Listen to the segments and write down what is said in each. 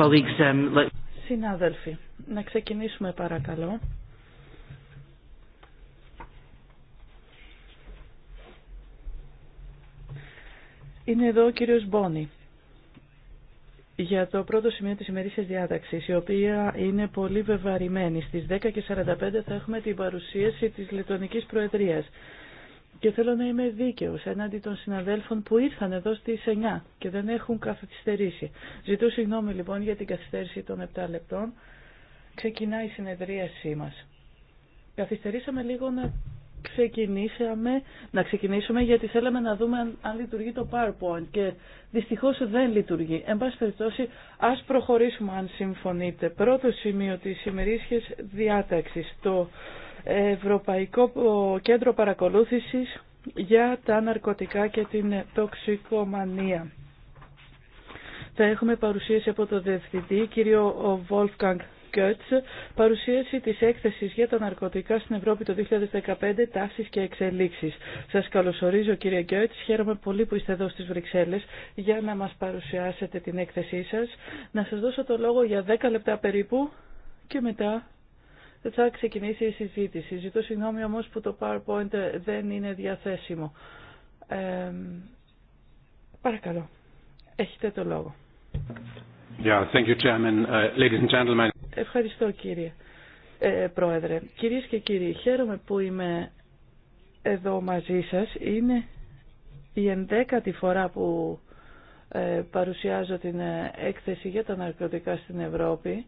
Um, Συνάδελφοι, να ξεκινήσουμε παρακαλώ. Είναι εδώ ο κύριος Μπόνι για το πρώτο σημείο της ημερήσιας διάταξης, η οποία είναι πολύ βεβαρημένη. Στις 10.45 θα έχουμε την παρουσίαση της Λετωνικής Προεδρίας και θέλω να είμαι δίκαιος έναντι των συναδέλφων που ήρθαν εδώ στις 9 και δεν έχουν καθυστερήσει. Ζητώ συγγνώμη λοιπόν για την καθυστέρηση των 7 λεπτών. Ξεκινάει η συνεδρίασή μας. Καθυστερήσαμε λίγο να ξεκινήσαμε, να ξεκινήσουμε γιατί θέλαμε να δούμε αν, αν λειτουργεί το PowerPoint και δυστυχώς δεν λειτουργεί. Εν πάση περιπτώσει ας προχωρήσουμε αν συμφωνείτε. Πρώτο σημείο της ημερήσιας διάταξης, το Ευρωπαϊκό Κέντρο Παρακολούθησης για τα ναρκωτικά και την τοξικομανία. Θα έχουμε παρουσίαση από τον Διευθυντή, κύριο Wolfgang Goetz, παρουσίαση της έκθεσης για τα ναρκωτικά στην Ευρώπη το 2015, τάσεις και εξελίξεις. Σας καλωσορίζω κύριε Goetz, χαίρομαι πολύ που είστε εδώ στις Βρυξέλλες για να μας παρουσιάσετε την έκθεσή σας. Να σας δώσω το λόγο για 10 λεπτά περίπου και μετά θα ξεκινήσει η συζήτηση. Ζητώ συγγνώμη όμως που το PowerPoint δεν είναι διαθέσιμο. Ε, παρακαλώ, έχετε το λόγο. Yeah, thank you, uh, and Ευχαριστώ κύριε ε, Πρόεδρε. Κυρίες και κύριοι, χαίρομαι που είμαι εδώ μαζί σας. Είναι η ενδέκατη φορά που ε, παρουσιάζω την ε, έκθεση για τα ναρκωτικά στην Ευρώπη.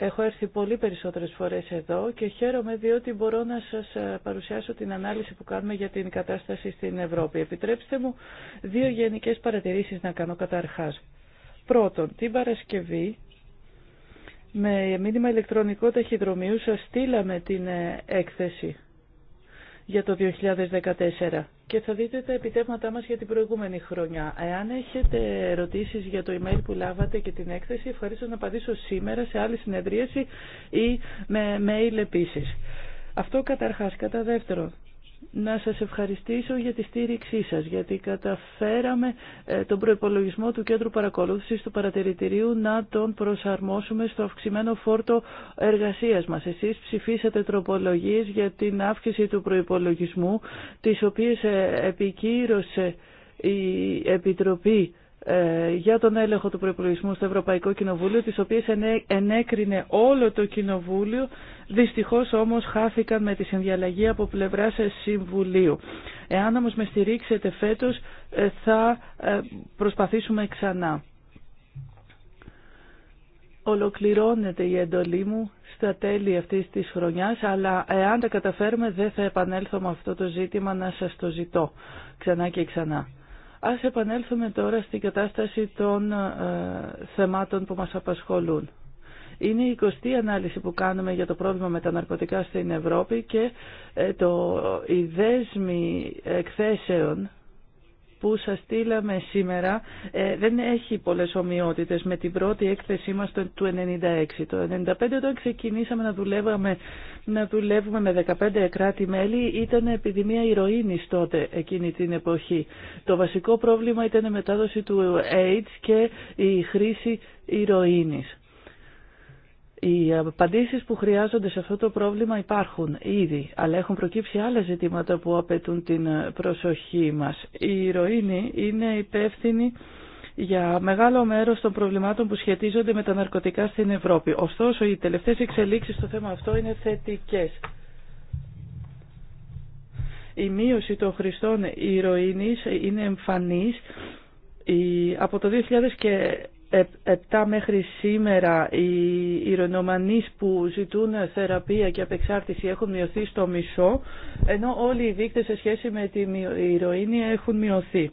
Έχω έρθει πολύ περισσότερες φορές εδώ και χαίρομαι διότι μπορώ να σας ε, παρουσιάσω την ανάλυση που κάνουμε για την κατάσταση στην Ευρώπη. Επιτρέψτε μου δύο γενικές παρατηρήσεις να κάνω καταρχάς. Πρώτον, την Παρασκευή με μήνυμα ηλεκτρονικό ταχυδρομείου σας στείλαμε την ε, έκθεση για το 2014 και θα δείτε τα επιτεύγματά μας για την προηγούμενη χρονιά. Εάν έχετε ερωτήσεις για το email που λάβατε και την έκθεση, ευχαριστώ να απαντήσω σήμερα σε άλλη συνεδρίαση ή με mail επίσης. Αυτό καταρχάς. Κατά δεύτερο, να σας ευχαριστήσω για τη στήριξή σας, γιατί καταφέραμε ε, τον προϋπολογισμό του Κέντρου Παρακολούθησης του Παρατηρητηρίου να τον προσαρμόσουμε στο αυξημένο φόρτο εργασίας μας. Εσείς ψηφίσατε τροπολογίες για την αύξηση του προϋπολογισμού, τις οποίες ε, επικύρωσε η Επιτροπή ε, για τον έλεγχο του προπολογισμού στο Ευρωπαϊκό Κοινοβούλιο, τις οποίες ενέκρινε όλο το Κοινοβούλιο, δυστυχώς όμως χάθηκαν με τη συνδιαλλαγή από πλευράς ε, Συμβουλίου. Εάν όμως με στηρίξετε φέτος, ε, θα προσπαθήσουμε ξανά. Ολοκληρώνεται η εντολή μου στα τέλη αυτής της χρονιάς, αλλά εάν τα καταφέρουμε δεν θα επανέλθω με αυτό το ζήτημα να σας το ζητώ ξανά και ξανά. Ας επανέλθουμε τώρα στην κατάσταση των ε, θεμάτων που μας απασχολούν. Είναι η 20η ανάλυση που κάνουμε για το πρόβλημα με τα ναρκωτικά στην Ευρώπη και ε, το, οι δέσμοι εκθέσεων που σας στείλαμε σήμερα ε, δεν έχει πολλές ομοιότητες με την πρώτη έκθεσή μας του 1996. Το 1995 όταν ξεκινήσαμε να, να δουλεύουμε με 15 κράτη-μέλη ήταν επιδημία ηρωίνης τότε εκείνη την εποχή. Το βασικό πρόβλημα ήταν η μετάδοση του AIDS και η χρήση ηρωίνης. Οι απαντήσεις που χρειάζονται σε αυτό το πρόβλημα υπάρχουν ήδη, αλλά έχουν προκύψει άλλα ζητήματα που απαιτούν την προσοχή μας. Η ηρωίνη είναι υπεύθυνη για μεγάλο μέρος των προβλημάτων που σχετίζονται με τα ναρκωτικά στην Ευρώπη. Ωστόσο, οι τελευταίες εξελίξεις στο θέμα αυτό είναι θετικές. Η μείωση των χρηστών ηρωίνης είναι εμφανής. Από το 7 μέχρι σήμερα οι ηρωνομανείς που ζητούν θεραπεία και απεξάρτηση έχουν μειωθεί στο μισό, ενώ όλοι οι δείκτες σε σχέση με τη ηρωίνη έχουν μειωθεί.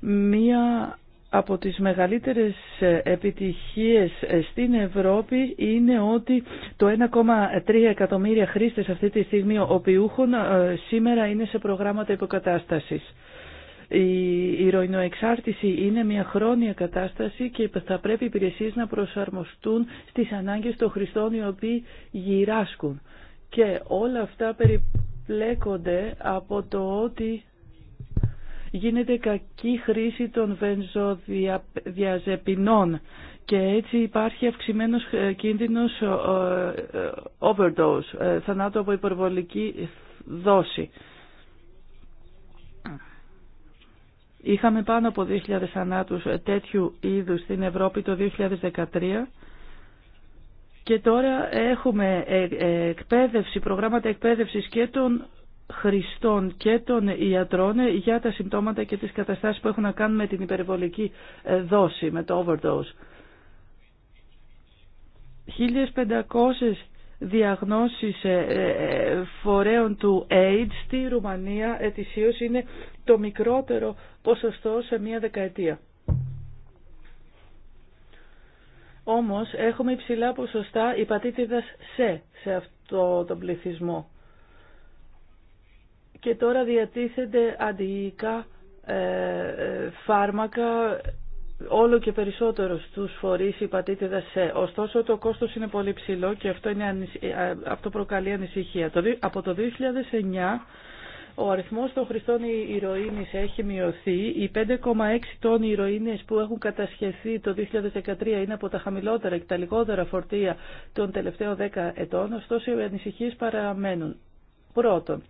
Μία από τις μεγαλύτερες επιτυχίες στην Ευρώπη είναι ότι το 1,3 εκατομμύρια χρήστες αυτή τη στιγμή έχουν ε, σήμερα είναι σε προγράμματα υποκατάστασης. Η ηρωινοεξάρτηση είναι μια χρόνια κατάσταση και θα πρέπει οι υπηρεσίες να προσαρμοστούν στις ανάγκες των χρηστών οι οποίοι γυράσκουν. Και όλα αυτά περιπλέκονται από το ότι γίνεται κακή χρήση των βενζοδιαζεπινών και έτσι υπάρχει αυξημένος ε, κίνδυνος ε, ε, overdose, θανάτου από υπερβολική δόση. Είχαμε πάνω από 2.000 θανάτους τέτοιου είδους στην Ευρώπη το 2013 και τώρα έχουμε ε, ε, εκπαίδευση, προγράμματα εκπαίδευσης και των χρηστών και των ιατρών για τα συμπτώματα και τις καταστάσεις που έχουν να κάνουν με την υπερβολική ε, δόση, με το overdose. 1.500 διαγνώσεις ε, ε, φορέων του AIDS στη Ρουμανία ετησίως είναι το μικρότερο ποσοστό σε μία δεκαετία. Όμως έχουμε υψηλά ποσοστά υπατήτηδας σε, σε αυτό τον πληθυσμό. Και τώρα διατίθενται αντιοικά ε, φάρμακα όλο και περισσότερο στους φορείς υπατήτηδας σε. Ωστόσο το κόστος είναι πολύ ψηλό και αυτό, είναι, ε, αυτό προκαλεί ανησυχία. από το 2009 ο αριθμός των χρηστών ηρωίνης έχει μειωθεί. Οι 5,6 τόνοι ηρωίνης που έχουν κατασχεθεί το 2013 είναι από τα χαμηλότερα και τα λιγότερα φορτία των τελευταίων 10 ετών, ωστόσο οι ανησυχίες παραμένουν. Πρώτον,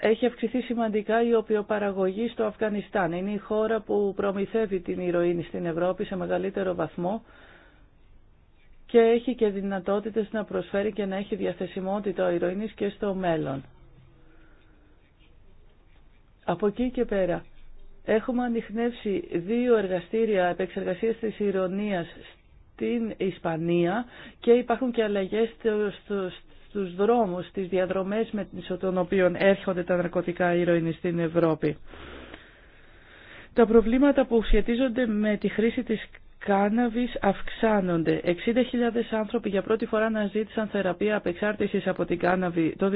έχει αυξηθεί σημαντικά η οπιοπαραγωγή στο Αφγανιστάν. Είναι η χώρα που προμηθεύει την ηρωίνη στην Ευρώπη σε μεγαλύτερο βαθμό και έχει και δυνατότητες να προσφέρει και να έχει διαθεσιμότητα ηρωίνης και στο μέλλον. Από εκεί και πέρα έχουμε ανοιχνεύσει δύο εργαστήρια επεξεργασίας της ηρωνίας στην Ισπανία και υπάρχουν και αλλαγές στους δρόμους, στις διαδρομές με τις οποίων έρχονται τα ναρκωτικά ηρωίνη στην Ευρώπη. Τα προβλήματα που σχετίζονται με τη χρήση της κάναβης αυξάνονται. 60.000 άνθρωποι για πρώτη φορά αναζήτησαν θεραπεία απεξάρτησης από την κάναβη το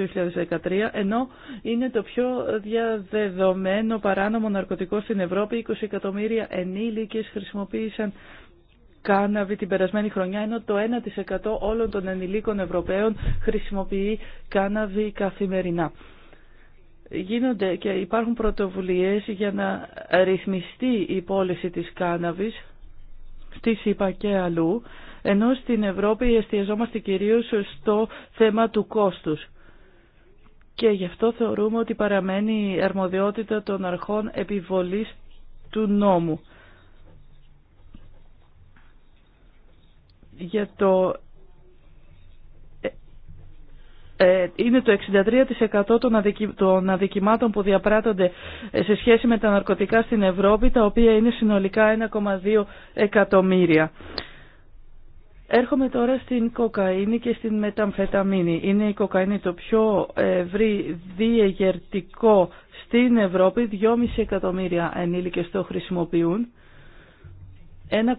2013, ενώ είναι το πιο διαδεδομένο παράνομο ναρκωτικό στην Ευρώπη. 20 εκατομμύρια ενήλικες χρησιμοποίησαν κάναβη την περασμένη χρονιά, ενώ το 1% όλων των ενηλίκων Ευρωπαίων χρησιμοποιεί κάναβη καθημερινά. Γίνονται και υπάρχουν πρωτοβουλίες για να ρυθμιστεί η πώληση της κάναβης στη ΣΥΠΑ και αλλού, ενώ στην Ευρώπη εστιαζόμαστε κυρίως στο θέμα του κόστους. Και γι' αυτό θεωρούμε ότι παραμένει η αρμοδιότητα των αρχών επιβολής του νόμου. για το ε, ε, είναι το 63% των, αδικη... των αδικημάτων που διαπράττονται ε, σε σχέση με τα ναρκωτικά στην Ευρώπη, τα οποία είναι συνολικά 1,2 εκατομμύρια. Έρχομαι τώρα στην κοκαίνη και στην μεταμφεταμίνη. Είναι η κοκαίνη το πιο ευρύ διεγερτικό στην Ευρώπη. 2,5 εκατομμύρια ενήλικες το χρησιμοποιούν.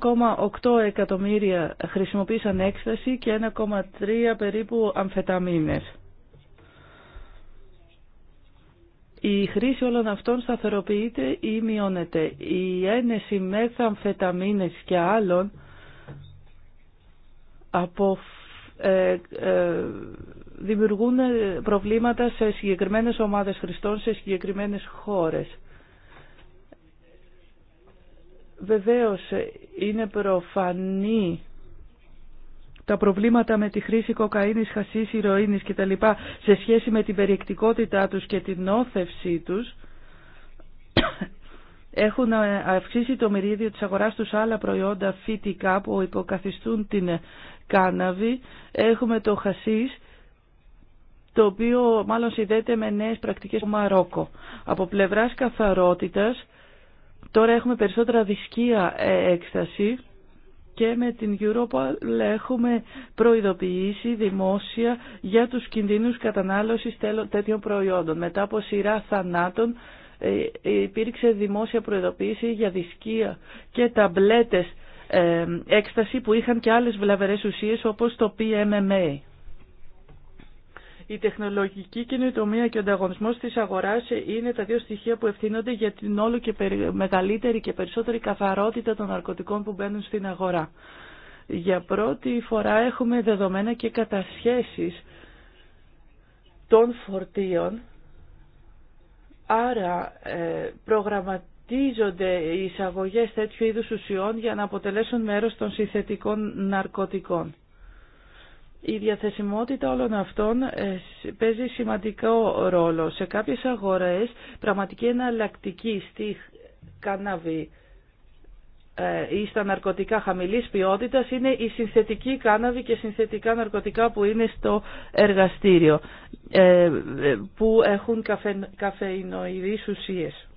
1,8 εκατομμύρια χρησιμοποίησαν έκσταση και 1,3 περίπου αμφεταμίνες. Η χρήση όλων αυτών σταθεροποιείται ή μειώνεται. Η ένεση μεθαμφεταμίνες και άλλων από, ε, ε, δημιουργούν προβλήματα σε συγκεκριμένες ομάδες χρηστών, σε συγκεκριμένες χώρες. Βεβαίως είναι προφανή τα προβλήματα με τη χρήση κοκαίνης, χασής, ηρωίνης κτλ. σε σχέση με την περιεκτικότητά τους και την όθευσή τους έχουν αυξήσει το μερίδιο της αγοράς τους άλλα προϊόντα φυτικά που υποκαθιστούν την κάναβη. Έχουμε το χασίς, το οποίο μάλλον συνδέεται με νέες πρακτικές του Μαρόκο. Από πλευράς καθαρότητας, Τώρα έχουμε περισσότερα δισκία ε, έκσταση και με την Europol έχουμε προειδοποιήσει δημόσια για τους κινδύνους κατανάλωσης τέτοιων προϊόντων. Μετά από σειρά θανάτων ε, υπήρξε δημόσια προειδοποίηση για δισκία και ταμπλέτες ε, έκσταση που είχαν και άλλες βλαβερές ουσίες όπως το PMMA. Η τεχνολογική καινοτομία και ο ανταγωνισμό τη αγορά είναι τα δύο στοιχεία που ευθύνονται για την όλο και μεγαλύτερη και περισσότερη καθαρότητα των ναρκωτικών που μπαίνουν στην αγορά. Για πρώτη φορά έχουμε δεδομένα και κατασχέσεις των φορτίων, άρα ε, προγραμματίζονται οι εισαγωγές τέτοιου είδους ουσιών για να αποτελέσουν μέρος των συνθετικών ναρκωτικών. Η διαθεσιμότητα όλων αυτών ε, παίζει σημαντικό ρόλο. Σε κάποιες αγορές πραγματική εναλλακτική στη κάναβη ε, ή στα ναρκωτικά χαμηλής ποιότητας είναι η συνθετική κάναβη και συνθετικά ναρκωτικά που είναι στο εργαστήριο ε, που έχουν καφεϊνοειδείς ουσίες.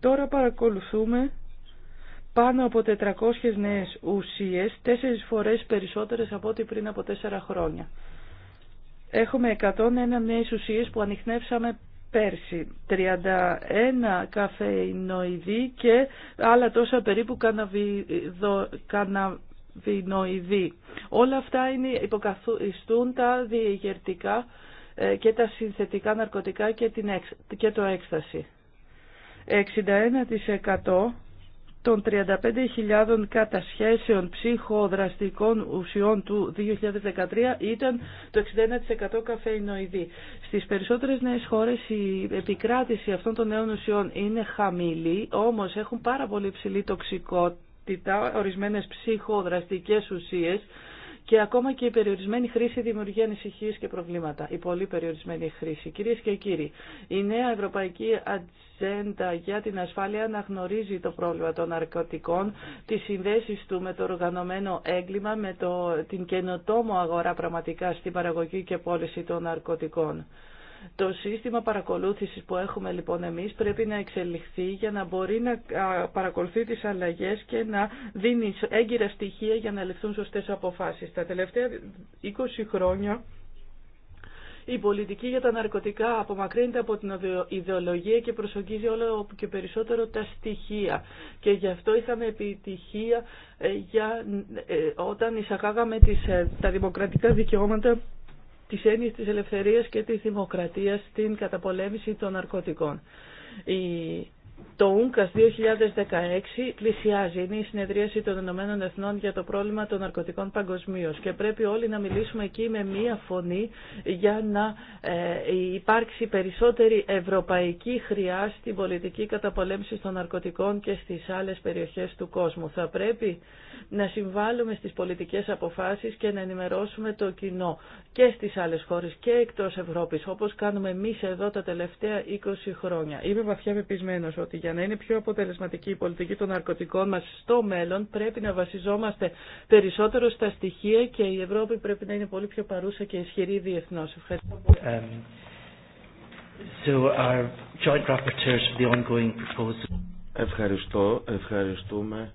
Τώρα παρακολουθούμε πάνω από 400 νέες ουσίες, τέσσερις φορές περισσότερες από ό,τι πριν από τέσσερα χρόνια. Έχουμε 101 νέες ουσίες που ανοιχνεύσαμε πέρσι, 31 καφεϊνοειδή και άλλα τόσα περίπου καναβιδο, καναβινοειδή. Όλα αυτά είναι, υποκαθιστούν τα διεγερτικά ε, και τα συνθετικά ναρκωτικά και, την, και το έκσταση. 61% των 35.000 κατασχέσεων ψυχοδραστικών ουσιών του 2013 ήταν το 61% καφεϊνοειδή. Στις περισσότερες νέες χώρες η επικράτηση αυτών των νέων ουσιών είναι χαμηλή, όμως έχουν πάρα πολύ ψηλή τοξικότητα, ορισμένες ψυχοδραστικές ουσίες, και ακόμα και η περιορισμένη χρήση δημιουργεί ανησυχίε και προβλήματα. Η πολύ περιορισμένη χρήση. Κυρίε και κύριοι, η νέα Ευρωπαϊκή Ατζέντα για την Ασφάλεια αναγνωρίζει το πρόβλημα των ναρκωτικών, τι συνδέσει του με το οργανωμένο έγκλημα, με το, την καινοτόμο αγορά πραγματικά στην παραγωγή και πώληση των ναρκωτικών. Το σύστημα παρακολούθησης που έχουμε λοιπόν εμείς πρέπει να εξελιχθεί για να μπορεί να παρακολουθεί τις αλλαγές και να δίνει έγκυρα στοιχεία για να ληφθούν σωστές αποφάσεις. Τα τελευταία 20 χρόνια η πολιτική για τα ναρκωτικά απομακρύνεται από την ιδεολογία και προσεγγίζει όλο και περισσότερο τα στοιχεία. Και γι' αυτό είχαμε επιτυχία ε, για, ε, όταν εισαγάγαμε τις, ε, τα δημοκρατικά δικαιώματα τις έννοιες της ελευθερίας και της δημοκρατίας στην καταπολέμηση των ναρκωτικών. Η το ΟΥΝΚΑΣ 2016 πλησιάζει. Είναι η συνεδρίαση των Ηνωμένων Εθνών για το πρόβλημα των ναρκωτικών παγκοσμίω και πρέπει όλοι να μιλήσουμε εκεί με μία φωνή για να ε, υπάρξει περισσότερη ευρωπαϊκή χρειά στην πολιτική καταπολέμηση των ναρκωτικών και στι άλλε περιοχέ του κόσμου. Θα πρέπει να συμβάλλουμε στι πολιτικέ αποφάσει και να ενημερώσουμε το κοινό και στι άλλε χώρε και εκτό Ευρώπη, όπω κάνουμε εμεί εδώ τα τελευταία 20 χρόνια. Είμαι βαθιά πεπισμένο ότι για να είναι πιο αποτελεσματική η πολιτική των ναρκωτικών μας στο μέλλον πρέπει να βασιζόμαστε περισσότερο στα στοιχεία και η Ευρώπη πρέπει να είναι πολύ πιο παρούσα και ισχυρή διεθνώς. Ευχαριστώ πολύ. Um, so our joint rapporteurs the ongoing proposal. Ευχαριστώ, ευχαριστούμε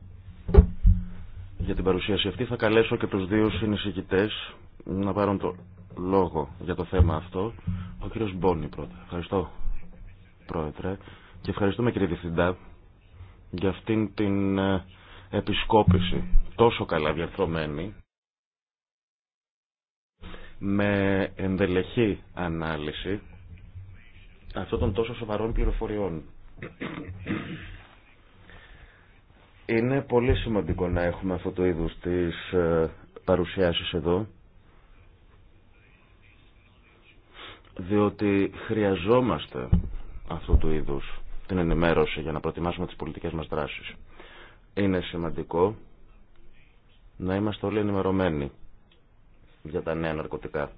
για την παρουσίαση αυτή. Θα καλέσω και τους δύο συνεισηγητές να πάρουν το λόγο για το θέμα αυτό. Ο κύριος Μπόνι πρώτα. Ευχαριστώ, Πρόεδρε. Και ευχαριστούμε κύριε Διευθυντά για αυτήν την ε, επισκόπηση τόσο καλά διαρθρωμένη με ενδελεχή ανάλυση αυτών των τόσο σοβαρών πληροφοριών. Είναι πολύ σημαντικό να έχουμε αυτό το είδους της ε, παρουσιάσεις εδώ διότι χρειαζόμαστε αυτού του είδους την ενημέρωση για να προετοιμάσουμε τις πολιτικές μας δράσεις. Είναι σημαντικό να είμαστε όλοι ενημερωμένοι για τα νέα ναρκωτικά.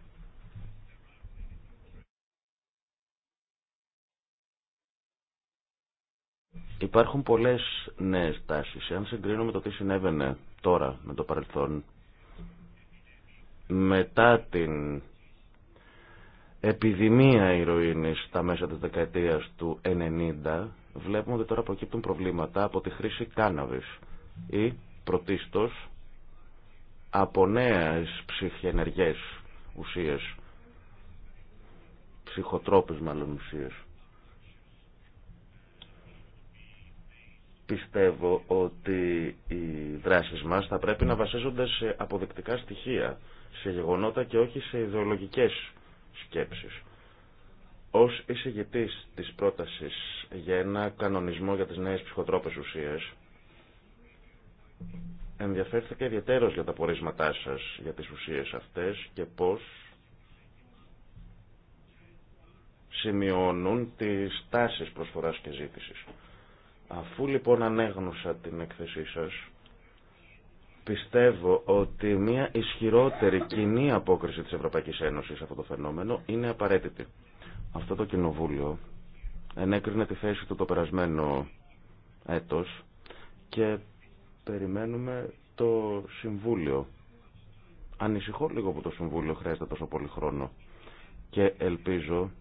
Υπάρχουν πολλές νέες τάσεις. Αν συγκρίνουμε το τι συνέβαινε τώρα με το παρελθόν, μετά την επιδημία ηρωίνης στα μέσα της δεκαετίας του 90, βλέπουμε ότι τώρα προκύπτουν προβλήματα από τη χρήση κάναβης ή πρωτίστως από νέες ψυχιενεργές ουσίες, ψυχοτρόπες μάλλον ουσίες. Πιστεύω ότι οι δράσεις μας θα πρέπει να βασίζονται σε αποδεικτικά στοιχεία, σε γεγονότα και όχι σε ιδεολογικές σκέψεις. Ως εισηγητής της πρότασης για ένα κανονισμό για τις νέες ψυχοτρόπες ουσίες, ενδιαφέρθηκα ιδιαίτερος για τα πορίσματά σας για τις ουσίες αυτές και πώς σημειώνουν τις τάσεις προσφοράς και ζήτησης. Αφού λοιπόν ανέγνωσα την έκθεσή σας, Πιστεύω ότι μια ισχυρότερη κοινή απόκριση της Ευρωπαϊκής Ένωσης σε αυτό το φαινόμενο είναι απαραίτητη. Αυτό το κοινοβούλιο ενέκρινε τη θέση του το περασμένο έτος και περιμένουμε το Συμβούλιο. Ανησυχώ λίγο που το Συμβούλιο χρειάζεται τόσο πολύ χρόνο και ελπίζω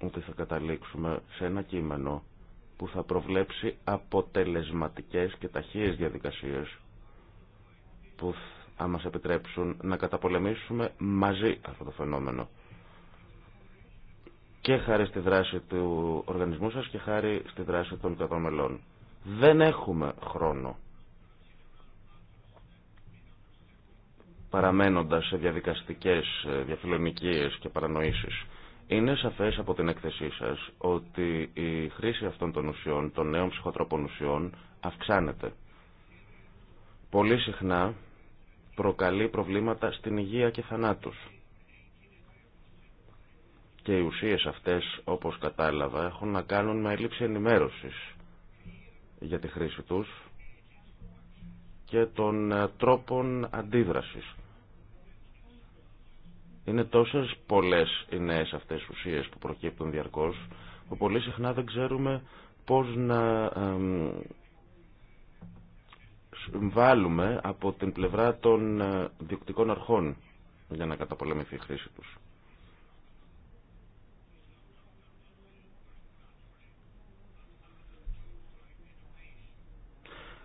ότι θα καταλήξουμε σε ένα κείμενο που θα προβλέψει αποτελεσματικές και ταχείες διαδικασίες που θα μας επιτρέψουν να καταπολεμήσουμε μαζί αυτό το φαινόμενο. Και χάρη στη δράση του οργανισμού σας και χάρη στη δράση των καταμελών. Δεν έχουμε χρόνο. Παραμένοντας σε διαδικαστικές ε, διαφιλονικίες και παρανοήσεις. Είναι σαφέ από την έκθεσή σας ότι η χρήση αυτών των ουσιών, των νέων ψυχοτρόπων ουσιών, αυξάνεται. Πολύ συχνά προκαλεί προβλήματα στην υγεία και θανάτους. Και οι ουσίε αυτές, όπως κατάλαβα, έχουν να κάνουν με έλλειψη ενημέρωση για τη χρήση τους και των ε, τρόπων αντίδρασης. Είναι τόσες πολλές οι νέες αυτές ουσίες που προκύπτουν διαρκώς, που πολύ συχνά δεν ξέρουμε πώς να συμβάλλουμε από την πλευρά των ε, διοκτικών αρχών για να καταπολεμηθεί η χρήση τους.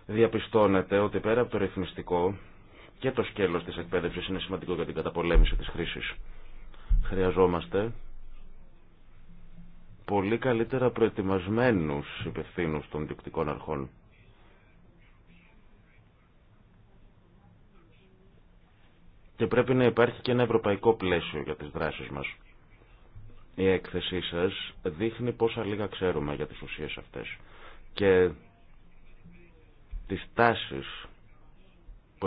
Διαπιστώνεται ότι πέρα από το ρυθμιστικό και το σκέλος της εκπαίδευσης είναι σημαντικό για την καταπολέμηση της χρήσης. Χρειαζόμαστε πολύ καλύτερα προετοιμασμένους υπευθύνου των διοκτικών αρχών. Και πρέπει να υπάρχει και ένα ευρωπαϊκό πλαίσιο για τις δράσεις μας. Η έκθεσή σας δείχνει πόσα λίγα ξέρουμε για τις ουσίες αυτές και τις τάσεις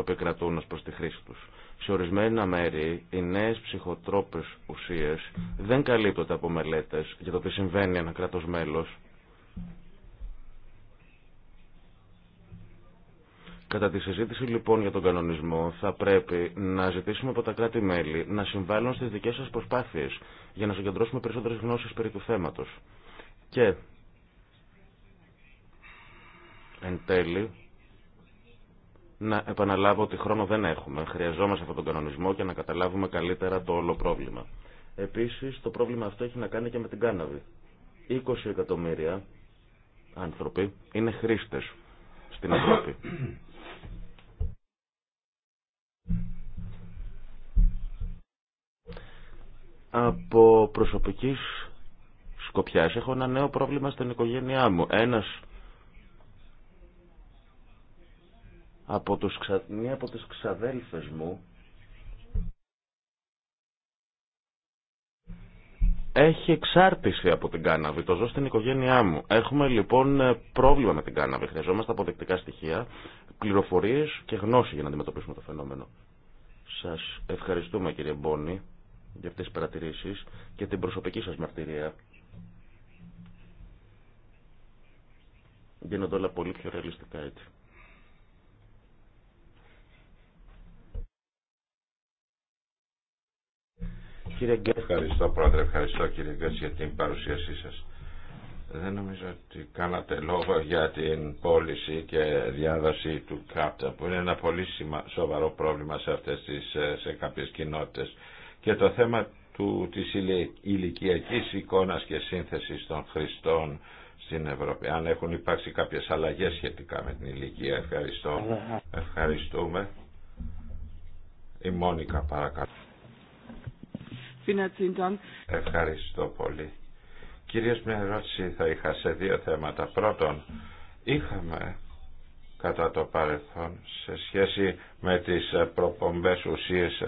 που επικρατούν ως προς τη χρήση τους. Σε ορισμένα μέρη, οι νέες ψυχοτρόπες ουσίες δεν καλύπτονται από μελέτες για το τι συμβαίνει ένα κράτος μέλος. Κατά τη συζήτηση λοιπόν για τον κανονισμό θα πρέπει να ζητήσουμε από τα κράτη-μέλη να συμβάλλουν στις δικές σας προσπάθειες για να συγκεντρώσουμε περισσότερες γνώσεις περί του θέματος. Και εν τέλει να επαναλάβω ότι χρόνο δεν έχουμε. Χρειαζόμαστε αυτόν τον κανονισμό για να καταλάβουμε καλύτερα το όλο πρόβλημα. Επίσης, το πρόβλημα αυτό έχει να κάνει και με την κάναβη. 20 εκατομμύρια άνθρωποι είναι χρήστε στην Ευρώπη. Από προσωπικής σκοπιάς έχω ένα νέο πρόβλημα στην οικογένειά μου. Ένας από τους, ξα... μία από τις ξαδέλφες μου έχει εξάρτηση από την κάναβη. Το ζω στην οικογένειά μου. Έχουμε λοιπόν ε, πρόβλημα με την κάναβη. Χρειαζόμαστε αποδεκτικά στοιχεία, πληροφορίες και γνώση για να αντιμετωπίσουμε το φαινόμενο. Σας ευχαριστούμε κύριε Μπόνη για αυτές τις παρατηρήσεις και την προσωπική σας μαρτυρία. Γίνονται όλα πολύ πιο ρεαλιστικά έτσι. Ευχαριστώ πρόεδρε, ευχαριστώ κύριε Γκέτ για την παρουσίασή σας. Δεν νομίζω ότι κάνατε λόγο για την πώληση και διάδοση του ΚΑΠΤΑ που είναι ένα πολύ σοβαρό πρόβλημα σε, αυτές τις, ε, σε κάποιες κοινότητες. Και το θέμα του, της ηλικιακής εικόνας και σύνθεσης των χρηστών στην Ευρώπη. Αν έχουν υπάρξει κάποιες αλλαγές σχετικά με την ηλικία. Ευχαριστώ. Ευχαριστούμε. Η Μόνικα παρακαλώ. Ευχαριστώ πολύ. Κυρίως μια ερώτηση θα είχα σε δύο θέματα. Πρώτον, είχαμε κατά το παρελθόν σε σχέση με τις προπομπές ουσίες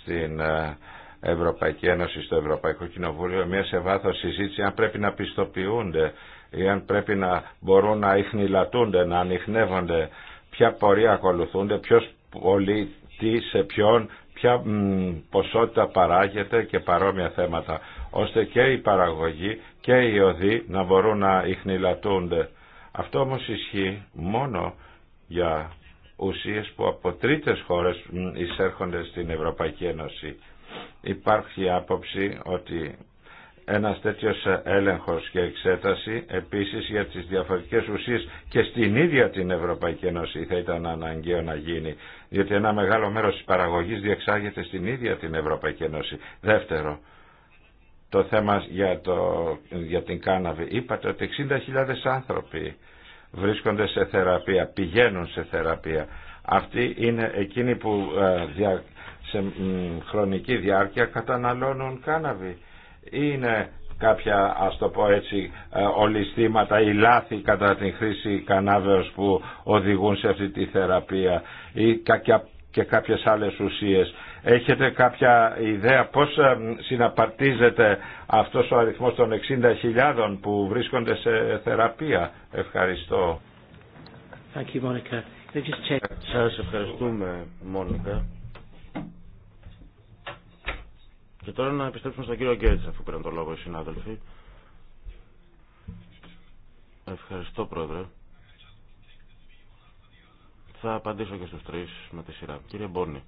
στην ε, Ευρωπαϊκή Ένωση, στο Ευρωπαϊκό Κοινοβούλιο, μια σε βάθος συζήτηση αν πρέπει να πιστοποιούνται ή αν πρέπει να μπορούν να ειχνηλατούνται, να ανοιχνεύονται, ποια πορεία ακολουθούνται, ποιος πολίτη σε ποιον ποια ποσότητα παράγεται και παρόμοια θέματα, ώστε και η παραγωγή και οι οδοί να μπορούν να ιχνηλατούνται. Αυτό όμως ισχύει μόνο για ουσίες που από τρίτες χώρες εισέρχονται στην Ευρωπαϊκή Ένωση. Υπάρχει άποψη ότι ένας τέτοιος έλεγχος και εξέταση επίσης για τις διαφορετικές ουσίες και στην ίδια την Ευρωπαϊκή Ένωση θα ήταν αναγκαίο να γίνει διότι ένα μεγάλο μέρος της παραγωγής διεξάγεται στην ίδια την Ευρωπαϊκή Ένωση. Δεύτερο, το θέμα για, το, για την κάναβη. Είπατε ότι 60.000 άνθρωποι βρίσκονται σε θεραπεία, πηγαίνουν σε θεραπεία. Αυτοί είναι εκείνοι που ε, σε χρονική διάρκεια καταναλώνουν κάναβη είναι κάποια ας το πω έτσι ε, ολιστήματα ή λάθη κατά την χρήση κανάβεως που οδηγούν σε αυτή τη θεραπεία ή και κάποιες άλλες ουσίες. Έχετε κάποια ιδέα πώς ε, συναπαρτίζεται αυτός ο αριθμός των 60.000 που βρίσκονται σε θεραπεία. Ευχαριστώ. Thank Σας ευχαριστούμε Μόνικα. Και τώρα να επιστρέψουμε στον κύριο Γκέτς, αφού πήραν το λόγο οι συνάδελφοι. Ευχαριστώ, Πρόεδρε. Θα απαντήσω και στους τρεις με τη σειρά. Κύριε Μπόνη,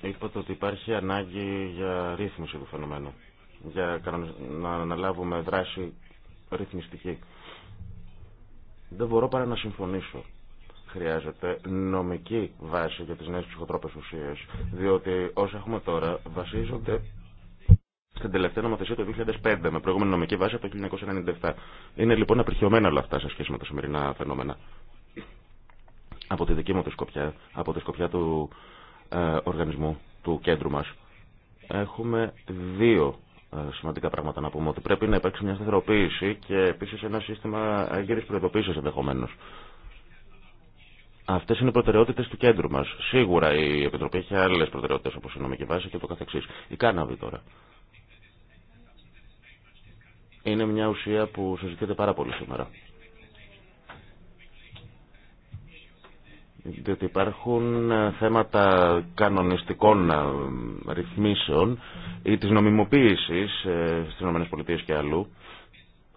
είπατε ότι υπάρχει ανάγκη για ρύθμιση του φαινομένου, για να αναλάβουμε δράση ρυθμιστική. Δεν μπορώ παρά να συμφωνήσω χρειάζεται νομική βάση για τις νέες ψυχοτρόπες ουσίες, διότι όσα έχουμε τώρα βασίζονται στην τελευταία νομοθεσία του 2005, με προηγούμενη νομική βάση από το 1997. Είναι λοιπόν απερχιωμένα όλα αυτά σε σχέση με τα σημερινά φαινόμενα. Από τη δική μου τη σκοπιά, από τη σκοπιά του ε, οργανισμού, του κέντρου μας, έχουμε δύο ε, σημαντικά πράγματα να πούμε. Ότι πρέπει να υπάρξει μια σταθεροποίηση και επίση ένα σύστημα γύρι προειδοποίηση ενδεχομένω. Αυτέ είναι οι προτεραιότητε του κέντρου μα. Σίγουρα η Επιτροπή έχει άλλε προτεραιότητε όπω η νομική βάση και το καθεξή. Η κάναβη τώρα. Είναι μια ουσία που συζητείται πάρα πολύ σήμερα. Διότι υπάρχουν ε, θέματα κανονιστικών ε, ρυθμίσεων ή της νομιμοποίησης ε, στι ΗΠΑ και αλλού.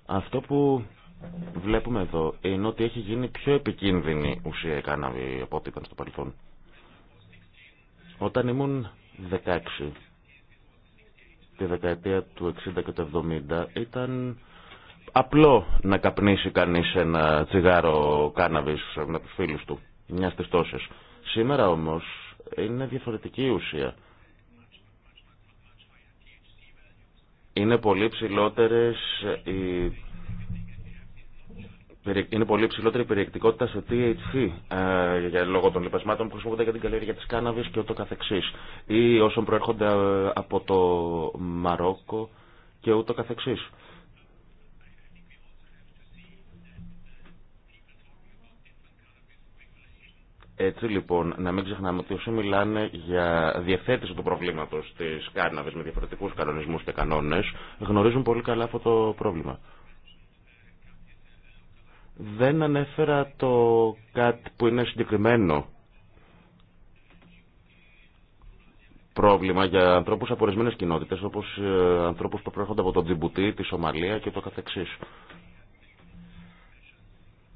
Αυτό που βλέπουμε εδώ είναι ότι έχει γίνει πιο επικίνδυνη ουσία η κάναβη από ό,τι ήταν στο παρελθόν. Όταν ήμουν 16, τη δεκαετία του 60 και του 70, ήταν απλό να καπνίσει κανείς ένα τσιγάρο κάναβης με τους φίλους του, μια στις τόσες. Σήμερα όμως είναι διαφορετική η ουσία. Είναι πολύ ψηλότερες οι είναι πολύ υψηλότερη η περιεκτικότητα σε THC ε, για λόγω των λοιπασμάτων που χρησιμοποιούνται για την καλλιέργεια της κάναβης και ούτω καθεξής ή όσων προέρχονται ε, από το Μαρόκο και ούτω καθεξής. Έτσι λοιπόν, να μην ξεχνάμε ότι όσοι μιλάνε για διευθέτηση του προβλήματος της κάναβης με διαφορετικούς κανονισμούς και κανόνες, γνωρίζουν πολύ καλά αυτό το πρόβλημα. Δεν ανέφερα το κάτι που είναι συγκεκριμένο πρόβλημα για ανθρώπους από ορισμένες κοινότητες, όπως ε, ανθρώπους που προέρχονται από τον Τζιμπουτί, τη Σομαλία και το καθεξής.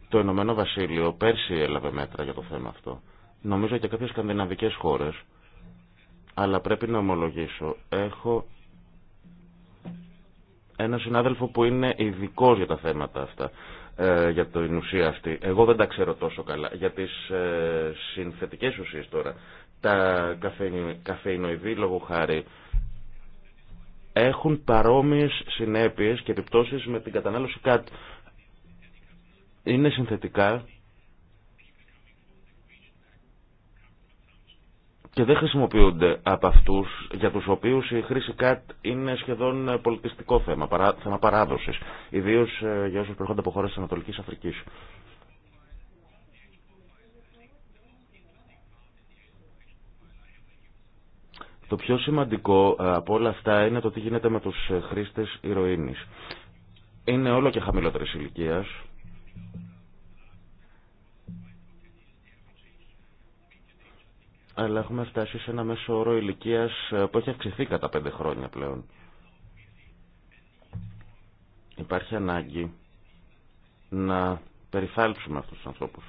Το Ενωμένο Βασίλειο πέρσι έλαβε μέτρα για το θέμα αυτό. Νομίζω και κάποιες σκανδιναβικές χώρες, αλλά πρέπει να ομολογήσω, έχω ένα συνάδελφο που είναι ειδικό για τα θέματα αυτά. Ε, για την ουσία αυτή. Εγώ δεν τα ξέρω τόσο καλά. Για τι ε, συνθετικές ουσίες τώρα, τα καφεϊνοειδή λόγω χάρη, έχουν παρόμοιες συνέπειες και επιπτώσει με την κατανάλωση κάτι. Είναι συνθετικά και δεν χρησιμοποιούνται από αυτού για του οποίου η χρήση ΚΑΤ είναι σχεδόν ε, πολιτιστικό θέμα, παρά, θέμα παράδοση. Ιδίω ε, για όσου προέρχονται από χώρε τη Ανατολική Αφρική. Το πιο σημαντικό ε, από όλα αυτά είναι το τι γίνεται με τους χρήστες ηρωίνης. Είναι όλο και χαμηλότερης ηλικίας αλλά έχουμε φτάσει σε ένα μέσο όρο ηλικίας ε, που έχει αυξηθεί κατά πέντε χρόνια πλέον. Υπάρχει ανάγκη να περιθάλψουμε αυτούς τους ανθρώπους.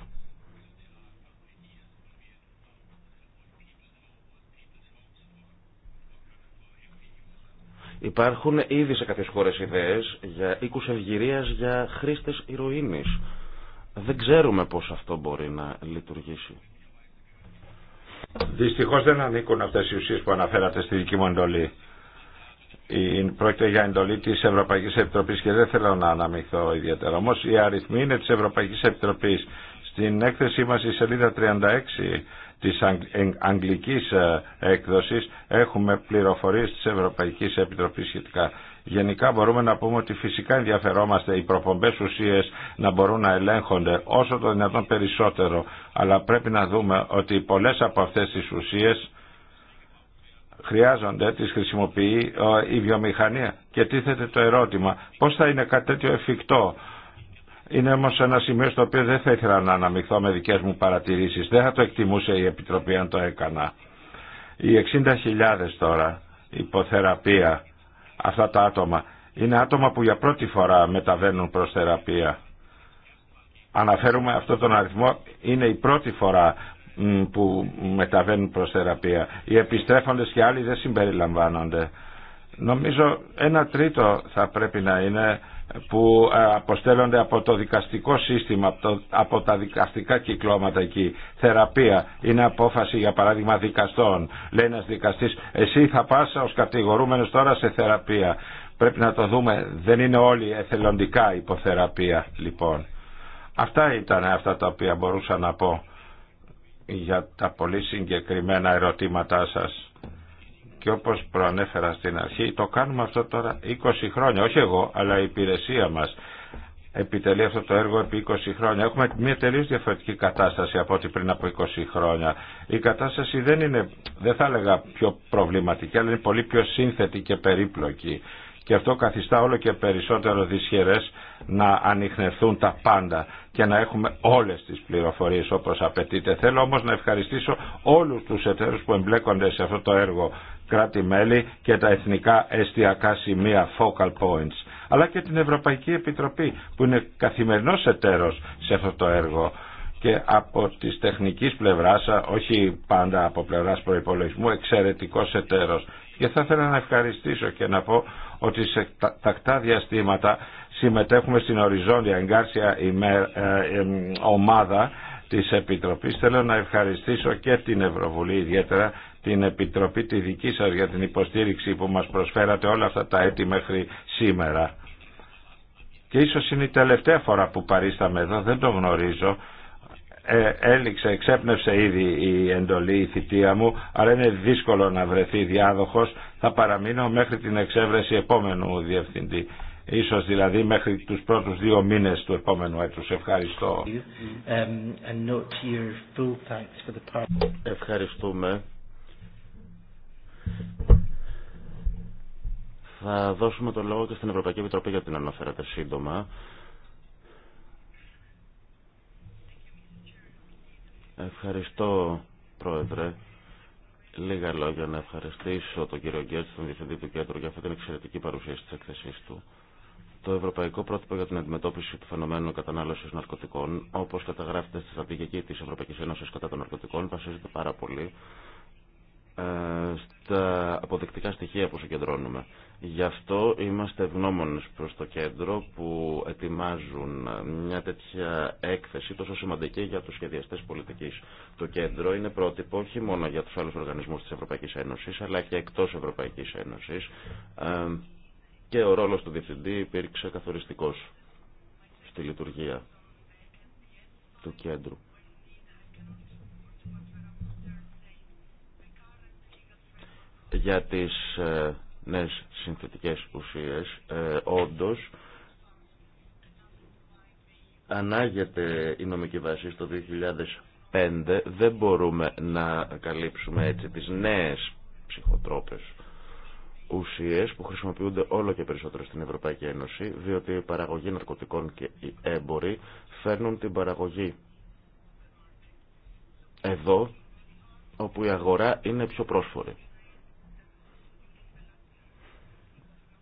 Υπάρχουν ήδη σε κάποιες χώρες ιδέες για οίκους ευγυρίας για χρήστες ηρωίνης. Δεν ξέρουμε πώς αυτό μπορεί να λειτουργήσει. Δυστυχώ δεν ανήκουν αυτές οι ουσίες που αναφέρατε στη δική μου εντολή. Πρόκειται για εντολή τη Ευρωπαϊκής Επιτροπής και δεν θέλω να αναμειχθώ ιδιαίτερα. Όμω, οι αριθμοί είναι της Ευρωπαϊκής Επιτροπής. Στην έκθεσή μας η σελίδα 36 της αγγλικής ε, έκδοσης έχουμε πληροφορίες της Ευρωπαϊκής Επιτροπής σχετικά Γενικά μπορούμε να πούμε ότι φυσικά ενδιαφερόμαστε οι προπομπές ουσίες να μπορούν να ελέγχονται όσο το δυνατόν περισσότερο, αλλά πρέπει να δούμε ότι πολλές από αυτές τις ουσίες χρειάζονται, τις χρησιμοποιεί ε, η βιομηχανία. Και τίθεται το ερώτημα, πώς θα είναι κάτι τέτοιο εφικτό. Είναι όμω ένα σημείο στο οποίο δεν θα ήθελα να αναμειχθώ με δικέ μου παρατηρήσει. Δεν θα το εκτιμούσε η Επιτροπή αν το έκανα. Οι 60.000 τώρα υποθεραπεία αυτά τα άτομα. Είναι άτομα που για πρώτη φορά μεταβαίνουν προς θεραπεία. Αναφέρουμε αυτό τον αριθμό, είναι η πρώτη φορά που μεταβαίνουν προς θεραπεία. Οι επιστρέφοντες και άλλοι δεν συμπεριλαμβάνονται. Νομίζω ένα τρίτο θα πρέπει να είναι που ε, αποστέλλονται από το δικαστικό σύστημα, από τα δικαστικά κυκλώματα εκεί. Θεραπεία είναι απόφαση για παράδειγμα δικαστών. Λέει ένας δικαστής, εσύ θα πας ως κατηγορούμενος τώρα σε θεραπεία. Πρέπει να το δούμε, δεν είναι όλοι εθελοντικά υποθεραπεία λοιπόν. Αυτά ήταν ε, αυτά τα οποία μπορούσα να πω για τα πολύ συγκεκριμένα ερωτήματά σας και όπως προανέφερα στην αρχή το κάνουμε αυτό τώρα 20 χρόνια όχι εγώ αλλά η υπηρεσία μας επιτελεί αυτό το έργο επί 20 χρόνια. Έχουμε μια τελείως διαφορετική κατάσταση από ό,τι πριν από 20 χρόνια. Η κατάσταση δεν είναι, δεν θα έλεγα πιο προβληματική, αλλά είναι πολύ πιο σύνθετη και περίπλοκη. Και αυτό καθιστά όλο και περισσότερο δυσχερές να ανοιχνευθούν τα πάντα και να έχουμε όλες τις πληροφορίες όπως απαιτείται. Θέλω όμως να ευχαριστήσω όλους τους εταίρους που εμπλέκονται σε αυτό το έργο κράτη-μέλη και τα εθνικά εστιακά σημεία focal points αλλά και την Ευρωπαϊκή Επιτροπή που είναι καθημερινός εταίρος σε αυτό το έργο και από της τεχνικής πλευράς, όχι πάντα από πλευράς προϋπολογισμού, εξαιρετικός εταίρος. Και θα ήθελα να ευχαριστήσω και να πω ότι σε τακτά διαστήματα συμμετέχουμε στην οριζόντια εγκάρσια ε, ομάδα της Επιτροπής. Θέλω να ευχαριστήσω και την Ευρωβουλή ιδιαίτερα την Επιτροπή τη δική σας για την υποστήριξη που μας προσφέρατε όλα αυτά τα έτη μέχρι σήμερα. Και ίσως είναι η τελευταία φορά που παρίσταμε εδώ, δεν το γνωρίζω. Ε, έληξε, εξέπνευσε ήδη η εντολή, η θητεία μου, άρα είναι δύσκολο να βρεθεί διάδοχος. Θα παραμείνω μέχρι την εξέβρεση επόμενου διευθυντή. Ίσως δηλαδή μέχρι τους πρώτους δύο μήνες του επόμενου έτους. Ευχαριστώ. Um, Ευχαριστούμε. Θα δώσουμε το λόγο και στην Ευρωπαϊκή Επιτροπή για την αναφέρατε σύντομα. Ευχαριστώ, Πρόεδρε. Λίγα λόγια να ευχαριστήσω τον κύριο Γκέτ, τον Διευθυντή του Κέντρου, για αυτή την εξαιρετική παρουσίαση τη έκθεσή του. Το Ευρωπαϊκό Πρότυπο για την Αντιμετώπιση του Φαινομένου Κατανάλωση Ναρκωτικών, όπω καταγράφεται στη στρατηγική τη Ευρωπαϊκή Ένωση κατά των Ναρκωτικών, βασίζεται πάρα πολύ ε, στα αποδεικτικά στοιχεία που συγκεντρώνουμε. Γι' αυτό είμαστε ευγνώμονες προς το κέντρο που ετοιμάζουν μια τέτοια έκθεση τόσο σημαντική για τους σχεδιαστές πολιτικής. Το κέντρο είναι πρότυπο όχι μόνο για τους άλλους οργανισμούς της Ευρωπαϊκής Ένωσης αλλά και εκτός Ευρωπαϊκής Ένωσης ε, και ο ρόλος του Διευθυντή υπήρξε καθοριστικός στη λειτουργία του κέντρου. για τις ε, νέες συνθετικές ουσίες, ε, όντως ανάγεται η νομική βάση στο 2005, δεν μπορούμε να καλύψουμε έτσι τις νέες ψυχοτρόπες ουσίες που χρησιμοποιούνται όλο και περισσότερο στην Ευρωπαϊκή Ένωση, διότι η παραγωγή ναρκωτικών και οι έμποροι φέρνουν την παραγωγή εδώ, όπου η αγορά είναι πιο πρόσφορη.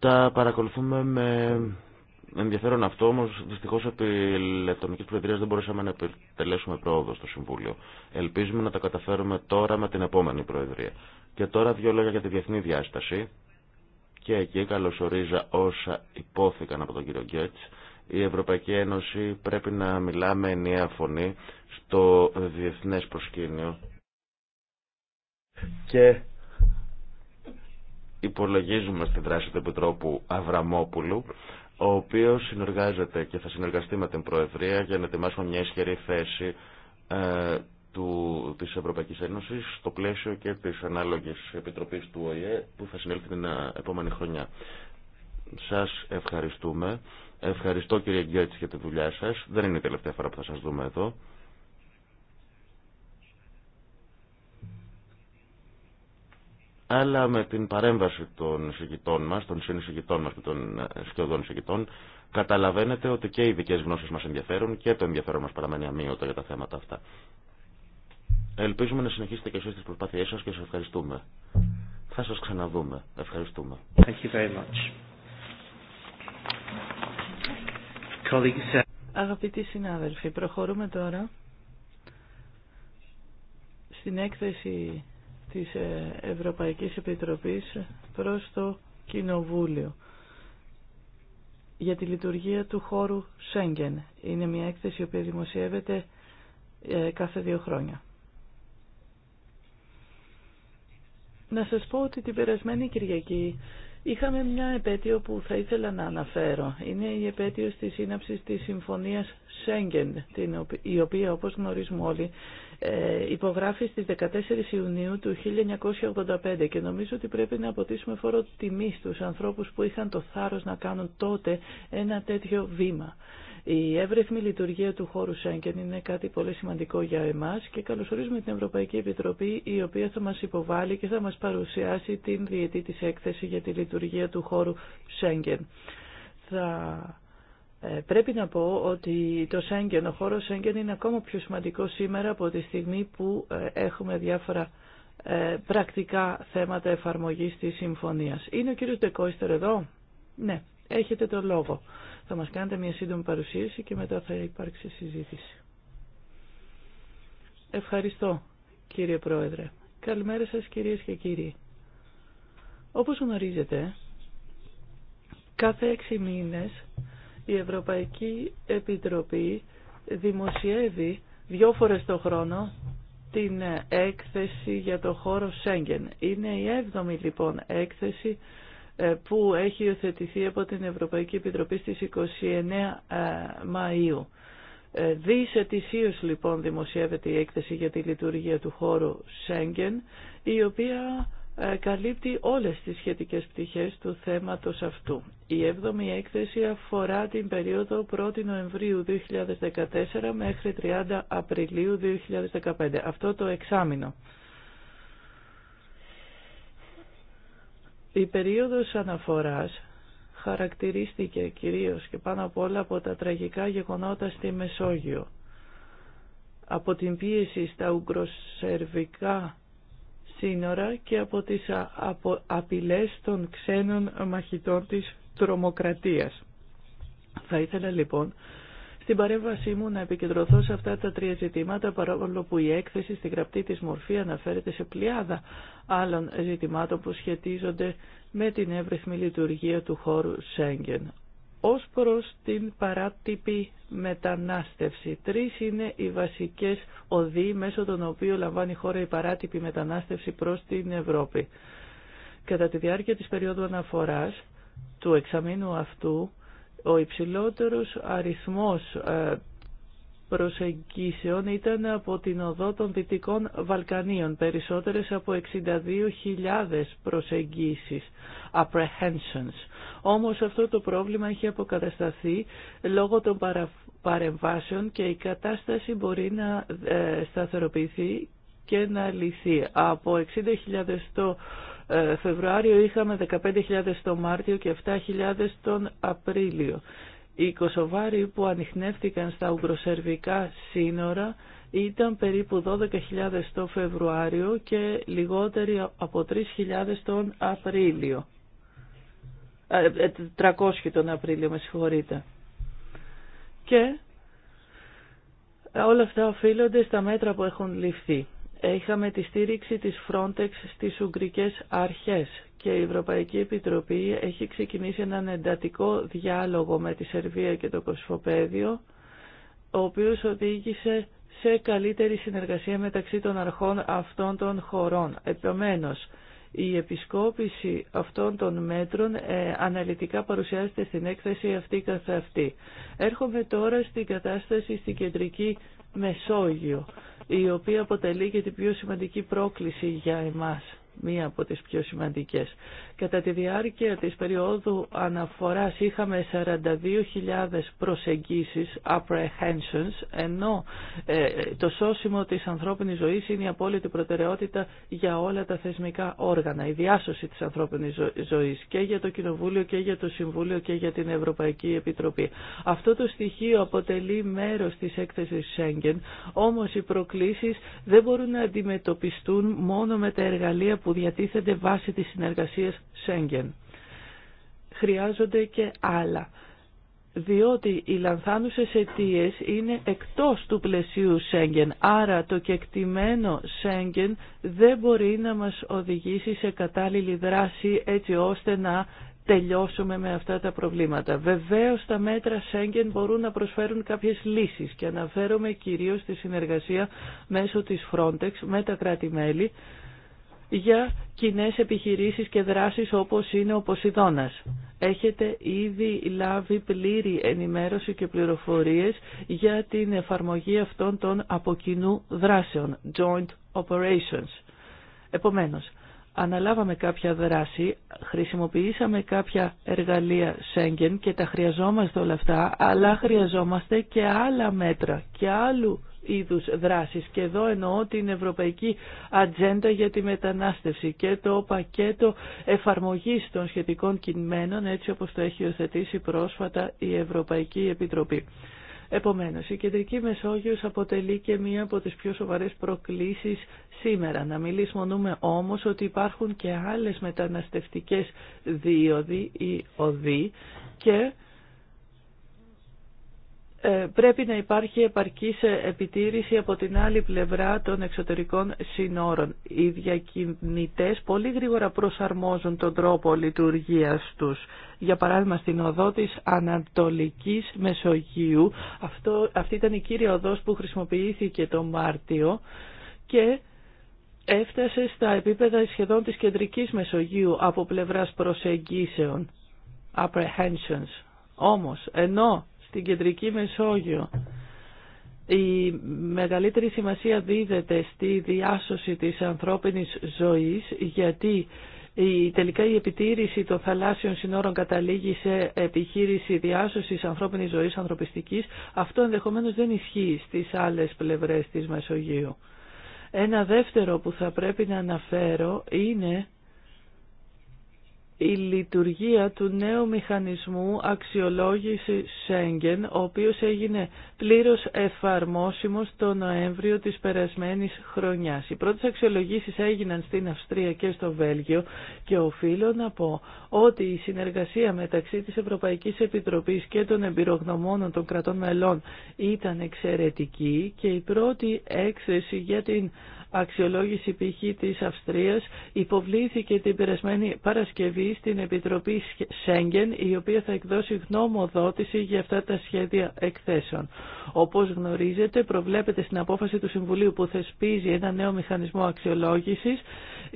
Τα παρακολουθούμε με ενδιαφέρον αυτό, όμω δυστυχώ επί ηλεκτρονική προεδρία δεν μπορούσαμε να επιτελέσουμε πρόοδο στο Συμβούλιο. Ελπίζουμε να τα καταφέρουμε τώρα με την επόμενη προεδρία. Και τώρα δύο λόγια για τη διεθνή διάσταση. Και εκεί καλωσορίζα όσα υπόθηκαν από τον κύριο Γκέτ. Η Ευρωπαϊκή Ένωση πρέπει να μιλά με ενιαία φωνή στο διεθνέ προσκήνιο. Και υπολογίζουμε στη δράση του Επιτρόπου Αβραμόπουλου, ο οποίος συνεργάζεται και θα συνεργαστεί με την Προεδρία για να ετοιμάσουμε μια ισχυρή θέση ε, του, της Ευρωπαϊκής Ένωσης στο πλαίσιο και της ανάλογης επιτροπής του ΟΗΕ που θα συνέλθει την ε, επόμενη χρονιά. Σας ευχαριστούμε. Ευχαριστώ κύριε Γκέτς για τη δουλειά σας. Δεν είναι η τελευταία φορά που θα σας δούμε εδώ. αλλά με την παρέμβαση των συγκητών μας, των συνεισηγητών μας και των ε, σκιωδών συγκητών, καταλαβαίνετε ότι και οι δικές γνώσεις μας ενδιαφέρουν και το ενδιαφέρον μας παραμένει αμύωτο για τα θέματα αυτά. Ελπίζουμε να συνεχίσετε και εσείς τις προσπάθειές σας και σας ευχαριστούμε. Θα σας ξαναδούμε. Ευχαριστούμε. Uh, Αγαπητοί συνάδελφοι, προχωρούμε τώρα στην έκθεση της ε, Ευρωπαϊκής Επιτροπής προς το Κοινοβούλιο για τη λειτουργία του χώρου Σέγγεν. Είναι μια έκθεση η οποία δημοσιεύεται ε, κάθε δύο χρόνια. Να σας πω ότι την περασμένη Κυριακή είχαμε μια επέτειο που θα ήθελα να αναφέρω. Είναι η επέτειος της σύναψης της Συμφωνίας Σέγγεν, η οποία όπως γνωρίζουμε όλοι ε, υπογράφει στις 14 Ιουνίου του 1985 και νομίζω ότι πρέπει να αποτίσουμε φόρο τιμή στους ανθρώπους που είχαν το θάρρος να κάνουν τότε ένα τέτοιο βήμα. Η εύρεθμη λειτουργία του χώρου Σέγγεν είναι κάτι πολύ σημαντικό για εμάς και καλωσορίζουμε την Ευρωπαϊκή Επιτροπή η οποία θα μας υποβάλει και θα μας παρουσιάσει την διετή της έκθεση για τη λειτουργία του χώρου Σέγγεν. Θα ε, πρέπει να πω ότι το Σέγγεν, ο χώρος Σέγγεν είναι ακόμα πιο σημαντικό σήμερα από τη στιγμή που ε, έχουμε διάφορα ε, πρακτικά θέματα εφαρμογής της συμφωνίας. Είναι ο κύριος Ντεκόιστερ εδώ. Ναι, έχετε το λόγο. Θα μας κάνετε μια σύντομη παρουσίαση και μετά θα υπάρξει συζήτηση. Ευχαριστώ, κύριε Πρόεδρε. Καλημέρα σας, κυρίες και κύριοι. Όπως γνωρίζετε, κάθε έξι μήνες η Ευρωπαϊκή Επιτροπή δημοσιεύει δυο φορές το χρόνο την έκθεση για το χώρο Σέγγεν. Είναι η έβδομη λοιπόν έκθεση ε, που έχει υιοθετηθεί από την Ευρωπαϊκή Επιτροπή στις 29 ε, Μαΐου. Ε, Δις ετησίως λοιπόν δημοσιεύεται η έκθεση για τη λειτουργία του χώρου Σέγγεν, η οποία ε, καλύπτει όλες τις σχετικές πτυχές του θέματος αυτού. Η έβδομη έκθεση αφορά την περίοδο 1η Νοεμβρίου 2014 μέχρι 30 Απριλίου 2015, αυτό το εξάμεινο. Η περίοδος αναφοράς χαρακτηρίστηκε κυρίως και πάνω απ' όλα από τα τραγικά γεγονότα στη Μεσόγειο, από την πίεση στα ουγγροσερβικά σύνορα και από τις από απειλές των ξένων μαχητών της τρομοκρατίας. Θα ήθελα λοιπόν στην παρέμβασή μου να επικεντρωθώ σε αυτά τα τρία ζητήματα παρόλο που η έκθεση στη γραπτή της μορφή αναφέρεται σε πλειάδα άλλων ζητημάτων που σχετίζονται με την εύρυθμη λειτουργία του χώρου Σέγγεν. Ως προς την παράτυπη μετανάστευση. Τρεις είναι οι βασικές οδοί μέσω των οποίων λαμβάνει η χώρα η παράτυπη μετανάστευση προς την Ευρώπη. Κατά τη διάρκεια της περίοδου αναφοράς του εξαμήνου αυτού, ο υψηλότερος αριθμός ε, προσεγγίσεων ήταν από την οδό των Δυτικών Βαλκανίων, περισσότερες από 62.000 προσεγγίσεις, apprehensions. Όμως αυτό το πρόβλημα έχει αποκατασταθεί λόγω των παρεμβάσεων και η κατάσταση μπορεί να ε, σταθεροποιηθεί και να λυθεί. Από 60.000 το ε, Φεβρουάριο είχαμε 15.000 το Μάρτιο και 7.000 τον Απρίλιο. Οι κοσοβάροι που ανοιχνεύτηκαν στα ουγγροσερβικά σύνορα ήταν περίπου 12.000 το Φεβρουάριο και λιγότεροι από 3.000 τον Απρίλιο. 300 ε, ε, τον Απρίλιο, με συγχωρείτε. Και όλα αυτά οφείλονται στα μέτρα που έχουν ληφθεί. Ε, είχαμε τη στήριξη της Frontex στις Ουγγρικές Αρχές και η Ευρωπαϊκή Επιτροπή έχει ξεκινήσει έναν εντατικό διάλογο με τη Σερβία και το Κοσφοπέδιο, ο οποίος οδήγησε σε καλύτερη συνεργασία μεταξύ των αρχών αυτών των χωρών. Επομένως, η επισκόπηση αυτών των μέτρων ε, αναλυτικά παρουσιάζεται στην έκθεση αυτή καθ' αυτή. Έρχομαι τώρα στην κατάσταση στην κεντρική Μεσόγειο, η οποία αποτελεί και την πιο σημαντική πρόκληση για εμάς μία από τις πιο σημαντικές. Κατά τη διάρκεια της περίοδου αναφοράς είχαμε 42.000 προσεγγίσεις, apprehensions, ενώ ε, το σώσιμο της ανθρώπινης ζωής είναι η απόλυτη προτεραιότητα για όλα τα θεσμικά όργανα, η διάσωση της ανθρώπινης ζωής και για το Κοινοβούλιο και για το Συμβούλιο και για την Ευρωπαϊκή Επιτροπή. Αυτό το στοιχείο αποτελεί μέρος της έκθεσης Schengen, όμως οι προκλήσεις δεν μπορούν να αντιμετωπιστούν μόνο με τα εργαλεία που που διατίθενται βάσει της συνεργασίας Σέγγεν. Χρειάζονται και άλλα διότι οι λανθάνουσες αιτίε είναι εκτός του πλαισίου Σέγγεν. Άρα το κεκτημένο Σέγγεν δεν μπορεί να μας οδηγήσει σε κατάλληλη δράση έτσι ώστε να τελειώσουμε με αυτά τα προβλήματα. Βεβαίως τα μέτρα Σέγγεν μπορούν να προσφέρουν κάποιες λύσεις και αναφέρομαι κυρίως στη συνεργασία μέσω της Frontex με τα κράτη-μέλη για κοινέ επιχειρήσεις και δράσεις όπως είναι ο Ποσειδώνας. Έχετε ήδη λάβει πλήρη ενημέρωση και πληροφορίες για την εφαρμογή αυτών των αποκοινού δράσεων, joint operations. Επομένως, αναλάβαμε κάποια δράση, χρησιμοποιήσαμε κάποια εργαλεία Σέγγεν και τα χρειαζόμαστε όλα αυτά, αλλά χρειαζόμαστε και άλλα μέτρα και άλλου είδους δράσεις. Και εδώ εννοώ την Ευρωπαϊκή Ατζέντα για τη Μετανάστευση και το πακέτο εφαρμογής των σχετικών κινημένων, έτσι όπως το έχει υιοθετήσει πρόσφατα η Ευρωπαϊκή Επιτροπή. Επομένως, η Κεντρική Μεσόγειος αποτελεί και μία από τις πιο σοβαρές προκλήσεις σήμερα. Να μην λησμονούμε όμως ότι υπάρχουν και άλλες μεταναστευτικές δίωδοι ή οδοί και ε, πρέπει να υπάρχει επαρκής επιτήρηση από την άλλη πλευρά των εξωτερικών συνόρων. Οι διακινητές πολύ γρήγορα προσαρμόζουν τον τρόπο λειτουργίας τους. Για παράδειγμα στην οδό της Ανατολικής Μεσογείου, αυτό, αυτή ήταν η κύρια οδός που χρησιμοποιήθηκε το Μάρτιο και έφτασε στα επίπεδα σχεδόν της Κεντρικής Μεσογείου από πλευράς προσεγγίσεων, apprehensions. Όμως, ενώ στην Κεντρική Μεσόγειο. Η μεγαλύτερη σημασία δίδεται στη διάσωση της ανθρώπινης ζωής γιατί η, τελικά η επιτήρηση των θαλάσσιων συνόρων καταλήγει σε επιχείρηση διάσωσης ανθρώπινης ζωής ανθρωπιστικής. Αυτό ενδεχομένως δεν ισχύει στις άλλες πλευρές της Μεσογείου. Ένα δεύτερο που θα πρέπει να αναφέρω είναι η λειτουργία του νέου μηχανισμού αξιολόγησης Σέγγεν, ο οποίος έγινε πλήρως εφαρμόσιμος το Νοέμβριο της περασμένης χρονιάς. Οι πρώτες αξιολογήσεις έγιναν στην Αυστρία και στο Βέλγιο και οφείλω να πω ότι η συνεργασία μεταξύ της Ευρωπαϊκής Επιτροπής και των εμπειρογνωμόνων των κρατών μελών ήταν εξαιρετική και η πρώτη έκθεση για την αξιολόγηση π.χ. της Αυστρίας υποβλήθηκε την περασμένη Παρασκευή στην Επιτροπή Σέγγεν η οποία θα εκδώσει γνώμοδότηση για αυτά τα σχέδια εκθέσεων. Όπως γνωρίζετε προβλέπεται στην απόφαση του Συμβουλίου που θεσπίζει ένα νέο μηχανισμό αξιολόγησης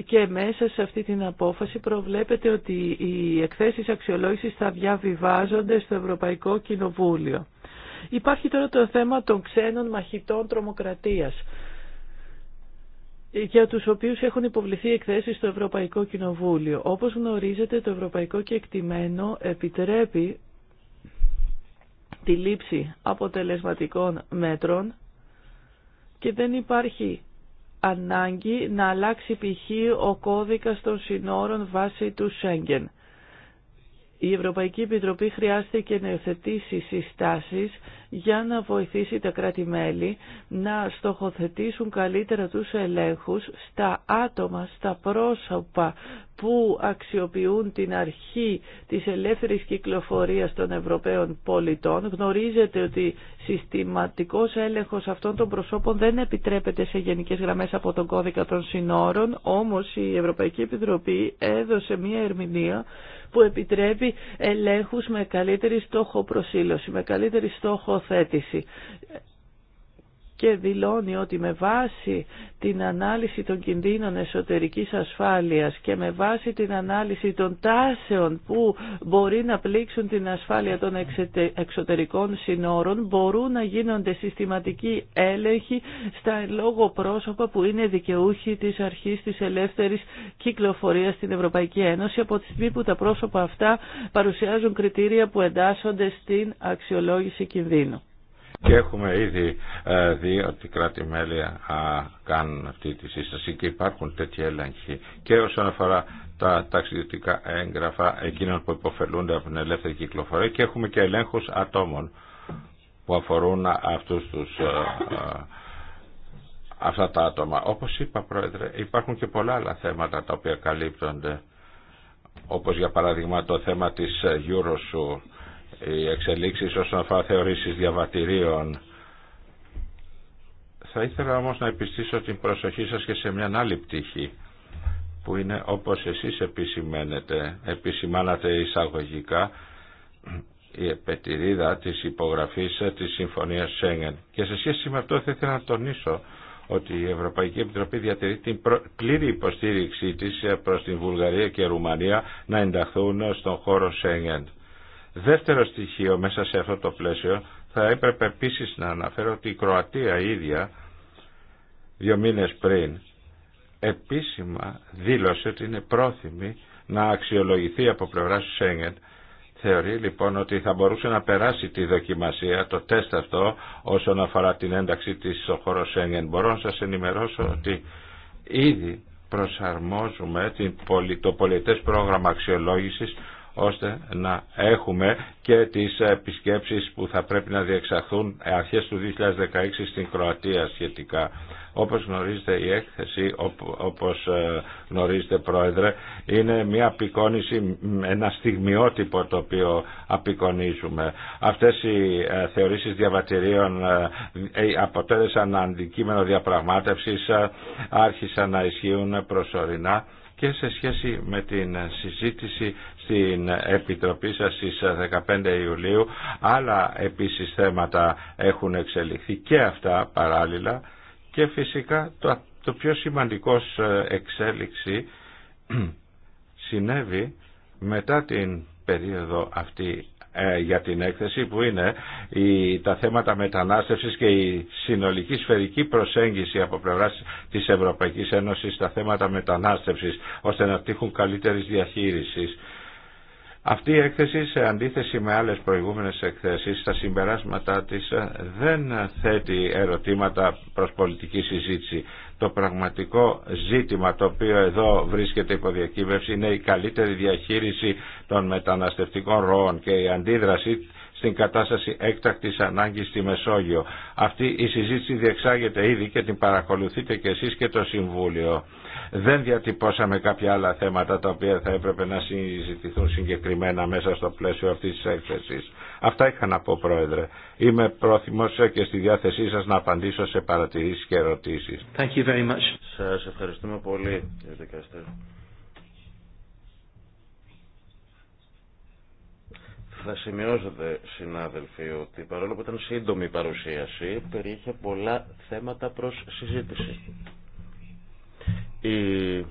και μέσα σε αυτή την απόφαση προβλέπεται ότι οι εκθέσεις αξιολόγησης θα διαβιβάζονται στο Ευρωπαϊκό Κοινοβούλιο. Υπάρχει τώρα το θέμα των ξένων μαχητών τρομοκρατίας για τους οποίους έχουν υποβληθεί εκθέσεις στο Ευρωπαϊκό Κοινοβούλιο. Όπως γνωρίζετε, το Ευρωπαϊκό Κεκτημένο επιτρέπει τη λήψη αποτελεσματικών μέτρων και δεν υπάρχει ανάγκη να αλλάξει π.χ. ο κώδικας των συνόρων βάσει του Σέγγεν. Η Ευρωπαϊκή Επιτροπή χρειάστηκε να υιοθετήσει συστάσεις για να βοηθήσει τα κράτη-μέλη να στοχοθετήσουν καλύτερα τους ελέγχους στα άτομα, στα πρόσωπα που αξιοποιούν την αρχή της ελεύθερης κυκλοφορίας των Ευρωπαίων πολιτών. Γνωρίζετε ότι συστηματικός έλεγχος αυτών των προσώπων δεν επιτρέπεται σε γενικές γραμμές από τον κώδικα των συνόρων, όμως η Ευρωπαϊκή Επιτροπή έδωσε μία ερμηνεία που επιτρέπει ελέγχους με καλύτερη στόχο προσήλωση, με καλύτερη στόχο θέτηση και δηλώνει ότι με βάση την ανάλυση των κινδύνων εσωτερικής ασφάλειας και με βάση την ανάλυση των τάσεων που μπορεί να πλήξουν την ασφάλεια των εξωτερικών συνόρων μπορούν να γίνονται συστηματικοί έλεγχοι στα λόγω πρόσωπα που είναι δικαιούχοι της αρχής της ελεύθερης κυκλοφορίας στην Ευρωπαϊκή Ένωση από τη στιγμή που τα πρόσωπα αυτά παρουσιάζουν κριτήρια που εντάσσονται στην αξιολόγηση κινδύνου. Και έχουμε ήδη ε, δει ότι κράτη-μέλη κάνουν αυτή τη σύσταση και υπάρχουν τέτοιοι έλεγχοι. Και όσον αφορά τα ταξιδιωτικά έγγραφα εκείνων που υποφελούνται από την ελεύθερη κυκλοφορία και έχουμε και ελέγχους ατόμων που αφορούν αυτούς τους, ε, ε, αυτά τα άτομα. Όπως είπα Πρόεδρε, υπάρχουν και πολλά άλλα θέματα τα οποία καλύπτονται όπως για παράδειγμα το θέμα της Eurosur οι εξελίξεις όσον αφορά θεωρήσεις διαβατηρίων. Θα ήθελα όμως να επιστήσω την προσοχή σας και σε μια άλλη πτυχή που είναι όπως εσείς επισημαίνετε, επισημάνατε εισαγωγικά η επετηρίδα της υπογραφής της Συμφωνίας Σέγγεν. Και σε σχέση με αυτό θα ήθελα να τονίσω ότι η Ευρωπαϊκή Επιτροπή διατηρεί την πλήρη υποστήριξή της προς την Βουλγαρία και Ρουμανία να ενταχθούν στον χώρο Σέγγεν. Δεύτερο στοιχείο μέσα σε αυτό το πλαίσιο θα έπρεπε επίσης να αναφέρω ότι η Κροατία ίδια δύο μήνες πριν επίσημα δήλωσε ότι είναι πρόθυμη να αξιολογηθεί από πλευρά του Σέγγεν. Θεωρεί λοιπόν ότι θα μπορούσε να περάσει τη δοκιμασία, το τεστ αυτό όσον αφορά την ένταξη της στο χώρο Σέγγεν. Μπορώ να σας ενημερώσω ότι ήδη προσαρμόζουμε το πολιτές πρόγραμμα αξιολόγησης ώστε να έχουμε και τις επισκέψεις που θα πρέπει να διεξαχθούν αρχές του 2016 στην Κροατία σχετικά. Όπως γνωρίζετε η έκθεση, όπως ε, γνωρίζετε Πρόεδρε, είναι μια απεικόνηση, ένα στιγμιότυπο το οποίο απεικονίζουμε. Αυτές οι ε, θεωρήσεις διαβατηρίων ε, αποτέλεσαν αντικείμενο διαπραγμάτευσης, άρχισαν να ισχύουν προσωρινά και σε σχέση με την συζήτηση στην Επιτροπή σας στις 15 ε, Ιουλίου. Άλλα επίσης θέματα έχουν εξελιχθεί και αυτά παράλληλα και φυσικά το, πιο σημαντικό ε, εξέλιξη συνέβη μετά την περίοδο αυτή ε, για την έκθεση που είναι η, τα θέματα μετανάστευσης και η συνολική σφαιρική προσέγγιση από πλευράς της Ευρωπαϊκής Ένωσης στα θέματα μετανάστευσης ώστε να τύχουν καλύτερης διαχείρισης. Αυτή η έκθεση σε αντίθεση με άλλες προηγούμενες εκθέσεις στα συμπεράσματά της ε, δεν θέτει ερωτήματα προς πολιτική συζήτηση. Το πραγματικό ζήτημα το οποίο εδώ βρίσκεται υπό διακύβευση είναι η καλύτερη διαχείριση των μεταναστευτικών ροών και η αντίδραση στην κατάσταση έκτακτης ανάγκης στη Μεσόγειο. Αυτή η συζήτηση διεξάγεται ήδη και την παρακολουθείτε και εσείς και το Συμβούλιο. Δεν διατυπώσαμε κάποια άλλα θέματα τα οποία θα έπρεπε να συζητηθούν συγκεκριμένα μέσα στο πλαίσιο αυτής της έκθεσης. Αυτά είχα να πω Πρόεδρε. Είμαι πρόθυμος και στη διάθεσή σας να απαντήσω σε παρατηρήσεις και ερωτήσεις. Thank Σας ευχαριστούμε πολύ κύριε Δικαστήριο. Θα σημειώσετε, συνάδελφοι, ότι παρόλο που ήταν σύντομη η παρουσίαση, περιείχε πολλά θέματα προς συζήτηση. Η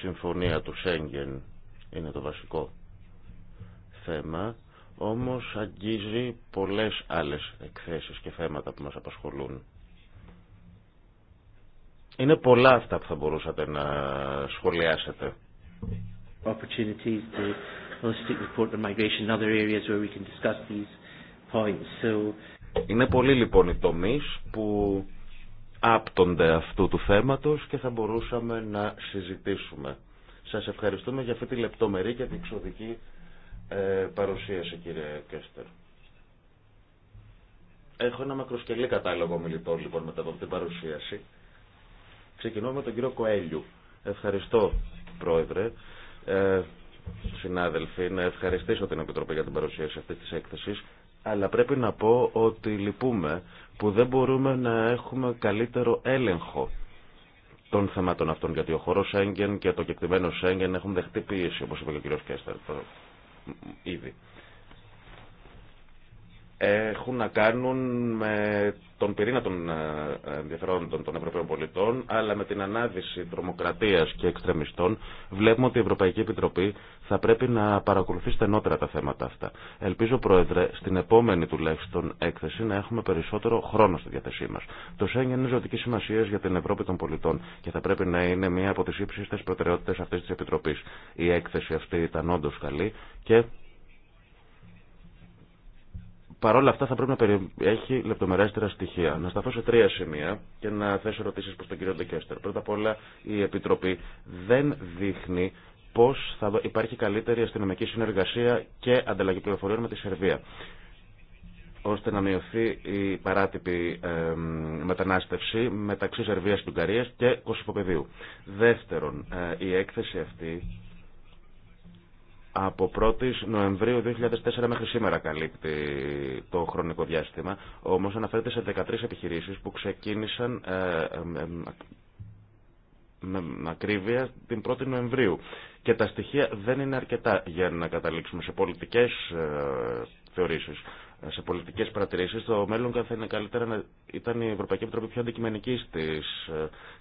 συμφωνία του Σέγγεν είναι το βασικό θέμα, όμως αγγίζει πολλές άλλες εκθέσεις και θέματα που μας απασχολούν. Είναι πολλά αυτά που θα μπορούσατε να σχολιάσετε report migration other areas where we can discuss these points. So... Είναι πολλοί λοιπόν οι τομείς που άπτονται αυτού του θέματος και θα μπορούσαμε να συζητήσουμε. Σας ευχαριστούμε για αυτή τη λεπτομερή και διεξοδική ε, παρουσίαση κύριε Κέστερ. Έχω ένα μακροσκελή κατάλογο μιλητών λοιπόν μετά από αυτή την παρουσίαση. Ξεκινώ με τον κύριο Κοέλιου. Ευχαριστώ πρόεδρε. Ε, συνάδελφοι, να ευχαριστήσω την Επιτροπή για την παρουσίαση αυτή τη έκθεσης, αλλά πρέπει να πω ότι λυπούμε που δεν μπορούμε να έχουμε καλύτερο έλεγχο των θεμάτων αυτών, γιατί ο χώρο Σέγγεν και το κεκτημένο Σέγγεν έχουν δεχτεί πίεση, όπως είπε και ο κ. Κέστερ ήδη έχουν να κάνουν με τον πυρήνα των ε, ενδιαφερόντων των Ευρωπαίων πολιτών, αλλά με την ανάδυση τρομοκρατίας και εξτρεμιστών, βλέπουμε ότι η Ευρωπαϊκή Επιτροπή θα πρέπει να παρακολουθεί στενότερα τα θέματα αυτά. Ελπίζω, Πρόεδρε, στην επόμενη τουλάχιστον έκθεση να έχουμε περισσότερο χρόνο στη διάθεσή μα. Το Σέγγεν είναι ζωτική σημασία για την Ευρώπη των πολιτών και θα πρέπει να είναι μία από τι ύψιστε προτεραιότητε αυτή τη Επιτροπή. Η έκθεση αυτή ήταν όντω καλή και παρόλα αυτά θα πρέπει να περιέχει λεπτομερέστερα στοιχεία. Να σταθώ σε τρία σημεία και να θέσω ερωτήσει προ τον κύριο Ντεκέστερ. Πρώτα απ' όλα, η Επιτροπή δεν δείχνει πώ θα υπάρχει καλύτερη αστυνομική συνεργασία και ανταλλαγή πληροφοριών με τη Σερβία ώστε να μειωθεί η παράτυπη μετανάστευση μεταξύ Σερβίας και Ουγγαρίας και Κωσυφοπεδίου. Δεύτερον, ε, η έκθεση αυτή από 1η Νοεμβρίου 2004 μέχρι σήμερα καλύπτει το χρονικό διάστημα, όμως αναφέρεται σε 13 επιχειρήσεις που ξεκίνησαν ε, ε, ε, με ακρίβεια την 1η Νοεμβρίου. Και τα στοιχεία δεν είναι αρκετά για να καταλήξουμε σε πολιτικές θεωρήσεις σε πολιτικέ παρατηρήσει. Το μέλλον θα είναι καλύτερα να ήταν η Ευρωπαϊκή Επιτροπή πιο αντικειμενική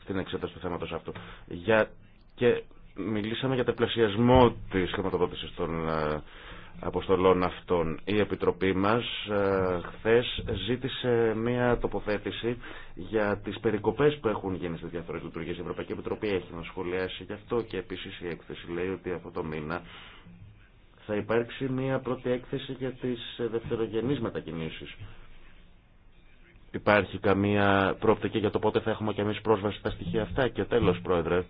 στην εξέταση του θέματο αυτού. Για, και Μιλήσαμε για τεπλασιασμό της χρηματοδότησης των ε, αποστολών αυτών. Η Επιτροπή μας ε, χθες ζήτησε μία τοποθέτηση για τις περικοπές που έχουν γίνει στις διάφορες λειτουργίες. Η Ευρωπαϊκή Επιτροπή έχει να σχολιάσει γι' αυτό και επίσης η έκθεση λέει ότι αυτό το μήνα θα υπάρξει μία πρώτη έκθεση για τις δευτερογενείς μετακινήσεις. Υπάρχει καμία πρόπτικη για το πότε θα έχουμε κι εμείς πρόσβαση στα στοιχεία αυτά. Και τέλος, Πρόεδρε,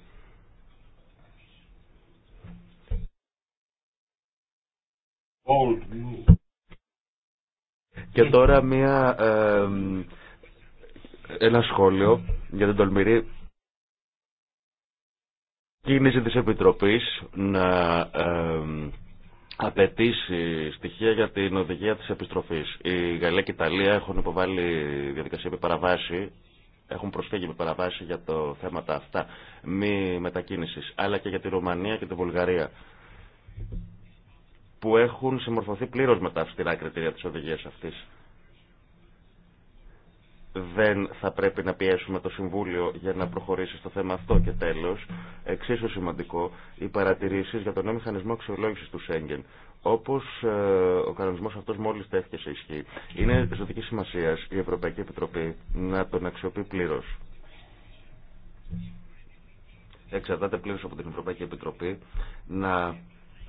Και τώρα μία, ε, ένα σχόλιο για την τολμηρή κίνηση της Επιτροπής να ε, απαιτήσει στοιχεία για την οδηγία της επιστροφής. Η Γαλλία και η Ιταλία έχουν υποβάλει διαδικασία με έχουν προσφύγει με παραβάση για το θέματα αυτά μη μετακίνησης, αλλά και για τη Ρωμανία και τη Βουλγαρία που έχουν συμμορφωθεί πλήρω με τα αυστηρά κριτήρια της οδηγίας αυτής. Δεν θα πρέπει να πιέσουμε το Συμβούλιο για να προχωρήσει στο θέμα αυτό. Και τέλο. εξίσου σημαντικό, οι παρατηρήσει για τον νέο μηχανισμό αξιολόγηση του Σέγγεν. Όπω ε, ο κανονισμό αυτό μόλι τέθηκε σε ισχύ, είναι ζωτική σημασία η Ευρωπαϊκή Επιτροπή να τον αξιοποιεί πλήρω. Εξαρτάται πλήρω από την Ευρωπαϊκή Επιτροπή να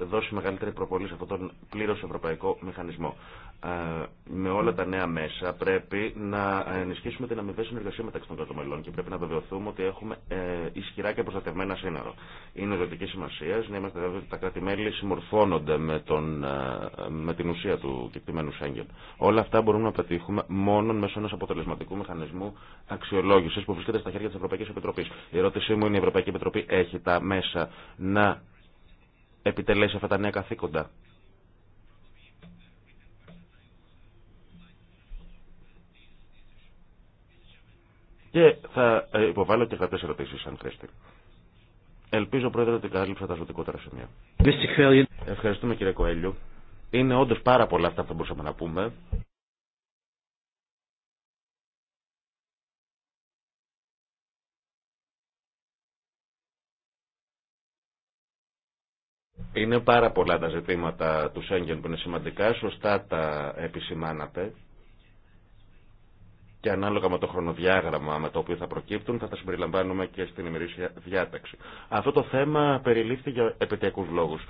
δώσει μεγαλύτερη προπολή σε αυτόν τον πλήρω ευρωπαϊκό μηχανισμό. Ε, με όλα τα νέα μέσα πρέπει να ενισχύσουμε την αμοιβή συνεργασία μεταξύ των κρατομελών και πρέπει να βεβαιωθούμε ότι έχουμε ε, ισχυρά και προστατευμένα σύνορα. Είναι ζωτική σημασία να είμαστε βέβαιοι ότι τα κράτη-μέλη συμμορφώνονται με, τον, ε, με την ουσία του κεκτημένου Σέγγεν. Όλα αυτά μπορούμε να πετύχουμε μόνο μέσω ενό αποτελεσματικού μηχανισμού αξιολόγηση που βρίσκεται στα χέρια τη Ευρωπαϊκή Επιτροπή. Η ερώτησή μου είναι η Ευρωπαϊκή Επιτροπή έχει τα μέσα να επιτελέσει αυτά τα νέα καθήκοντα. Και θα ε, υποβάλω και κάποιε ερωτήσει, αν χρειαστεί. Ελπίζω, Πρόεδρε, ότι κάλυψα τα ζωτικότερα σημεία. Ευχαριστούμε, κύριε Κοέλιο. Είναι όντω πάρα πολλά αυτά που θα μπορούσαμε να πούμε. Είναι πάρα πολλά τα ζητήματα του Σέγγεν που είναι σημαντικά, σωστά τα επισημάνατε και ανάλογα με το χρονοδιάγραμμα με το οποίο θα προκύπτουν θα τα συμπεριλαμβάνουμε και στην ημερήσια διάταξη. Αυτό το θέμα περιλήφθη για επαιτειακούς λόγους.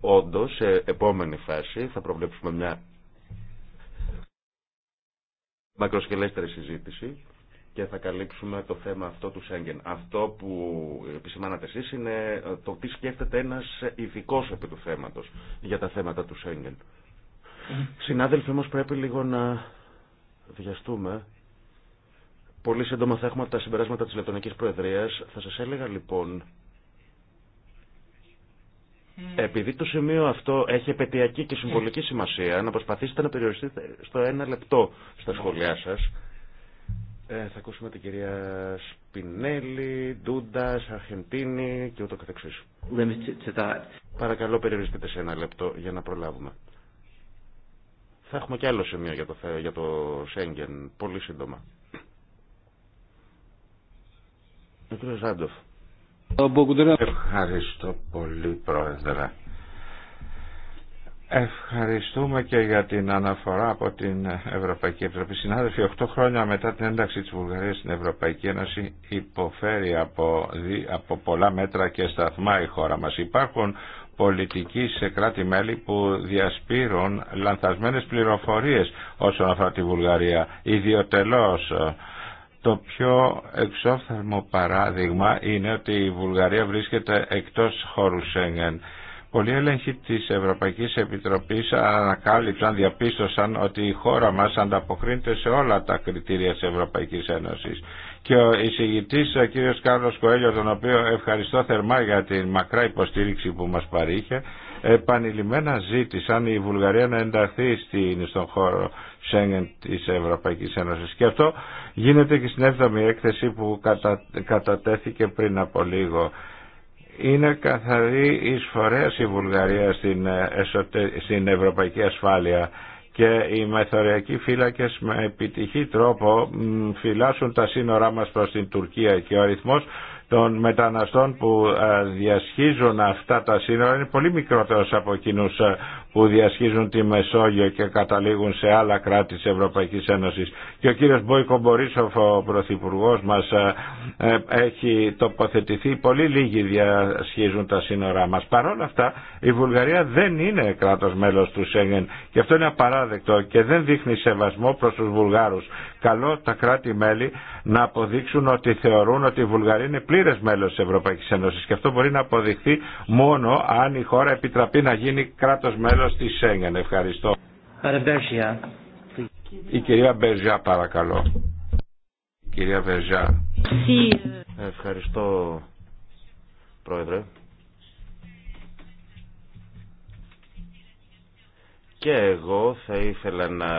Όντω, σε επόμενη φάση θα προβλέψουμε μια μακροσκελέστερη συζήτηση και θα καλύψουμε το θέμα αυτό του Σέγγεν. Αυτό που επισημάνατε εσεί είναι ε, το τι σκέφτεται ένα ειδικό επί του θέματος για τα θέματα του Σέγγεν. Συνάδελφοι όμω πρέπει λίγο να βιαστούμε. Πολύ σύντομα θα έχουμε τα συμπεράσματα τη Λεπτονικής Προεδρία. Θα σα έλεγα λοιπόν επειδή το σημείο αυτό έχει επαιτειακή και συμβολική σημασία, να προσπαθήσετε να περιοριστείτε στο ένα λεπτό στα σχόλιά σας ε, θα ακούσουμε την κυρία Σπινέλη, Ντούντα, Αρχεντίνη και ούτω καθεξής. Παρακαλώ περιοριστείτε σε ένα λεπτό για να προλάβουμε. Θα έχουμε και άλλο σημείο για το, για το Σέγγεν, πολύ σύντομα. Ευχαριστώ πολύ, Πρόεδρε. Ευχαριστούμε και για την αναφορά από την Ευρωπαϊκή Επιτροπή. Συνάδελφοι, 8 χρόνια μετά την ένταξη της Βουλγαρίας στην Ευρωπαϊκή Ένωση υποφέρει από, από πολλά μέτρα και σταθμά η χώρα μας. Υπάρχουν πολιτικοί σε κράτη-μέλη που διασπείρουν λανθασμένες πληροφορίες όσον αφορά τη Βουλγαρία. Ιδιωτελώς το πιο εξόφθαλμο παράδειγμα είναι ότι η Βουλγαρία βρίσκεται εκτός χώρου Σέγγεν Πολλοί έλεγχοι της Ευρωπαϊκής Επιτροπής ανακάλυψαν, διαπίστωσαν ότι η χώρα μας ανταποκρίνεται σε όλα τα κριτήρια της Ευρωπαϊκής Ένωσης. Και ο εισηγητής ο κ. Κάρλος Κοέλιο, τον οποίο ευχαριστώ θερμά για την μακρά υποστήριξη που μας παρήχε, επανειλημμένα ζήτησαν η Βουλγαρία να ενταχθεί στην, στον χώρο Σέγγεν της Ευρωπαϊκής Ένωσης. Και αυτό γίνεται και στην 7η έκθεση που κατατέθηκε πριν από λίγο είναι καθαρή εισφορέας η Βουλγαρία στην, ε, στην ευρωπαϊκή ασφάλεια και οι μεθοριακοί φύλακες με επιτυχή τρόπο φυλάσσουν τα σύνορά μας προς την Τουρκία και ο αριθμός των μεταναστών που ε, διασχίζουν αυτά τα σύνορα είναι πολύ μικρότερος από εκείνους ε, που διασχίζουν τη Μεσόγειο και καταλήγουν σε άλλα κράτη της Ευρωπαϊκής Ένωσης. Και ο κύριος Μπόικο Μπορίσοφ, ο Πρωθυπουργός μας, ε, έχει τοποθετηθεί. Πολύ λίγοι διασχίζουν τα σύνορά μας. Παρ' όλα αυτά η Βουλγαρία δεν είναι κράτος μέλος του Σέγγεν και αυτό είναι απαράδεκτο και δεν δείχνει σεβασμό προς τους Βουλγάρους. Καλό τα κράτη-μέλη να αποδείξουν ότι θεωρούν ότι η Βουλγαρία είναι πλήρε μέλο τη Ευρωπαϊκή Ένωση και αυτό μπορεί να αποδειχθεί μόνο αν η χώρα επιτραπεί να γίνει κράτο μέλο τη Σέγγεν. Ευχαριστώ. Η κυρία Μπερζιά παρακαλώ. Η κυρία Μπερζιά. Ευχαριστώ πρόεδρε. και εγώ θα ήθελα να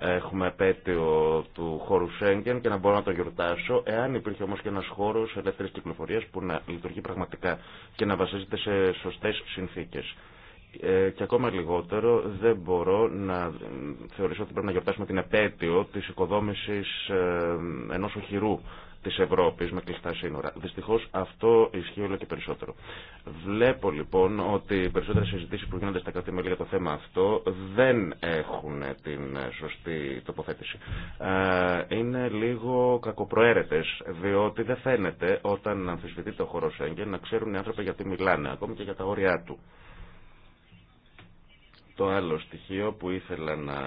έχουμε επέτειο του χώρου Σέγγεν και να μπορώ να το γιορτάσω, εάν υπήρχε όμως και ένας χώρος ελεύθερης κυκλοφορίας που να λειτουργεί πραγματικά και να βασίζεται σε σωστές συνθήκες. Ε, και ακόμα λιγότερο δεν μπορώ να θεωρήσω ότι πρέπει να γιορτάσουμε την επέτειο της οικοδόμησης ε, ενός οχυρού Τη Ευρώπη με κλειστά σύνορα. Δυστυχώ αυτό ισχύει όλο και περισσότερο. Βλέπω λοιπόν ότι οι περισσότερες συζητήσει που γίνονται στα κράτη-μέλη για το θέμα αυτό δεν έχουν την σωστή τοποθέτηση. Ε, είναι λίγο κακοπροαίρετε, διότι δεν φαίνεται όταν αμφισβητεί το χώρο Σέγγεν να ξέρουν οι άνθρωποι γιατί μιλάνε, ακόμη και για τα όρια του. Το άλλο στοιχείο που ήθελα να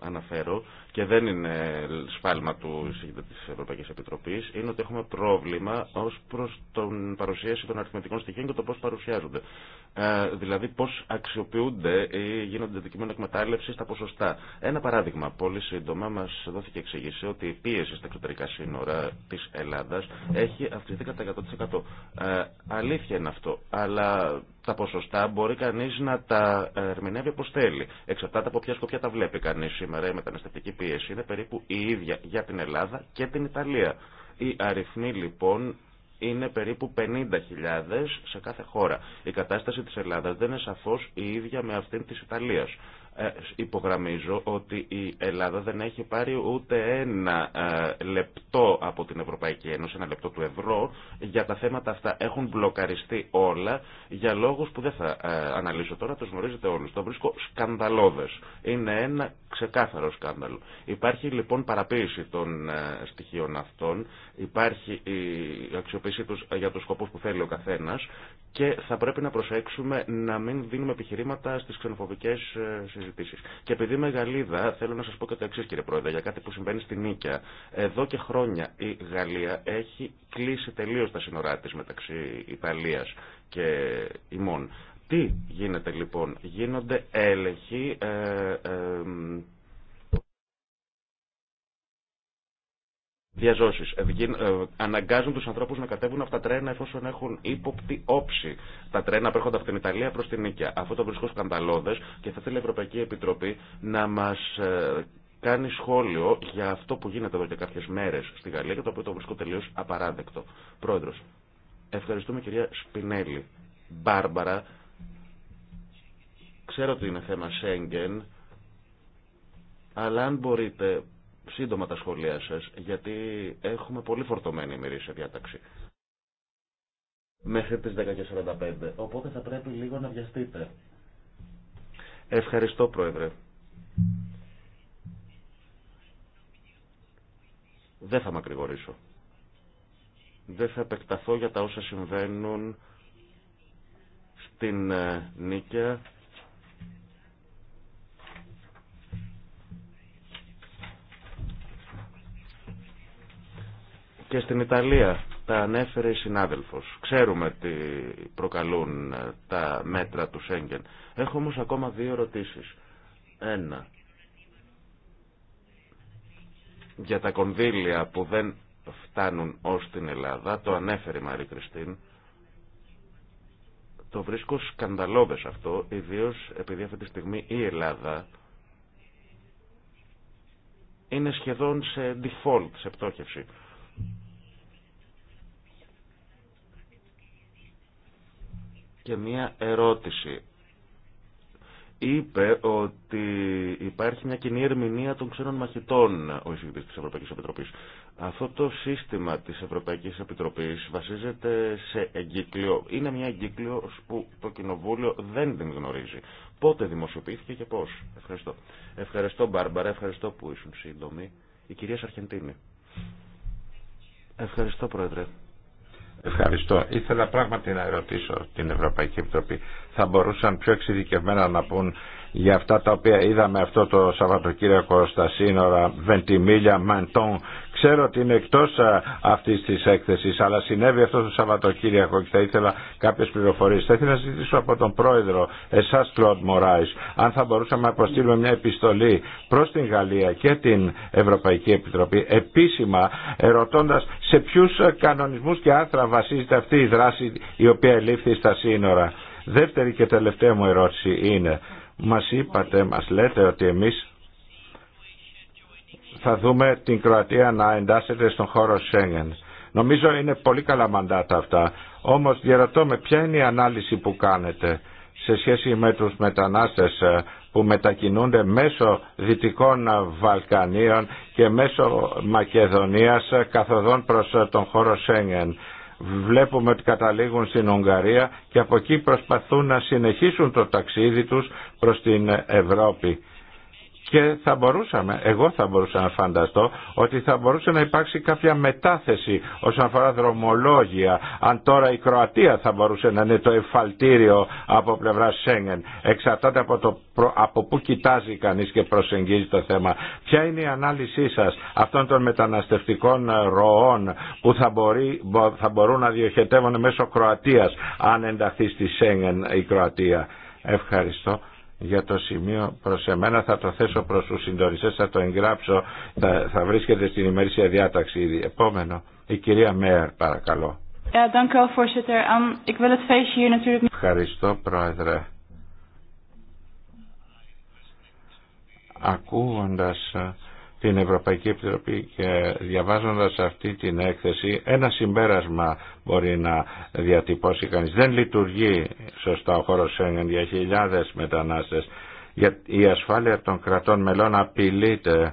αναφέρω και δεν είναι σφάλμα του της Ευρωπαϊκής Επιτροπής, είναι ότι έχουμε πρόβλημα ως προς την παρουσίαση των αριθμητικών στοιχείων και το πώς παρουσιάζονται. Ε, δηλαδή πώς αξιοποιούνται ή γίνονται αντικείμενα εκμετάλλευση στα ποσοστά. Ένα παράδειγμα, πολύ σύντομα μας δόθηκε εξήγηση ότι η πίεση στα εξωτερικά σύνορα της Ελλάδας έχει αυξηθεί κατά 100%. Ε, αλήθεια είναι αυτό, αλλά τα ποσοστά μπορεί κανεί να τα ερμηνεύει όπω θέλει. Εξαρτάται από ποια σκοπιά τα βλέπει κανεί σήμερα η μεταναστευτική πίεση είναι περίπου η ίδια για την Ελλάδα και την Ιταλία. Οι αριθμοί λοιπόν είναι περίπου 50.000 σε κάθε χώρα. Η κατάσταση της Ελλάδας δεν είναι σαφώς η ίδια με αυτήν της Ιταλίας. Ε, υπογραμμίζω ότι η Ελλάδα δεν έχει πάρει ούτε ένα ε, λεπτό από την Ευρωπαϊκή Ένωση, ένα λεπτό του ευρώ, για τα θέματα αυτά. Έχουν μπλοκαριστεί όλα για λόγους που δεν θα ε, αναλύσω τώρα, τους γνωρίζετε όλους. Το βρίσκω σκανδαλώδες. Είναι ένα ξεκάθαρο σκάνδαλο. Υπάρχει λοιπόν παραποίηση των στοιχείων αυτών υπάρχει η αξιοποίησή τους για τους σκοπούς που θέλει ο καθένας και θα πρέπει να προσέξουμε να μην δίνουμε επιχειρήματα στις ξενοφοβικές ε, συζητήσεις. Και επειδή είμαι Γαλλίδα, θέλω να σας πω και το εξής κύριε Πρόεδρε, για κάτι που συμβαίνει στη Νίκαια. Εδώ και χρόνια η Γαλλία έχει κλείσει τελείως τα σύνορά της μεταξύ Ιταλίας και ημών. Τι γίνεται λοιπόν, γίνονται έλεγχοι ε, ε, διαζώσει. Ε, ε, αναγκάζουν του ανθρώπου να κατέβουν από τα τρένα εφόσον έχουν ύποπτη όψη. Τα τρένα που έρχονται από την Ιταλία προ την Νίκαια. Αυτό το βρίσκω σκανδαλώδε και θα θέλει η Ευρωπαϊκή Επιτροπή να μα ε, κάνει σχόλιο για αυτό που γίνεται εδώ και κάποιε μέρε στη Γαλλία και το οποίο το βρίσκω τελείω απαράδεκτο. Πρόεδρο, ευχαριστούμε κυρία Σπινέλη. Μπάρμπαρα, ξέρω ότι είναι θέμα Σέγγεν, αλλά αν μπορείτε σύντομα τα σχόλιά σα γιατί έχουμε πολύ φορτωμένη ημερήσια διάταξη. Μέχρι τι 10.45, οπότε θα πρέπει λίγο να βιαστείτε. Ευχαριστώ, Πρόεδρε. Δεν θα μακρηγορήσω. Δεν θα επεκταθώ για τα όσα συμβαίνουν στην ε, Νίκαια και στην Ιταλία. Τα ανέφερε η συνάδελφος. Ξέρουμε τι προκαλούν ε, τα μέτρα του Σέγγεν. Έχω όμως ακόμα δύο ερωτήσεις. Ένα. Για τα κονδύλια που δεν φτάνουν ως την Ελλάδα, το ανέφερε η Μαρή Κριστίν, το βρίσκω σκανδαλώδες αυτό, ιδίως επειδή αυτή τη στιγμή η Ελλάδα είναι σχεδόν σε default, σε πτώχευση. Και μία ερώτηση. Είπε ότι υπάρχει μια κοινή ερμηνεία των ξένων μαχητών ο εισηγητής της Ευρωπαϊκής Επιτροπής. Αυτό το σύστημα της Ευρωπαϊκής Επιτροπής βασίζεται σε εγκύκλιο. Είναι μια εγκύκλιο που το Κοινοβούλιο δεν την γνωρίζει. Πότε δημοσιοποιήθηκε και πώς. Ευχαριστώ. Ευχαριστώ Μπάρμπαρα, ευχαριστώ που ήσουν σύντομοι. Η κυρία Σαρχεντίνη. Ευχαριστώ Πρόεδρε. Ευχαριστώ. Ήθελα πράγματι να ερωτήσω την Ευρωπαϊκή Επιτροπή. Θα μπορούσαν πιο εξειδικευμένα να πούν για αυτά τα οποία είδαμε αυτό το Σαββατοκύριακο στα σύνορα Βεντιμίλια, Μαντών. Ξέρω ότι είναι εκτό ε, αυτή τη έκθεση, αλλά συνέβη αυτό το Σαββατοκύριακο και θα ήθελα κάποιε πληροφορίες. Θα ήθελα να ζητήσω από τον πρόεδρο, εσά, Κλοντ Μωράης, αν θα μπορούσαμε να αποστείλουμε μια επιστολή προς την Γαλλία και την Ευρωπαϊκή Επιτροπή, επίσημα ερωτώντας σε ποιου κανονισμούς και άρθρα βασίζεται αυτή η δράση η οποία ελήφθη στα σύνορα. Δεύτερη και τελευταία μου ερώτηση είναι μας είπατε, μας λέτε ότι εμείς θα δούμε την Κροατία να εντάσσεται στον χώρο Σέγγεν. Νομίζω είναι πολύ καλά μαντάτα αυτά. Όμως διαρωτώ με ποια είναι η ανάλυση που κάνετε σε σχέση με τους μετανάστες ε, που μετακινούνται μέσω Δυτικών Βαλκανίων και μέσω Μακεδονίας ε, καθοδόν προς ε, τον χώρο Σέγγεν βλέπουμε ότι καταλήγουν στην Ουγγαρία και από εκεί προσπαθούν να συνεχίσουν το ταξίδι τους προς την Ευρώπη και θα μπορούσαμε, εγώ θα μπορούσα να φανταστώ ότι θα μπορούσε να υπάρξει κάποια μετάθεση όσον αφορά δρομολόγια. Αν τώρα η Κροατία θα μπορούσε να είναι το εφαλτήριο από πλευρά Σέγγεν. Εξαρτάται από, το, από πού κοιτάζει κανείς και προσεγγίζει το θέμα. Ποια είναι η ανάλυση σας αυτών των μεταναστευτικών ροών που θα, θα μπορούν να διοχετεύουν μέσω Κροατίας αν ενταχθεί στη Σέγγεν η Κροατία. Ευχαριστώ για το σημείο προς εμένα θα το θέσω προς τους συντονιστές, θα το εγγράψω, θα, βρίσκεται στην ημερήσια διάταξη Επόμενο, η κυρία Μέερ παρακαλώ. Ε, ehm, Ευχαριστώ πρόεδρε. Ακούγοντας ε, την Ευρωπαϊκή Επιτροπή και διαβάζοντας αυτή την έκθεση ένα συμπέρασμα μπορεί να διατυπώσει κανείς. Δεν λειτουργεί σωστά ο χώρος Σέγγεν για χιλιάδες μετανάστες. Η ασφάλεια των κρατών μελών απειλείται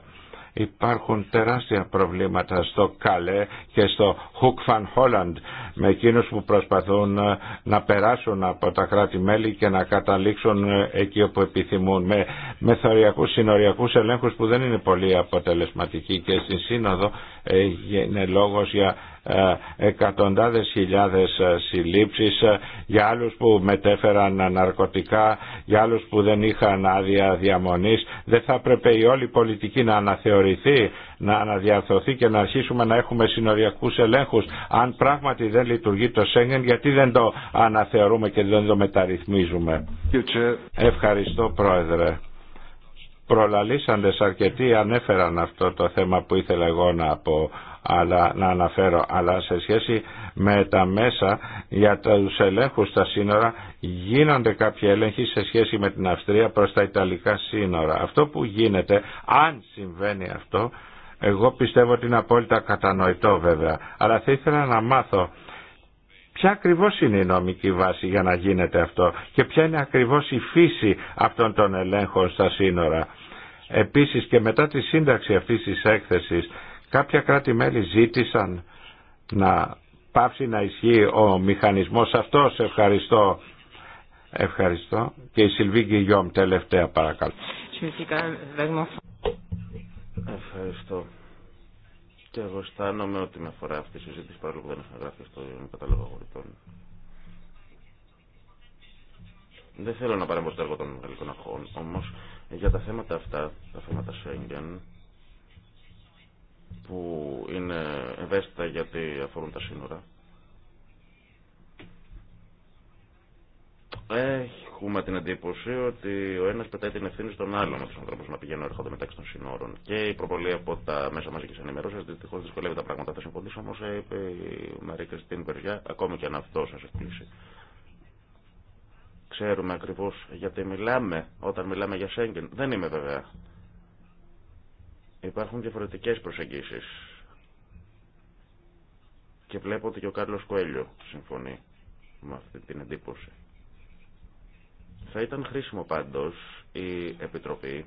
Υπάρχουν τεράστια προβλήματα στο Καλέ και στο Χουκ Φαν Χόλαντ με εκείνους που προσπαθούν ε, να περάσουν από τα κράτη-μέλη και να καταλήξουν ε, εκεί όπου επιθυμούν με μεθοριακούς συνοριακούς ελέγχους που δεν είναι πολύ αποτελεσματικοί και στην Σύνοδο ε, είναι λόγος για ε, εκατοντάδες χιλιάδες ε, συλλήψεις ε, για άλλους που μετέφεραν ναρκωτικά, για άλλους που δεν είχαν άδεια διαμονής. Δεν θα έπρεπε η όλη πολιτική να αναθεωρηθεί, να αναδιαρθωθεί και να αρχίσουμε να έχουμε συνοριακούς ελέγχους. Αν πράγματι δεν λειτουργεί το Σέγγεν, γιατί δεν το αναθεωρούμε και δεν το μεταρρυθμίζουμε. Ευχαριστώ Πρόεδρε προλαλήσαντες αρκετοί ανέφεραν αυτό το θέμα που ήθελα εγώ να πω αλλά, να αναφέρω, αλλά σε σχέση με τα μέσα για τους ελέγχους στα σύνορα γίνονται κάποιοι έλεγχοι σε σχέση με την Αυστρία προς τα Ιταλικά σύνορα. Αυτό που γίνεται, αν συμβαίνει αυτό, εγώ πιστεύω ότι είναι απόλυτα κατανοητό βέβαια, αλλά θα ήθελα να μάθω ποια ακριβώ είναι η νομική βάση για να γίνεται αυτό και ποια είναι ακριβώς η φύση αυτών των ελέγχων στα σύνορα. Επίσης και μετά τη σύνταξη αυτής της έκθεσης Κάποια κράτη-μέλη ζήτησαν να πάψει να ισχύει ο μηχανισμός αυτός. Ευχαριστώ. Ευχαριστώ. Και η Σιλβή Γιώμ τελευταία παρακαλώ. Ευχαριστώ. Και εγώ αισθάνομαι ότι με αφορά αυτή η συζήτηση παρόλο που δεν έχω γράφει στο κατάλογο Δεν θέλω να παρέμβω στο έργο των γαλλικών αρχών, όμω για τα θέματα αυτά, τα θέματα Σέγγεν, που είναι ευαίσθητα γιατί αφορούν τα σύνορα. Έχουμε την εντύπωση ότι ο ένα πετάει την ευθύνη στον άλλον με του ανθρώπου να πηγαίνουν έρχονται μεταξύ των σύνορων. Και η προβολή από τα μέσα μαζική ενημέρωση δυστυχώ δυσκολεύει τα πράγματα. Θα συμφωνήσω όμω, είπε η Μαρία Κριστίν Βεριά, ακόμη και αν αυτό σα εκπλήσει. Ξέρουμε ακριβώ γιατί μιλάμε όταν μιλάμε για Σέγγεν. Δεν είμαι βέβαια Υπάρχουν διαφορετικές προσεγγίσεις. Και βλέπω ότι και ο Κάρλος Κοέλιο συμφωνεί με αυτή την εντύπωση. Θα ήταν χρήσιμο πάντως η Επιτροπή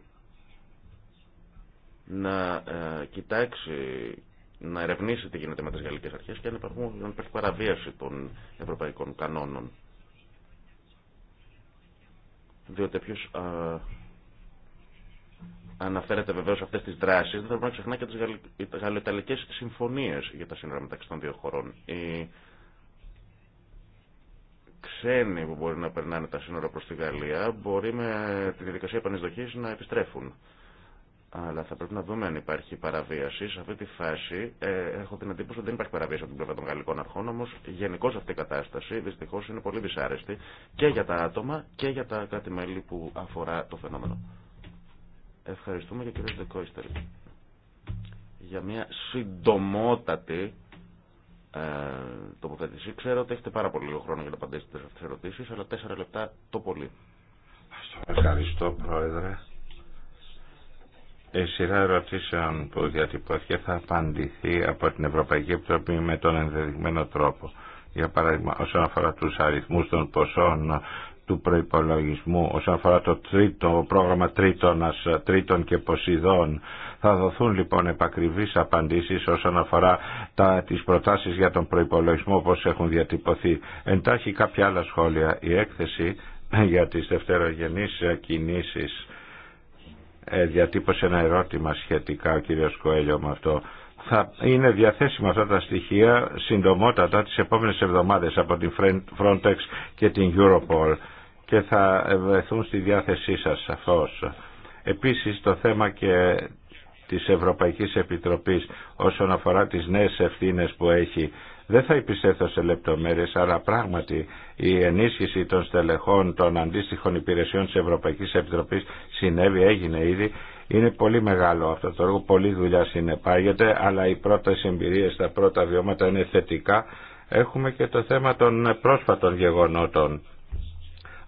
να ε, κοιτάξει, να ερευνήσει τι γίνεται με τις γαλλικές αρχές και αν, υπάρχουν, υπάρχει παραβίαση των ευρωπαϊκών κανόνων. Διότι ποιος ε, αναφέρεται βεβαίω αυτέ τι δράσει, δεν θα πρέπει να ξεχνά και τι γαλλοϊταλικέ συμφωνίε για τα σύνορα μεταξύ των δύο χωρών. Οι ξένοι που μπορεί να περνάνε τα σύνορα προ τη Γαλλία μπορεί με τη διαδικασία επανεισδοχή να επιστρέφουν. Αλλά θα πρέπει να δούμε αν υπάρχει παραβίαση. Σε αυτή τη φάση ε, έχω την εντύπωση ότι δεν υπάρχει παραβίαση από την πλευρά των γαλλικών αρχών, όμω γενικώ αυτή η κατάσταση δυστυχώ είναι πολύ δυσάρεστη και για τα άτομα και για τα κάτι μέλη που αφορά το φαινόμενο. Ευχαριστούμε και κύριο Δεκόιστερ για μια συντομότατη ε, τοποθέτηση. Ξέρω ότι έχετε πάρα πολύ λίγο χρόνο για να απαντήσετε σε αυτές τις ερωτήσεις, αλλά τέσσερα λεπτά το πολύ. Ευχαριστώ Πρόεδρε. Η σειρά ερωτήσεων που διατυπώθηκε θα απαντηθεί από την Ευρωπαϊκή Επιτροπή με τον ενδεδειγμένο τρόπο. Για παράδειγμα, όσον αφορά τους αριθμούς των ποσών του προϋπολογισμού όσον αφορά το τρίτο, πρόγραμμα τρίτονας, τρίτων και ποσειδών. Θα δοθούν λοιπόν επακριβείς απαντήσεις όσον αφορά τα, τις προτάσεις για τον προϋπολογισμό όπως έχουν διατυπωθεί. Εντάχει κάποια άλλα σχόλια. Η έκθεση για τις δευτερογενείς κινήσεις ε, διατύπωσε ένα ερώτημα σχετικά ο κύριος Κοέλιο με αυτό θα είναι διαθέσιμα αυτά τα στοιχεία συντομότατα τις επόμενες εβδομάδες από την Frontex και την Europol και θα βρεθούν στη διάθεσή σας σαφώς. Επίσης το θέμα και της Ευρωπαϊκής Επιτροπής όσον αφορά τις νέες ευθύνες που έχει δεν θα επισέθω σε λεπτομέρειες, αλλά πράγματι η ενίσχυση των στελεχών των αντίστοιχων υπηρεσιών της Ευρωπαϊκής Επιτροπής συνέβη, έγινε ήδη. Είναι πολύ μεγάλο αυτό το έργο, πολλή δουλειά συνεπάγεται, αλλά οι πρώτες εμπειρίες, τα πρώτα βιώματα είναι θετικά. Έχουμε και το θέμα των πρόσφατων γεγονότων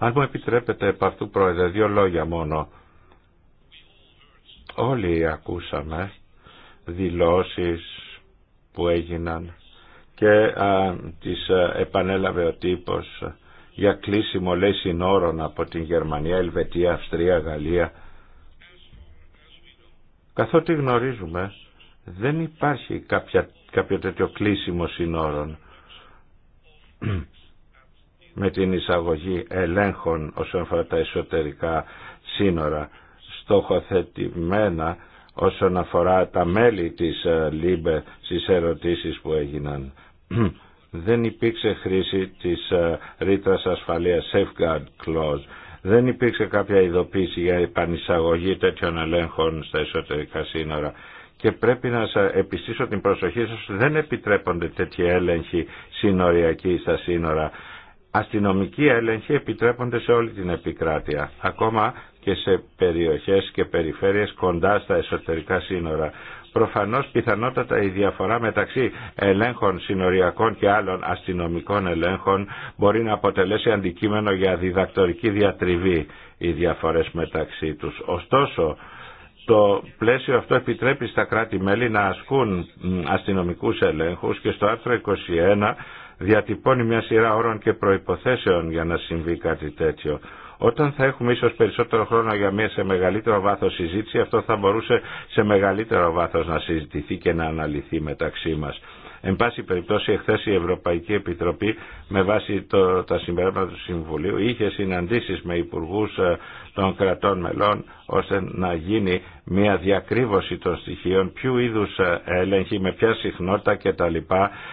αν μου επιτρέπετε επ' αυτού πρόεδρε, δύο λόγια μόνο. Όλοι ακούσαμε δηλώσεις που έγιναν και τις επανέλαβε ο τύπος για κλείσιμο λέει συνόρων από την Γερμανία, Ελβετία, Αυστρία, Γαλλία. Καθότι γνωρίζουμε δεν υπάρχει κάποια, κάποιο τέτοιο κλείσιμο συνόρων με την εισαγωγή ελέγχων όσον αφορά τα εσωτερικά σύνορα στόχοθετημένα όσον αφορά τα μέλη της ε, ΛΥΜΠΕ στις ερωτήσεις που έγιναν. Δεν υπήρξε χρήση της ε, ρήτρας ασφαλείας Safeguard Clause. Δεν υπήρξε κάποια ειδοποίηση για επανεισαγωγή τέτοιων ελέγχων στα εσωτερικά σύνορα. Και πρέπει να σας επιστήσω την προσοχή σας, δεν επιτρέπονται τέτοιοι έλεγχοι σύνοριακοί στα σύνορα αστυνομικοί έλεγχοι επιτρέπονται σε όλη την επικράτεια, ακόμα και σε περιοχές και περιφέρειες κοντά στα εσωτερικά σύνορα. Προφανώς πιθανότατα η διαφορά μεταξύ ελέγχων συνοριακών και άλλων αστυνομικών ελέγχων μπορεί να αποτελέσει αντικείμενο για διδακτορική διατριβή οι διαφορές μεταξύ τους. Ωστόσο, το πλαίσιο αυτό επιτρέπει στα κράτη-μέλη να ασκούν αστυνομικούς ελέγχους και στο άρθρο 21 διατυπώνει μια σειρά όρων και προϋποθέσεων για να συμβεί κάτι τέτοιο. Όταν θα έχουμε ίσως περισσότερο χρόνο για μια σε μεγαλύτερο βάθος συζήτηση, αυτό θα μπορούσε σε μεγαλύτερο βάθος να συζητηθεί και να αναλυθεί μεταξύ μας. Εν πάση περιπτώσει, εχθέ η Ευρωπαϊκή Επιτροπή, με βάση τα συμπεράσματα του Συμβουλίου, είχε συναντήσει με υπουργού ε, των κρατών μελών, ώστε να γίνει μια διακρύβωση των στοιχείων, ποιου είδου ε, έλεγχοι, με ποια συχνότητα κτλ.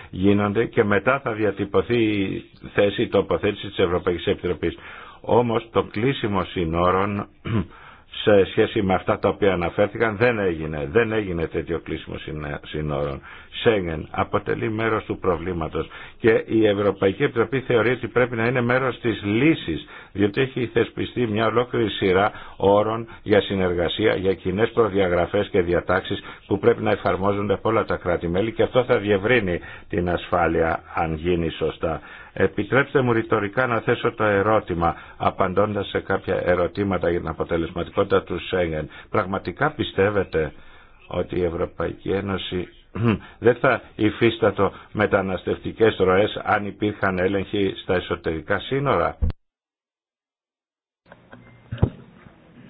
γίνονται και μετά θα διατυπωθεί η θέση, η τοποθέτηση τη Ευρωπαϊκή Επιτροπή. Όμω το κλείσιμο συνόρων σε σχέση με αυτά τα οποία αναφέρθηκαν δεν έγινε. Δεν έγινε τέτοιο κλείσιμο συνόρων. Σέγγεν αποτελεί μέρος του προβλήματος και η Ευρωπαϊκή Επιτροπή θεωρεί ότι πρέπει να είναι μέρος της λύσης διότι έχει θεσπιστεί μια ολόκληρη σειρά όρων για συνεργασία, για κοινέ προδιαγραφές και διατάξεις που πρέπει να εφαρμόζονται από όλα τα κράτη-μέλη και αυτό θα διευρύνει την ασφάλεια αν γίνει σωστά. Επιτρέψτε μου ρητορικά να θέσω το ερώτημα, απαντώντα σε κάποια ερωτήματα για την αποτελεσματικότητα του Σέγγεν. Πραγματικά πιστεύετε ότι η Ευρωπαϊκή Ένωση δεν θα υφίστατο μεταναστευτικές ροές αν υπήρχαν έλεγχοι στα εσωτερικά σύνορα.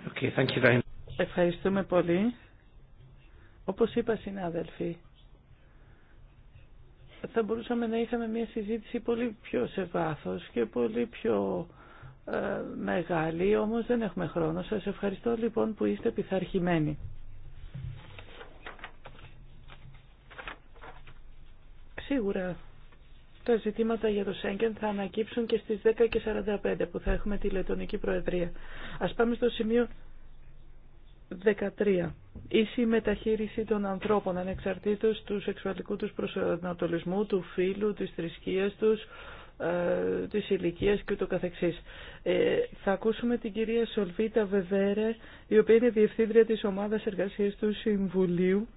Okay, thank you very much. Ευχαριστούμε πολύ. Όπως είπα συνάδελφοι, θα μπορούσαμε να είχαμε μια συζήτηση πολύ πιο σε βάθος και πολύ πιο ε, μεγάλη, όμως δεν έχουμε χρόνο. Σας ευχαριστώ λοιπόν που είστε πειθαρχημένοι. Σίγουρα τα ζητήματα για το Σέγγεν θα ανακύψουν και στις 10.45 που θα έχουμε τη Λετωνική Προεδρία. Ας πάμε στο σημείο 13. Ίση μεταχείριση των ανθρώπων ανεξαρτήτως του σεξουαλικού τους προσανατολισμού, του φίλου, της θρησκείας τους, ε, της ηλικία και το καθεξής. Ε, θα ακούσουμε την κυρία Σολβίτα Βεβέρε, η οποία είναι διευθύντρια της ομάδας εργασίας του Συμβουλίου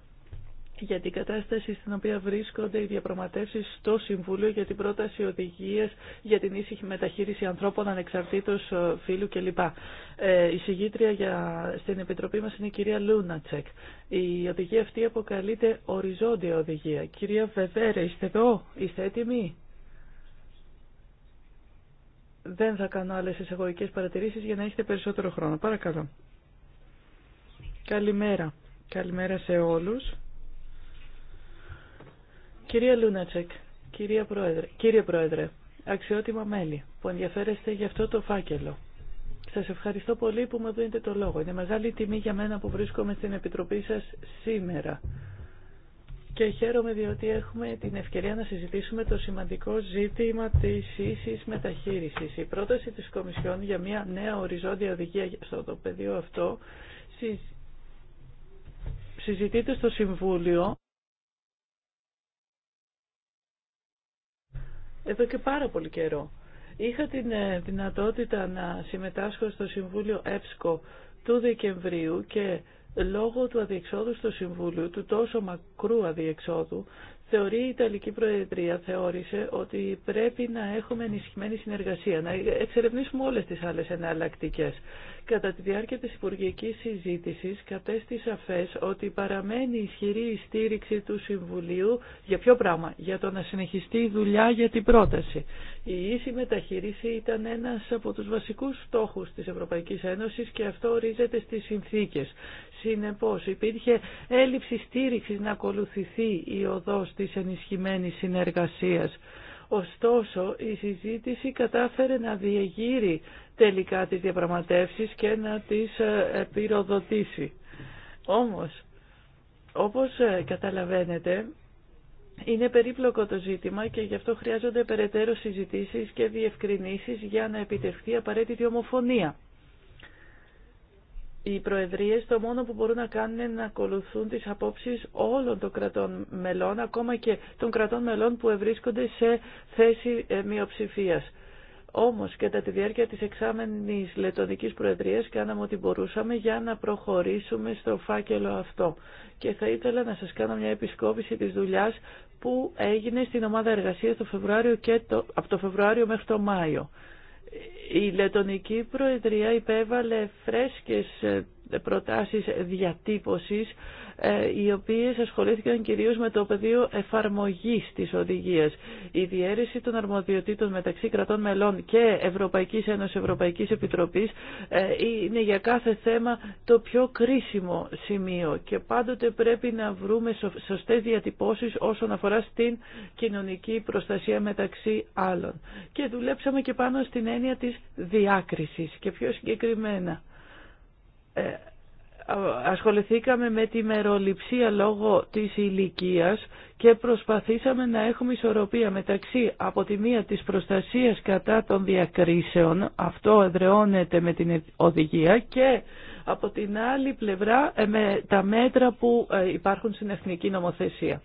για την κατάσταση στην οποία βρίσκονται οι διαπραγματεύσεις στο Συμβούλιο για την πρόταση οδηγίες για την ήσυχη μεταχείριση ανθρώπων ανεξαρτήτως ε, φύλου κλπ. Ε, η συγγήτρια για... στην Επιτροπή μας είναι η κυρία Λούνατσεκ. Η οδηγία αυτή αποκαλείται οριζόντια οδηγία. Κυρία Βεβέρε, είστε εδώ, είστε έτοιμοι. Δεν θα κάνω άλλες εισαγωγικές παρατηρήσεις για να έχετε περισσότερο χρόνο. Παρακαλώ. Καλημέρα. Καλημέρα σε όλους. Κυρία Λούνατσεκ, κυρία Πρόεδρε, κύριε Πρόεδρε, αξιότιμα μέλη που ενδιαφέρεστε για αυτό το φάκελο. Σας ευχαριστώ πολύ που μου δίνετε το λόγο. Είναι μεγάλη τιμή για μένα που βρίσκομαι στην Επιτροπή σας σήμερα. Και χαίρομαι διότι έχουμε την ευκαιρία να συζητήσουμε το σημαντικό ζήτημα της ίσης μεταχείρισης. Η πρόταση της Κομισιόν για μια νέα οριζόντια οδηγία στο το πεδίο αυτό συζητείται στο Συμβούλιο εδώ και πάρα πολύ καιρό. Είχα την ε, δυνατότητα να συμμετάσχω στο Συμβούλιο ΕΠΣΚΟ του Δεκεμβρίου και λόγω του αδιεξόδου στο Συμβούλιο, του τόσο μακρού αδιεξόδου, θεωρεί η Ιταλική Προεδρία, θεώρησε ότι πρέπει να έχουμε ενισχυμένη συνεργασία, να εξερευνήσουμε όλες τις άλλες εναλλακτικέ. Κατά τη διάρκεια της υπουργική συζήτησης κατέστη σαφές ότι παραμένει ισχυρή η στήριξη του Συμβουλίου για ποιο πράγμα, για το να συνεχιστεί η δουλειά για την πρόταση. Η ίση μεταχείριση ήταν ένας από τους βασικούς στόχους της Ευρωπαϊκής Ένωσης και αυτό ορίζεται στις συνθήκες. Συνεπώς υπήρχε έλλειψη στήριξης να ακολουθηθεί η οδός της ενισχυμένης συνεργασίας. Ωστόσο, η συζήτηση κατάφερε να διεγείρει τελικά τις διαπραγματεύσεις και να τις ε, πυροδοτήσει. Όμως, όπως ε, καταλαβαίνετε, είναι περίπλοκο το ζήτημα και γι' αυτό χρειάζονται περαιτέρω συζητήσεις και διευκρινήσεις για να επιτευχθεί απαραίτητη ομοφωνία οι προεδρίες το μόνο που μπορούν να κάνουν είναι να ακολουθούν τις απόψεις όλων των κρατών μελών, ακόμα και των κρατών μελών που ευρίσκονται σε θέση ε, μειοψηφία. Όμως, κατά τη διάρκεια της εξάμενης Λετωνικής Προεδρίας κάναμε ό,τι μπορούσαμε για να προχωρήσουμε στο φάκελο αυτό. Και θα ήθελα να σας κάνω μια επισκόπηση της δουλειάς που έγινε στην ομάδα εργασίας το Φεβρουάριο και το, από το Φεβρουάριο μέχρι το Μάιο. Η Λετωνική Προεδρία υπέβαλε φρέσκες προτάσεις διατύπωσης ε, οι οποίες ασχολήθηκαν κυρίως με το πεδίο εφαρμογής της οδηγίας. Η διαίρεση των αρμοδιοτήτων μεταξύ κρατών μελών και Ευρωπαϊκής Ένωσης Ευρωπαϊκής Επιτροπής ε, είναι για κάθε θέμα το πιο κρίσιμο σημείο και πάντοτε πρέπει να βρούμε σωστές διατυπώσεις όσον αφορά στην κοινωνική προστασία μεταξύ άλλων. Και δουλέψαμε και πάνω στην έννοια της διάκρισης και πιο συγκεκριμένα ε, ασχοληθήκαμε με τη μεροληψία λόγω της ηλικία και προσπαθήσαμε να έχουμε ισορροπία μεταξύ από τη μία της προστασίας κατά των διακρίσεων, αυτό εδρεώνεται με την οδηγία και από την άλλη πλευρά ε, με τα μέτρα που ε, υπάρχουν στην εθνική νομοθεσία.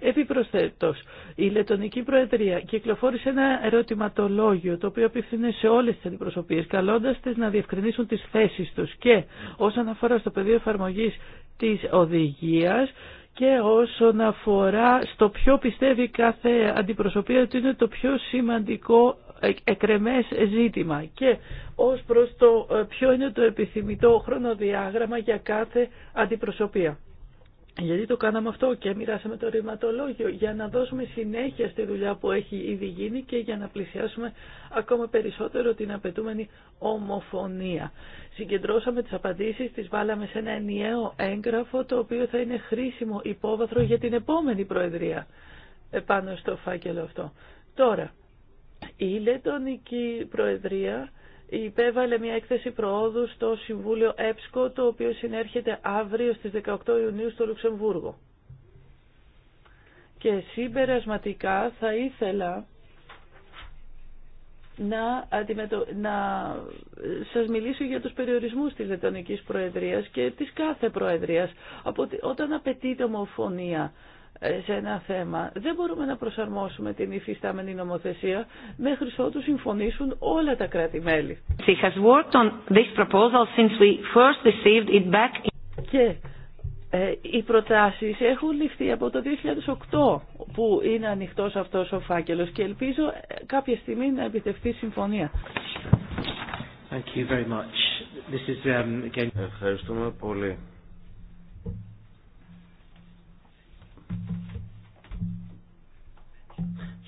Επιπροσθέτως, η Λετωνική Προεδρία κυκλοφόρησε ένα ερωτηματολόγιο το οποίο απευθύνει σε όλες τις αντιπροσωπίες καλώντας τις να διευκρινίσουν τις θέσεις τους και όσον αφορά στο πεδίο εφαρμογής της οδηγίας και όσον αφορά στο ποιο πιστεύει κάθε αντιπροσωπεία ότι είναι το πιο σημαντικό ε, εκρεμές ζήτημα και ως προς το ε, ποιο είναι το επιθυμητό χρονοδιάγραμμα για κάθε αντιπροσωπεία. Γιατί το κάναμε αυτό και μοιράσαμε το ρηματολόγιο για να δώσουμε συνέχεια στη δουλειά που έχει ήδη γίνει και για να πλησιάσουμε ακόμα περισσότερο την απαιτούμενη ομοφωνία. Συγκεντρώσαμε τις απαντήσεις, τις βάλαμε σε ένα ενιαίο έγγραφο το οποίο θα είναι χρήσιμο υπόβαθρο για την επόμενη Προεδρία επάνω στο φάκελο αυτό. Τώρα, η Λετωνική Προεδρία υπέβαλε μια έκθεση προόδου στο Συμβούλιο ΕΠΣΚΟ, το οποίο συνέρχεται αύριο στις 18 Ιουνίου στο Λουξεμβούργο. Και συμπερασματικά θα ήθελα να, αντιμετω... να σας μιλήσω για τους περιορισμούς της Λετωνικής Προεδρίας και της κάθε Προεδρίας. Από... Όταν απαιτείται ομοφωνία ε, σε ένα θέμα δεν μπορούμε να προσαρμόσουμε την υφιστάμενη νομοθεσία μέχρι ότου συμφωνήσουν όλα τα κράτη-μέλη. Και ε, οι προτάσεις έχουν ληφθεί από το 2008 που είναι ανοιχτός αυτός ο φάκελος και ελπίζω ε, κάποια στιγμή να επιτευχθεί συμφωνία. Thank you very much. This is, um, again... Ευχαριστούμε πολύ.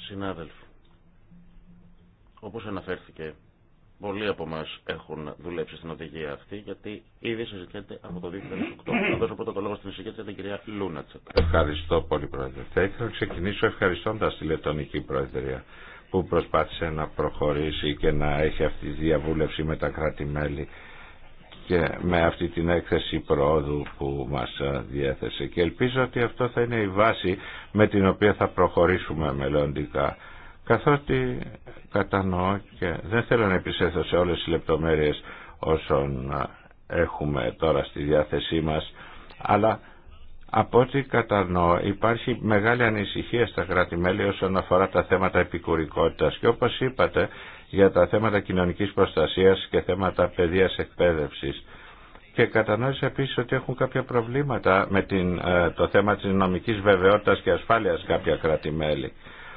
Συνάδελφοι, όπως αναφέρθηκε, πολλοί από μας έχουν δουλέψει στην οδηγία αυτή, γιατί ήδη συζητιέται από το 2008. Θα δώσω πρώτα το λόγο στην εισηγήτρια, την κυρία Λούνατσεκ. Ευχαριστώ πολύ, Πρόεδρε. Θα ήθελα να ξεκινήσω ευχαριστώντας τη Λετωνική Προεδρία που προσπάθησε να προχωρήσει και να έχει αυτή τη διαβούλευση με τα κράτη-μέλη και με αυτή την έκθεση πρόοδου που μας διέθεσε και ελπίζω ότι αυτό θα είναι η βάση με την οποία θα προχωρήσουμε μελλοντικά καθότι κατανοώ και δεν θέλω να επισέθω σε όλες τις λεπτομέρειες όσων έχουμε τώρα στη διάθεσή μας αλλά από ό,τι κατανοώ υπάρχει μεγάλη ανησυχία στα κράτη-μέλη όσον αφορά τα θέματα επικουρικότητας και όπως είπατε για τα θέματα κοινωνικής προστασίας και θέματα παιδείας εκπαίδευσης. Και κατανόησε επίση ότι έχουν κάποια προβλήματα με την, ε, το θέμα της νομικής βεβαιότητας και ασφάλειας κάποια κράτη-μέλη.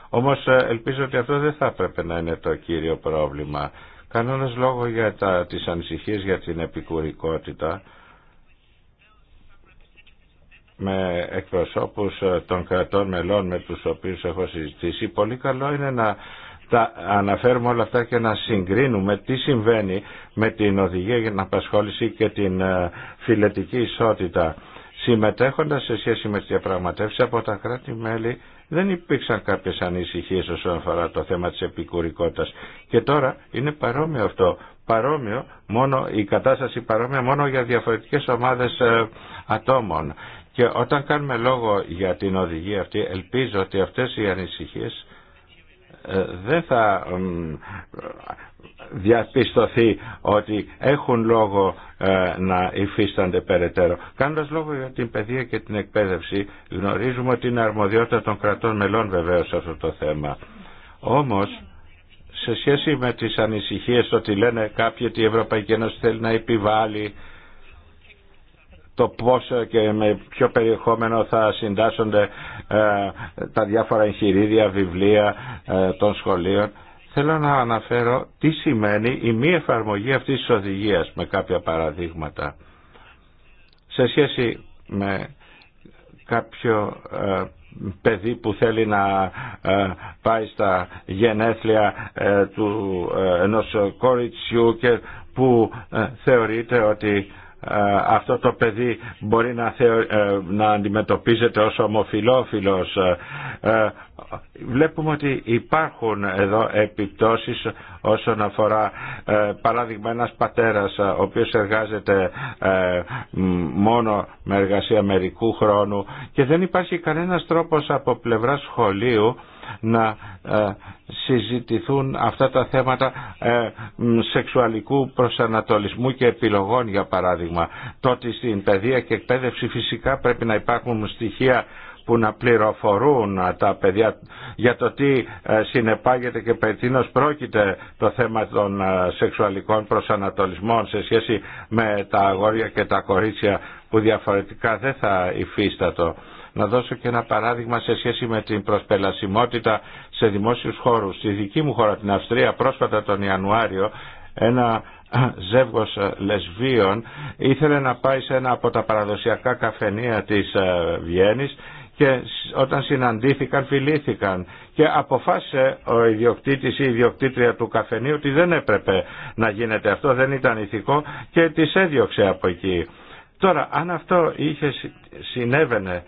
Όμως ε, ελπίζω ότι αυτό δεν θα έπρεπε να είναι το κύριο πρόβλημα. Κανόνας λόγο για τα, τις ανησυχίες για την επικουρικότητα με εκπροσώπους ε, των κρατών μελών με τους οποίους έχω συζητήσει πολύ καλό είναι να τα αναφέρουμε όλα αυτά και να συγκρίνουμε τι συμβαίνει με την οδηγία για την απασχόληση και την ε, φιλετική ισότητα. Συμμετέχοντας σε σχέση με τις διαπραγματεύσεις από τα κράτη-μέλη δεν υπήρξαν κάποιες ανησυχίες όσον αφορά το θέμα της επικουρικότητας. Και τώρα είναι παρόμοιο αυτό. Παρόμοιο, μόνο, η κατάσταση παρόμοια μόνο για διαφορετικές ομάδες ε, ατόμων. Και όταν κάνουμε λόγο για την οδηγία αυτή, ελπίζω ότι αυτές οι ανησυχίες ε, δεν θα διαπιστωθεί ότι έχουν λόγο ε, να υφίστανται περαιτέρω. Κάνοντας λόγο για την παιδεία και την εκπαίδευση γνωρίζουμε ότι είναι αρμοδιότητα των κρατών μελών βεβαίως αυτό το θέμα. Όμως σε σχέση με τις ανησυχίες ότι λένε κάποιοι ότι η Ευρωπαϊκή Ένωση θέλει να επιβάλλει το πόσο και με ποιο περιεχόμενο θα συντάσσονται ε, τα διάφορα εγχειρίδια, βιβλία ε, των σχολείων. Θέλω να αναφέρω τι σημαίνει η μη εφαρμογή αυτής της οδηγίας με κάποια παραδείγματα. Σε σχέση με κάποιο ε, παιδί που θέλει να πάει στα γενέθλια του ενός κοριτσιού και που θεωρείται ότι ε, αυτό το παιδί μπορεί να, θεω... Ε, να αντιμετωπίζεται ως ομοφιλόφιλος. Ε, βλέπουμε ότι υπάρχουν εδώ επιπτώσεις όσον αφορά παράδειγμα ένας πατέρας ο οποίος εργάζεται μόνο με εργασία μερικού χρόνου και δεν υπάρχει κανένας τρόπος από πλευρά σχολείου να ε, συζητηθούν αυτά τα θέματα ε, σεξουαλικού προσανατολισμού και επιλογών για παράδειγμα. Τότε στην παιδεία και εκπαίδευση φυσικά πρέπει να υπάρχουν στοιχεία που να πληροφορούν τα παιδιά για το τι ε, συνεπάγεται και περί πρόκειται το θέμα των σεξουαλικών προσανατολισμών σε σχέση με τα αγόρια και τα κορίτσια που διαφορετικά δεν θα υφίστατο. Να δώσω και ένα παράδειγμα σε σχέση με την προσπελασιμότητα σε δημόσιους χώρους. Στη δική μου χώρα, την Αυστρία, πρόσφατα τον Ιανουάριο, ένα ζεύγος λεσβίων ήθελε να πάει σε ένα από τα παραδοσιακά καφενεία της ε, Βιέννης και όταν συναντήθηκαν φιλήθηκαν και αποφάσισε ο ιδιοκτήτης ή η ιδιοκτήτρια του καφενείου ότι δεν έπρεπε να γίνεται αυτό, δεν ήταν ηθικό και τις έδιωξε από εκεί. Τώρα, αν αυτό είχε συνέβαινε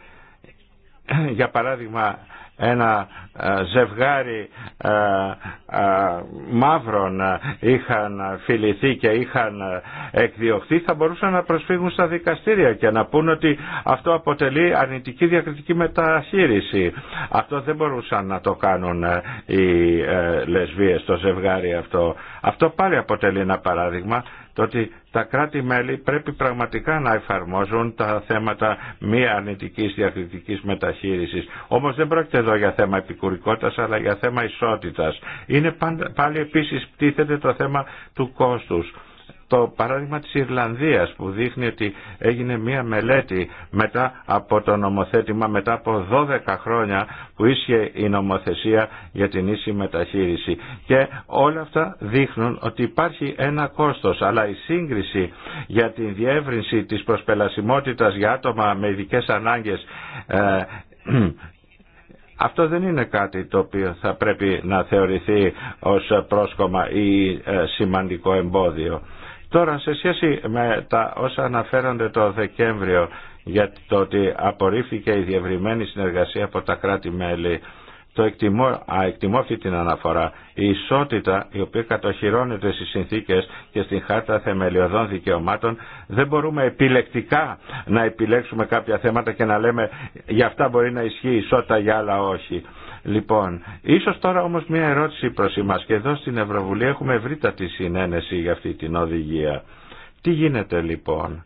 για παράδειγμα ένα ε, ζευγάρι ε, ε, μαύρων είχαν φιληθεί και είχαν εκδιωχθεί θα μπορούσαν να προσφύγουν στα δικαστήρια και να πούν ότι αυτό αποτελεί αρνητική διακριτική μεταχείριση. Αυτό δεν μπορούσαν να το κάνουν οι λεσβίες το ζευγάρι αυτό. Αυτό πάλι αποτελεί ένα παράδειγμα το ότι τα κράτη-μέλη πρέπει πραγματικά να εφαρμόζουν τα θέματα μη αρνητική διακριτική μεταχείρισης. Όμω δεν πρόκειται εδώ για θέμα επικουρικότητα αλλά για θέμα ισότητα. Είναι πάλι επίση πτήθεται το θέμα του κόστου το παράδειγμα της Ιρλανδίας που δείχνει ότι έγινε μία μελέτη μετά από το νομοθέτημα, μετά από 12 χρόνια που ίσχυε η νομοθεσία για την ίση μεταχείριση. Και όλα αυτά δείχνουν ότι υπάρχει ένα κόστος, αλλά η σύγκριση για την διεύρυνση της προσπελασιμότητας για άτομα με ειδικέ ανάγκες ε, αυτό δεν είναι κάτι το οποίο θα πρέπει να θεωρηθεί ως πρόσκομα ή ε, σημαντικό εμπόδιο. Τώρα, σε σχέση με τα όσα αναφέρονται το Δεκέμβριο για το ότι απορρίφθηκε η διευρυμένη συνεργασία από τα κράτη-μέλη, το εκτιμώ, την αναφορά. Η ισότητα η οποία κατοχυρώνεται στις συνθήκες και στην χάρτα θεμελιωδών δικαιωμάτων δεν μπορούμε επιλεκτικά να επιλέξουμε κάποια θέματα και να λέμε για αυτά μπορεί να ισχύει η ισότητα για άλλα όχι. Λοιπόν, ίσως τώρα όμως μια ερώτηση προς εμάς και εδώ στην Ευρωβουλή έχουμε ευρύτατη συνένεση για αυτή την οδηγία. Τι γίνεται λοιπόν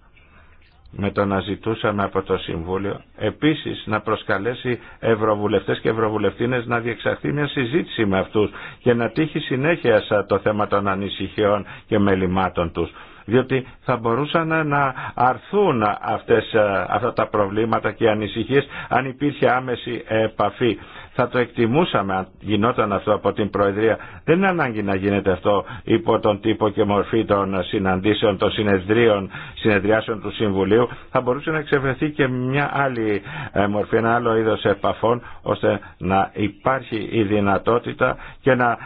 με το να ζητούσαμε από το Συμβούλιο επίσης να προσκαλέσει ευρωβουλευτές και ευρωβουλευτίνες να διεξαχθεί μια συζήτηση με αυτούς και να τύχει συνέχεια το θέμα των ανησυχιών και μελημάτων τους διότι θα μπορούσαν να αρθούν αυτές, ε, αυτά τα προβλήματα και ανησυχίες αν υπήρχε άμεση επαφή θα το εκτιμούσαμε αν γινόταν αυτό από την Προεδρία. Δεν είναι ανάγκη να γίνεται αυτό υπό τον τύπο και μορφή των συναντήσεων, των συνεδρίων, συνεδριάσεων του Συμβουλίου. Θα μπορούσε να εξευρεθεί και μια άλλη ε, μορφή, ένα άλλο είδο επαφών, ώστε να υπάρχει η δυνατότητα και να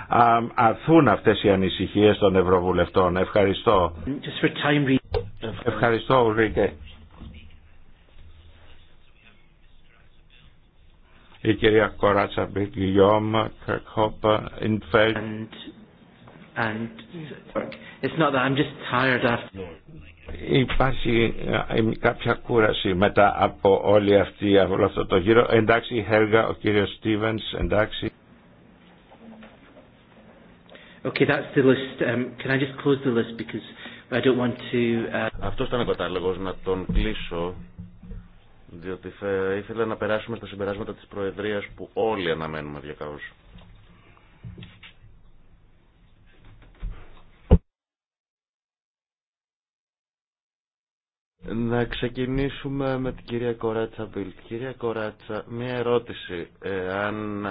αρθούν αυτέ οι ανησυχίε των Ευρωβουλευτών. Ευχαριστώ. Ευχαριστώ, Ουρίκε. η κυρία Κοράτσα Μπιτ, Γιώμ, Κερκόπ, Υπάρχει κάποια κούραση μετά από όλη αυτή, όλο αυτό το γύρο. Εντάξει η Χέργα, ο κύριος Στίβενς, εντάξει. Okay, that's the list. Um, can I just close the list because I don't want to... Uh... Αυτός ήταν ο κατάλογος, να τον κλείσω διότι θα ήθελα να περάσουμε στα συμπεράσματα της Προεδρίας που όλοι αναμένουμε διακαώς. Να ξεκινήσουμε με την κυρία Κοράτσα Μπιλτ. Κυρία Κοράτσα, μία ερώτηση. αν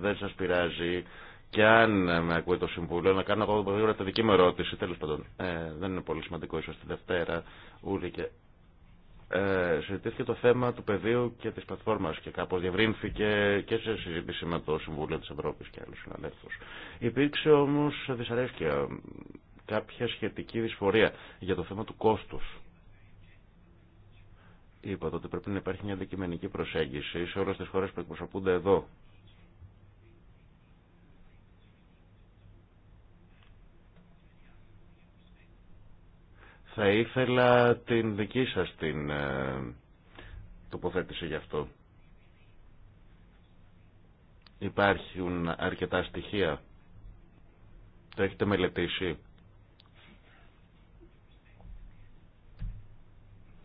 δεν σας πειράζει και αν με ακούει το Συμβούλιο, να κάνω ακόμα τη δική μου ερώτηση. Τέλος πάντων, ε, δεν είναι πολύ σημαντικό ίσως τη Δευτέρα, ούλη ε, συζητήθηκε το θέμα του πεδίου και της πλατφόρμας και κάπως διευρύνθηκε και σε συζήτηση με το Συμβούλιο της Ευρώπης και άλλους συναδέλφους. Υπήρξε όμως δυσαρέσκεια, κάποια σχετική δυσφορία για το θέμα του κόστους. Είπατε ότι πρέπει να υπάρχει μια δικημενική προσέγγιση σε όλες τις χώρες που εκπροσωπούνται εδώ Θα ήθελα την δική σας την ε, τοποθέτηση γι' αυτό. Υπάρχουν αρκετά στοιχεία. Το έχετε μελετήσει.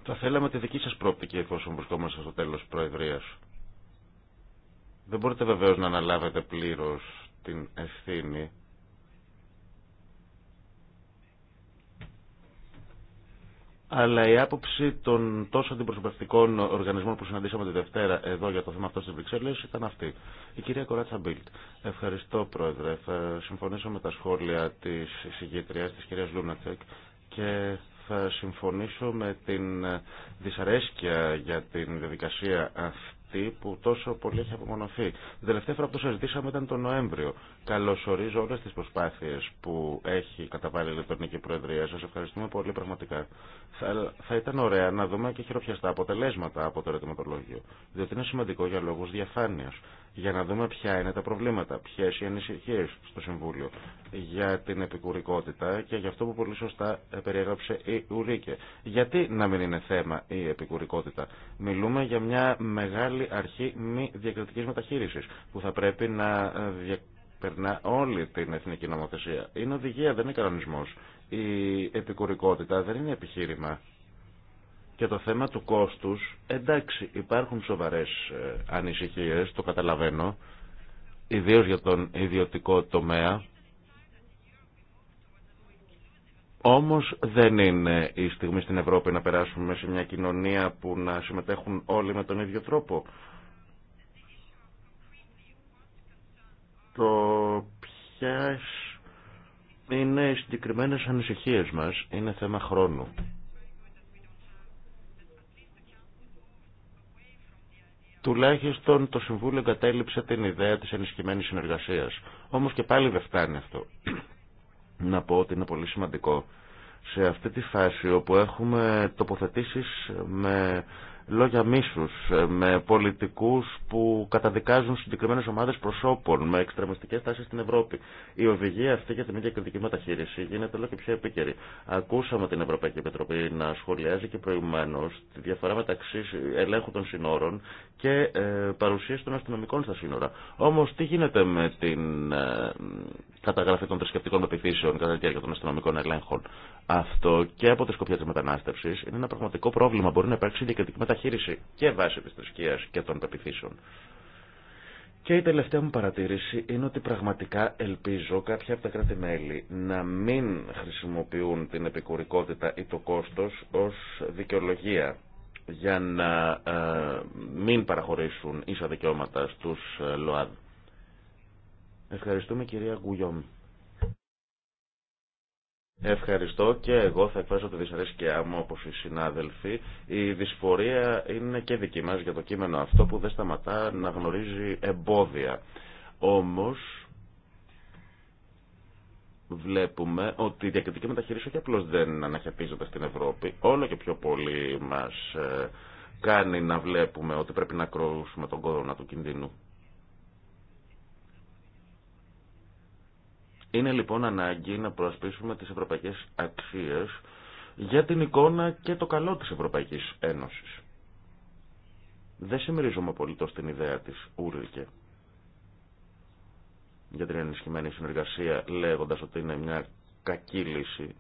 Θα θέλαμε τη δική σας πρόπτικη εφόσον βρισκόμαστε στο τέλος προεδρίας. Δεν μπορείτε βεβαίως να αναλάβετε πλήρως την ευθύνη αλλά η άποψη των τόσο αντιπροσωπευτικών οργανισμών που συναντήσαμε τη Δευτέρα εδώ για το θέμα αυτό στις Βρυξέλλες ήταν αυτή. Η κυρία Κοράτσα Μπίλτ. Ευχαριστώ Πρόεδρε. Θα συμφωνήσω με τα σχόλια της συγκεκριάς της κυρίας Λούνατσεκ και θα συμφωνήσω με την δυσαρέσκεια για την διαδικασία αυτή που τόσο πολύ έχει απομονωθεί. Την τελευταία φορά που το συζητήσαμε ήταν τον Νοέμβριο Καλωσορίζω όλε τι προσπάθειε που έχει καταβάλει η Λεπτονική Προεδρία. Σα ευχαριστούμε πολύ πραγματικά. Θα, θα ήταν ωραία να δούμε και χειροπιαστά αποτελέσματα από το ερωτηματολόγιο. Διότι είναι σημαντικό για λόγου διαφάνεια. Για να δούμε ποια είναι τα προβλήματα, ποιε οι ανησυχίε στο Συμβούλιο για την επικουρικότητα και για αυτό που πολύ σωστά περιέγραψε η Ουρίκε. Γιατί να μην είναι θέμα η επικουρικότητα. Μιλούμε για μια μεγάλη αρχή μη διακριτική μεταχείριση που θα πρέπει να περνά όλη την εθνική νομοθεσία. Είναι οδηγία, δεν είναι κανονισμός. Η επικουρικότητα δεν είναι επιχείρημα. Και το θέμα του κόστους, εντάξει, υπάρχουν σοβαρές ε, ανησυχίες, το καταλαβαίνω, ιδίως για τον ιδιωτικό τομέα, όμως δεν είναι η στιγμή στην Ευρώπη να περάσουμε σε μια κοινωνία που να συμμετέχουν όλοι με τον ίδιο τρόπο. το ποιε είναι οι συγκεκριμένε ανησυχίε μα. Είναι θέμα χρόνου. Τουλάχιστον το Συμβούλιο εγκατέλειψε την ιδέα της ενισχυμένης συνεργασίας. Όμως και πάλι δεν φτάνει αυτό. Να πω ότι είναι πολύ σημαντικό σε αυτή τη φάση όπου έχουμε τοποθετήσεις με λόγια μίσους, ε, με πολιτικούς που καταδικάζουν συγκεκριμένες ομάδες προσώπων, με εξτρεμιστικές τάσεις στην Ευρώπη. Η οδηγία αυτή για την ίδια κριτική μεταχείριση γίνεται όλο και πιο επίκαιρη. Ακούσαμε την Ευρωπαϊκή Επιτροπή να σχολιάζει και προηγουμένω τη διαφορά μεταξύ ελέγχου των συνόρων και ε, παρουσίαση των αστυνομικών στα σύνορα. Όμω, τι γίνεται με την ε, καταγραφή των θρησκευτικών πεπιθήσεων κατά τη διάρκεια των αστυνομικών ελέγχων. Αυτό και από τη σκοπιά τη μετανάστευση είναι ένα πραγματικό πρόβλημα. Μπορεί να υπάρξει διακριτική μεταχείριση και βάση τη θρησκεία και των πεπιθήσεων. Και η τελευταία μου παρατήρηση είναι ότι πραγματικά ελπίζω κάποια από τα κράτη-μέλη να μην χρησιμοποιούν την επικουρικότητα ή το κόστος ως δικαιολογία για να ε, μην παραχωρήσουν ίσα δικαιώματα στους ε, ΛΟΑΔ. Ευχαριστούμε κυρία Γκουγιόμ. Ευχαριστώ και εγώ θα εκφράσω τη δυσαρέσκειά μου όπως οι συνάδελφοι. Η δυσφορία είναι και δική μας για το κείμενο αυτό που δεν σταματά να γνωρίζει εμπόδια. Όμως βλέπουμε ότι η διακριτική μεταχειρήση όχι απλώς δεν αναχαιτίζεται στην Ευρώπη, όλο και πιο πολύ μας ε, κάνει να βλέπουμε ότι πρέπει να κρούσουμε τον κόρονα του κινδύνου. Είναι λοιπόν ανάγκη να προασπίσουμε τις ευρωπαϊκές αξίες για την εικόνα και το καλό της Ευρωπαϊκής Ένωσης. Δεν συμμερίζομαι πολύ την ιδέα της Ούρλικε για την ενισχυμένη συνεργασία λέγοντας ότι είναι μια κακή λύση.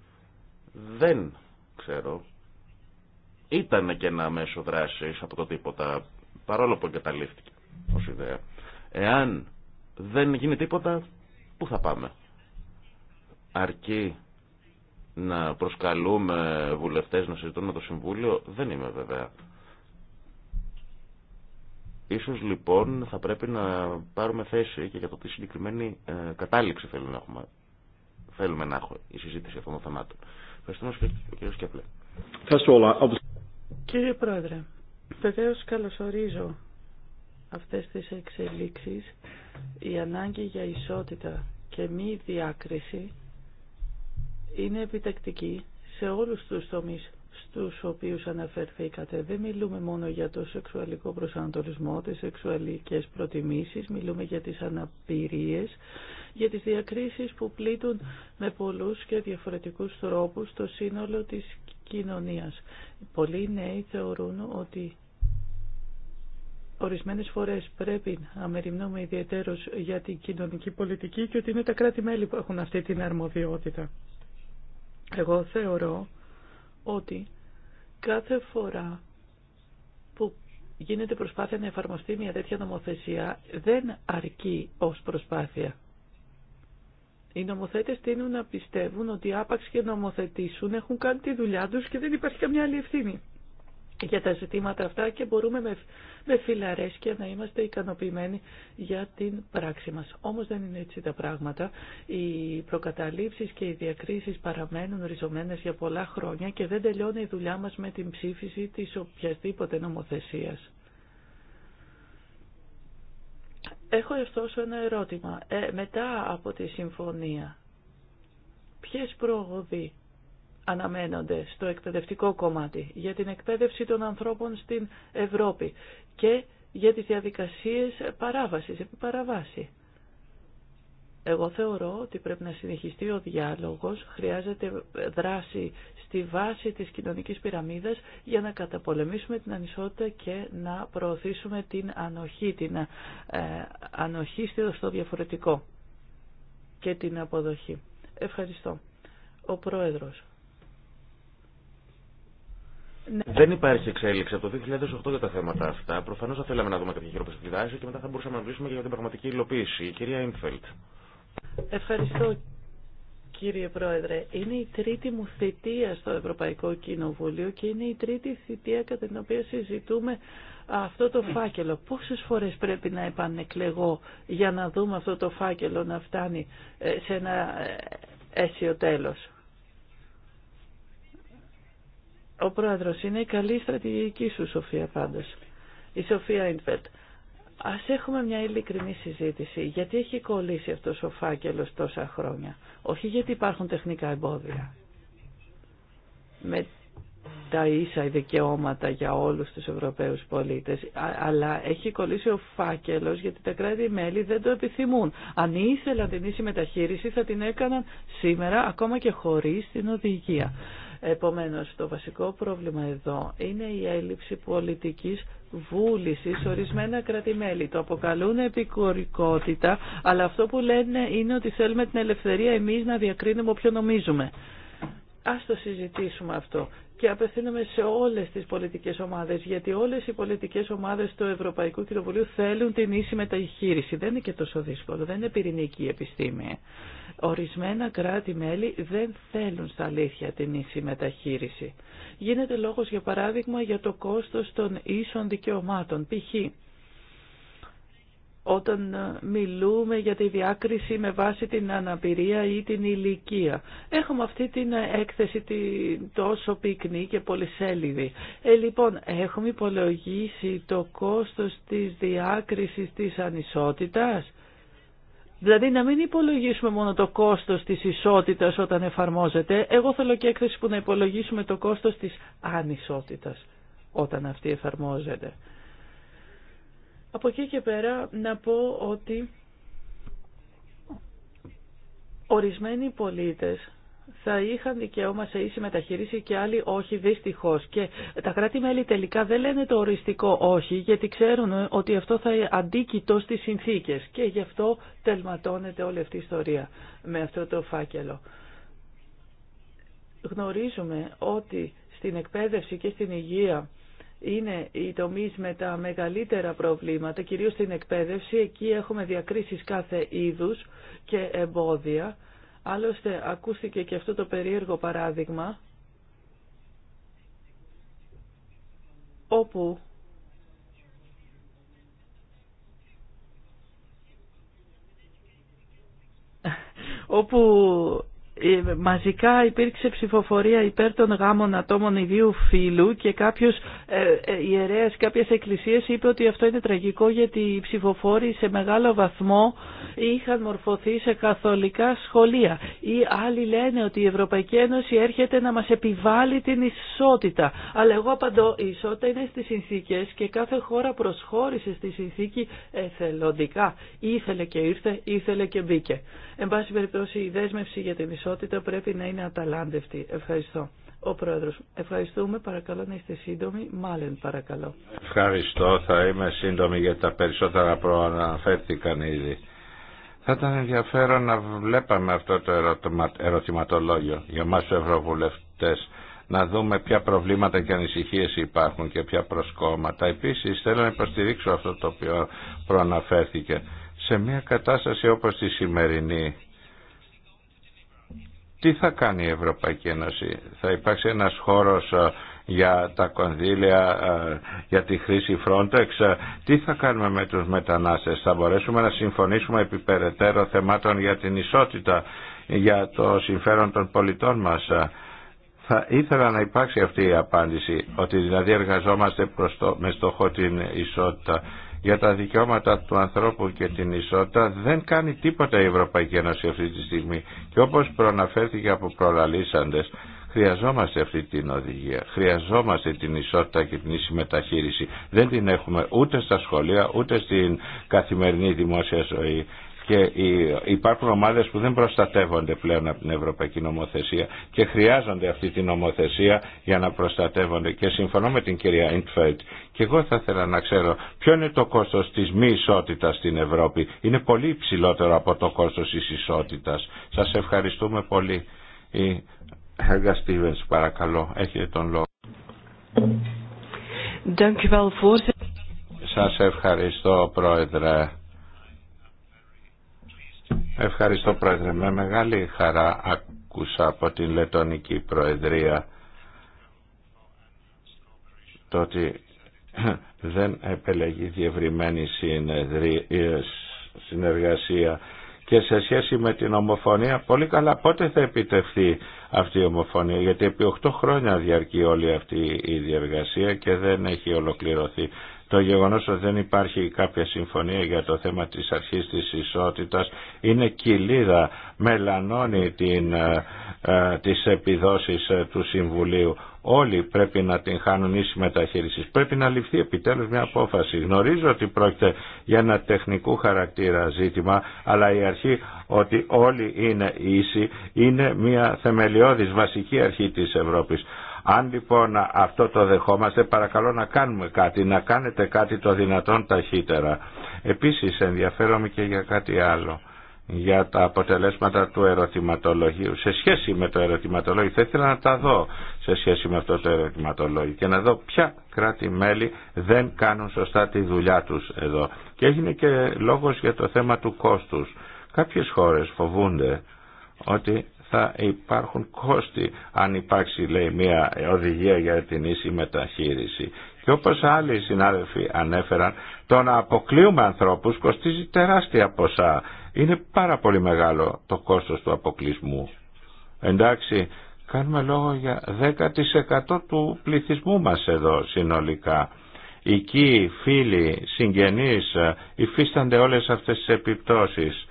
Δεν ξέρω. Ήταν και ένα μέσο δράσης από το τίποτα, παρόλο που εγκαταλείφθηκε ως ιδέα. Εάν δεν γίνει τίποτα, πού θα πάμε. Αρκεί να προσκαλούμε βουλευτές να συζητούν με το Συμβούλιο, δεν είμαι βέβαια. Ίσως λοιπόν θα πρέπει να πάρουμε θέση και για το τι συγκεκριμένη ε, κατάληξη θέλουμε να έχουμε. Θέλουμε να έχω η συζήτηση αυτών των θεμάτων. Ευχαριστούμε κύριος Κέπλε. Κύριε Πρόεδρε, βεβαίω καλωσορίζω αυτές τις εξελίξεις. Η ανάγκη για ισότητα και μη διάκριση είναι επιτακτική σε όλους τους τομείς στους οποίους αναφερθήκατε. Δεν μιλούμε μόνο για το σεξουαλικό προσανατολισμό, τις σεξουαλικές προτιμήσεις, μιλούμε για τις αναπηρίες, για τις διακρίσεις που πλήττουν με πολλούς και διαφορετικούς τρόπους το σύνολο της κοινωνίας. Πολλοί νέοι θεωρούν ότι ορισμένες φορές πρέπει να μεριμνούμε ιδιαίτερως για την κοινωνική πολιτική και ότι είναι τα κράτη-μέλη που έχουν αυτή την αρμοδιότητα. Εγώ θεωρώ ότι Κάθε φορά που γίνεται προσπάθεια να εφαρμοστεί μια τέτοια νομοθεσία, δεν αρκεί ως προσπάθεια. Οι νομοθέτες τείνουν να πιστεύουν ότι άπαξ και νομοθετήσουν έχουν κάνει τη δουλειά τους και δεν υπάρχει καμιά άλλη ευθύνη για τα ζητήματα αυτά και μπορούμε με, με φιλαρέσκεια να είμαστε ικανοποιημένοι για την πράξη μας. Όμως δεν είναι έτσι τα πράγματα. Οι προκαταλήψεις και οι διακρίσεις παραμένουν ριζωμένες για πολλά χρόνια και δεν τελειώνει η δουλειά μας με την ψήφιση της οποιασδήποτε νομοθεσίας. Έχω ωστόσο ένα ερώτημα. Ε, μετά από τη συμφωνία, ποιες προοδοί αναμένονται στο εκπαιδευτικό κομμάτι, για την εκπαίδευση των ανθρώπων στην Ευρώπη και για τις διαδικασίες παράβασης, επί παραβάση. Εγώ θεωρώ ότι πρέπει να συνεχιστεί ο διάλογος, χρειάζεται δράση στη βάση της κοινωνικής πυραμίδας για να καταπολεμήσουμε την ανισότητα και να προωθήσουμε την ανοχή, την ε, ανοχή στο διαφορετικό και την αποδοχή. Ευχαριστώ. Ο Πρόεδρος. Ναι. Δεν υπάρχει εξέλιξη από το 2008 για τα θέματα αυτά. Προφανώ θα θέλαμε να δούμε κάποια χειροπιαστή δράση και μετά θα μπορούσαμε να μιλήσουμε για την πραγματική υλοποίηση. Η κυρία Ινφελτ. Ευχαριστώ κύριε Πρόεδρε. Είναι η τρίτη μου θητεία στο Ευρωπαϊκό Κοινοβούλιο και είναι η τρίτη θητεία κατά την οποία συζητούμε αυτό το φάκελο. Πόσε φορέ πρέπει να επανεκλεγώ για να δούμε αυτό το φάκελο να φτάνει ε, σε ένα ε, αίσιο τέλος. Ο πρόεδρος είναι η καλή στρατηγική σου Σοφία πάντως. Η Σοφία Ιντβελτ. Ας έχουμε μια ειλικρινή συζήτηση. Γιατί έχει κολλήσει αυτός ο φάκελος τόσα χρόνια. Όχι γιατί υπάρχουν τεχνικά εμπόδια. Με τα ίσα δικαιώματα για όλους τους Ευρωπαίους πολίτες, αλλά έχει κολλήσει ο φάκελος γιατί τα κράτη-μέλη δεν το επιθυμούν. Αν ήθελαν την ίση μεταχείριση θα την έκαναν σήμερα ακόμα και χωρίς την οδηγία. Επομένως, το βασικό πρόβλημα εδώ είναι η έλλειψη πολιτικής βούλησης ορισμένα κρατημέλη. Το αποκαλούν επικορικότητα, αλλά αυτό που λένε είναι ότι θέλουμε την ελευθερία εμείς να διακρίνουμε όποιο νομίζουμε. Ας το συζητήσουμε αυτό και απευθύνομαι σε όλες τις πολιτικές ομάδες, γιατί όλες οι πολιτικές ομάδες του Ευρωπαϊκού Κοινοβουλίου θέλουν την ίση μεταχείριση. Δεν είναι και τόσο δύσκολο, δεν είναι πυρηνική επιστήμη. Ορισμένα κράτη-μέλη δεν θέλουν στα αλήθεια την ίση μεταχείριση. Γίνεται λόγος για παράδειγμα για το κόστος των ίσων δικαιωμάτων. Π.χ όταν ε, μιλούμε για τη διάκριση με βάση την αναπηρία ή την ηλικία. Έχουμε αυτή την ε, έκθεση τόσο πυκνή και πολυσέλιδη. Ε, λοιπόν, έχουμε υπολογίσει το κόστος της διάκρισης της ανισότητας. Δηλαδή να μην υπολογίσουμε μόνο το κόστος της ισότητας όταν εφαρμόζεται. Εγώ θέλω και έκθεση που να υπολογίσουμε το κόστος της ανισότητας όταν αυτή εφαρμόζεται. Από εκεί και πέρα να πω ότι ορισμένοι πολίτες θα είχαν δικαίωμα σε ίση μεταχείριση και άλλοι όχι δυστυχώς. Και τα κράτη-μέλη τελικά δεν λένε το οριστικό όχι, γιατί ξέρουν ότι αυτό θα αντίκητο στις συνθήκες. Και γι' αυτό τελματώνεται όλη αυτή η ιστορία με αυτό το φάκελο. Γνωρίζουμε ότι στην εκπαίδευση και στην υγεία είναι οι τομεί με τα μεγαλύτερα προβλήματα, κυρίως στην εκπαίδευση. Εκεί έχουμε διακρίσεις κάθε είδου και εμπόδια. Άλλωστε ακούστηκε και αυτό το περίεργο παράδειγμα όπου όπου ε, μαζικά υπήρξε ψηφοφορία υπέρ των γάμων ατόμων ιδίου φύλου και κάποιος ε, ε, ιερέας κάποιες εκκλησίες είπε ότι αυτό είναι τραγικό γιατί οι ψηφοφόροι σε μεγάλο βαθμό είχαν μορφωθεί σε καθολικά σχολεία. Ή άλλοι λένε ότι η Ευρωπαϊκή Ένωση έρχεται να μας επιβάλλει την ισότητα. Αλλά εγώ απαντώ, η ισότητα είναι στις συνθήκες και κάθε χώρα προσχώρησε στη συνθήκη εθελοντικά. Ήθελε και ήρθε, ήθελε και μπήκε. Εν πάση περιπτώσει η δέσμευση για την ισότητα δυνατότητα πρέπει να είναι αταλάντευτη. Ευχαριστώ. Ο Πρόεδρος, ευχαριστούμε. Παρακαλώ να είστε σύντομοι. Μάλλον παρακαλώ. Ευχαριστώ. Θα είμαι σύντομη για τα περισσότερα προαναφέρθηκαν ήδη. Θα ήταν ενδιαφέρον να βλέπαμε αυτό το ερωτηματολόγιο για εμάς τους Ευρωβουλευτές να δούμε ποια προβλήματα και ανησυχίες υπάρχουν και ποια προσκόμματα. Επίσης θέλω να υποστηρίξω αυτό το οποίο προαναφέρθηκε. Σε μια κατάσταση όπως τη σημερινή τι θα κάνει η Ευρωπαϊκή Ένωση. Θα υπάρξει ένας χώρος ε, για τα κονδύλια, ε, για τη χρήση Frontex. Ε, τι θα κάνουμε με τους μετανάστες. Θα μπορέσουμε να συμφωνήσουμε επί θεμάτων για την ισότητα, για το συμφέρον των πολιτών μας. Θα ήθελα να υπάρξει αυτή η απάντηση, ότι δηλαδή εργαζόμαστε προς το, με στόχο την ισότητα για τα δικαιώματα του ανθρώπου και την ισότητα δεν κάνει τίποτα η Ευρωπαϊκή Ένωση αυτή τη στιγμή. Και όπως προναφέρθηκε από προλαλήσαντες, Χρειαζόμαστε αυτή την οδηγία. Χρειαζόμαστε την ισότητα και την ίση Δεν την έχουμε ούτε στα σχολεία, ούτε στην καθημερινή δημόσια ζωή και υπάρχουν ομάδες που δεν προστατεύονται πλέον από την Ευρωπαϊκή Νομοθεσία και χρειάζονται αυτή την νομοθεσία για να προστατεύονται και συμφωνώ με την κυρία Ιντφέλτ και εγώ θα ήθελα να ξέρω ποιο είναι το κόστος της μη ισότητας στην Ευρώπη είναι πολύ υψηλότερο από το κόστος της ισότητας σας ευχαριστούμε πολύ η παρακαλώ έχετε τον λόγο Σας ευχαριστώ πρόεδρε Ευχαριστώ Πρόεδρε. Με μεγάλη χαρά ακούσα από την Λετωνική Προεδρία το ότι δεν επελεγεί διευρυμένη συνεργασία και σε σχέση με την ομοφωνία πολύ καλά πότε θα επιτευχθεί αυτή η ομοφωνία γιατί επί 8 χρόνια διαρκεί όλη αυτή η διεργασία και δεν έχει ολοκληρωθεί το γεγονός ότι δεν υπάρχει κάποια συμφωνία για το θέμα της αρχής της ισότητας είναι κοιλίδα, μελανώνει την, ε, ε τις επιδόσεις ε, του Συμβουλίου. Όλοι πρέπει να την χάνουν ίση μεταχείρισης. Πρέπει να ληφθεί επιτέλους μια απόφαση. Γνωρίζω ότι πρόκειται για ένα τεχνικού χαρακτήρα ζήτημα, αλλά η αρχή ότι όλοι είναι ίσοι είναι μια θεμελιώδης βασική αρχή της Ευρώπης. Αν λοιπόν αυτό το δεχόμαστε παρακαλώ να κάνουμε κάτι, να κάνετε κάτι το δυνατόν ταχύτερα. Επίσης ενδιαφέρομαι και για κάτι άλλο για τα αποτελέσματα του ερωτηματολογίου. Σε σχέση με το ερωτηματολόγιο, θα ήθελα να τα δω σε σχέση με αυτό το ερωτηματολόγιο και να δω ποια κράτη-μέλη δεν κάνουν σωστά τη δουλειά τους εδώ. Και έγινε και λόγος για το θέμα του κόστους. Κάποιες χώρες φοβούνται ότι θα υπάρχουν κόστη αν υπάρξει λέει μια οδηγία για την ίση μεταχείριση. Και όπως άλλοι συνάδελφοι ανέφεραν, το να αποκλείουμε ανθρώπους κοστίζει τεράστια ποσά. Είναι πάρα πολύ μεγάλο το κόστος του αποκλεισμού. Εντάξει, κάνουμε λόγο για 10% του πληθυσμού μας εδώ συνολικά. Εκεί φίλοι, συγγενείς ε, υφίστανται όλες αυτές τις επιπτώσεις.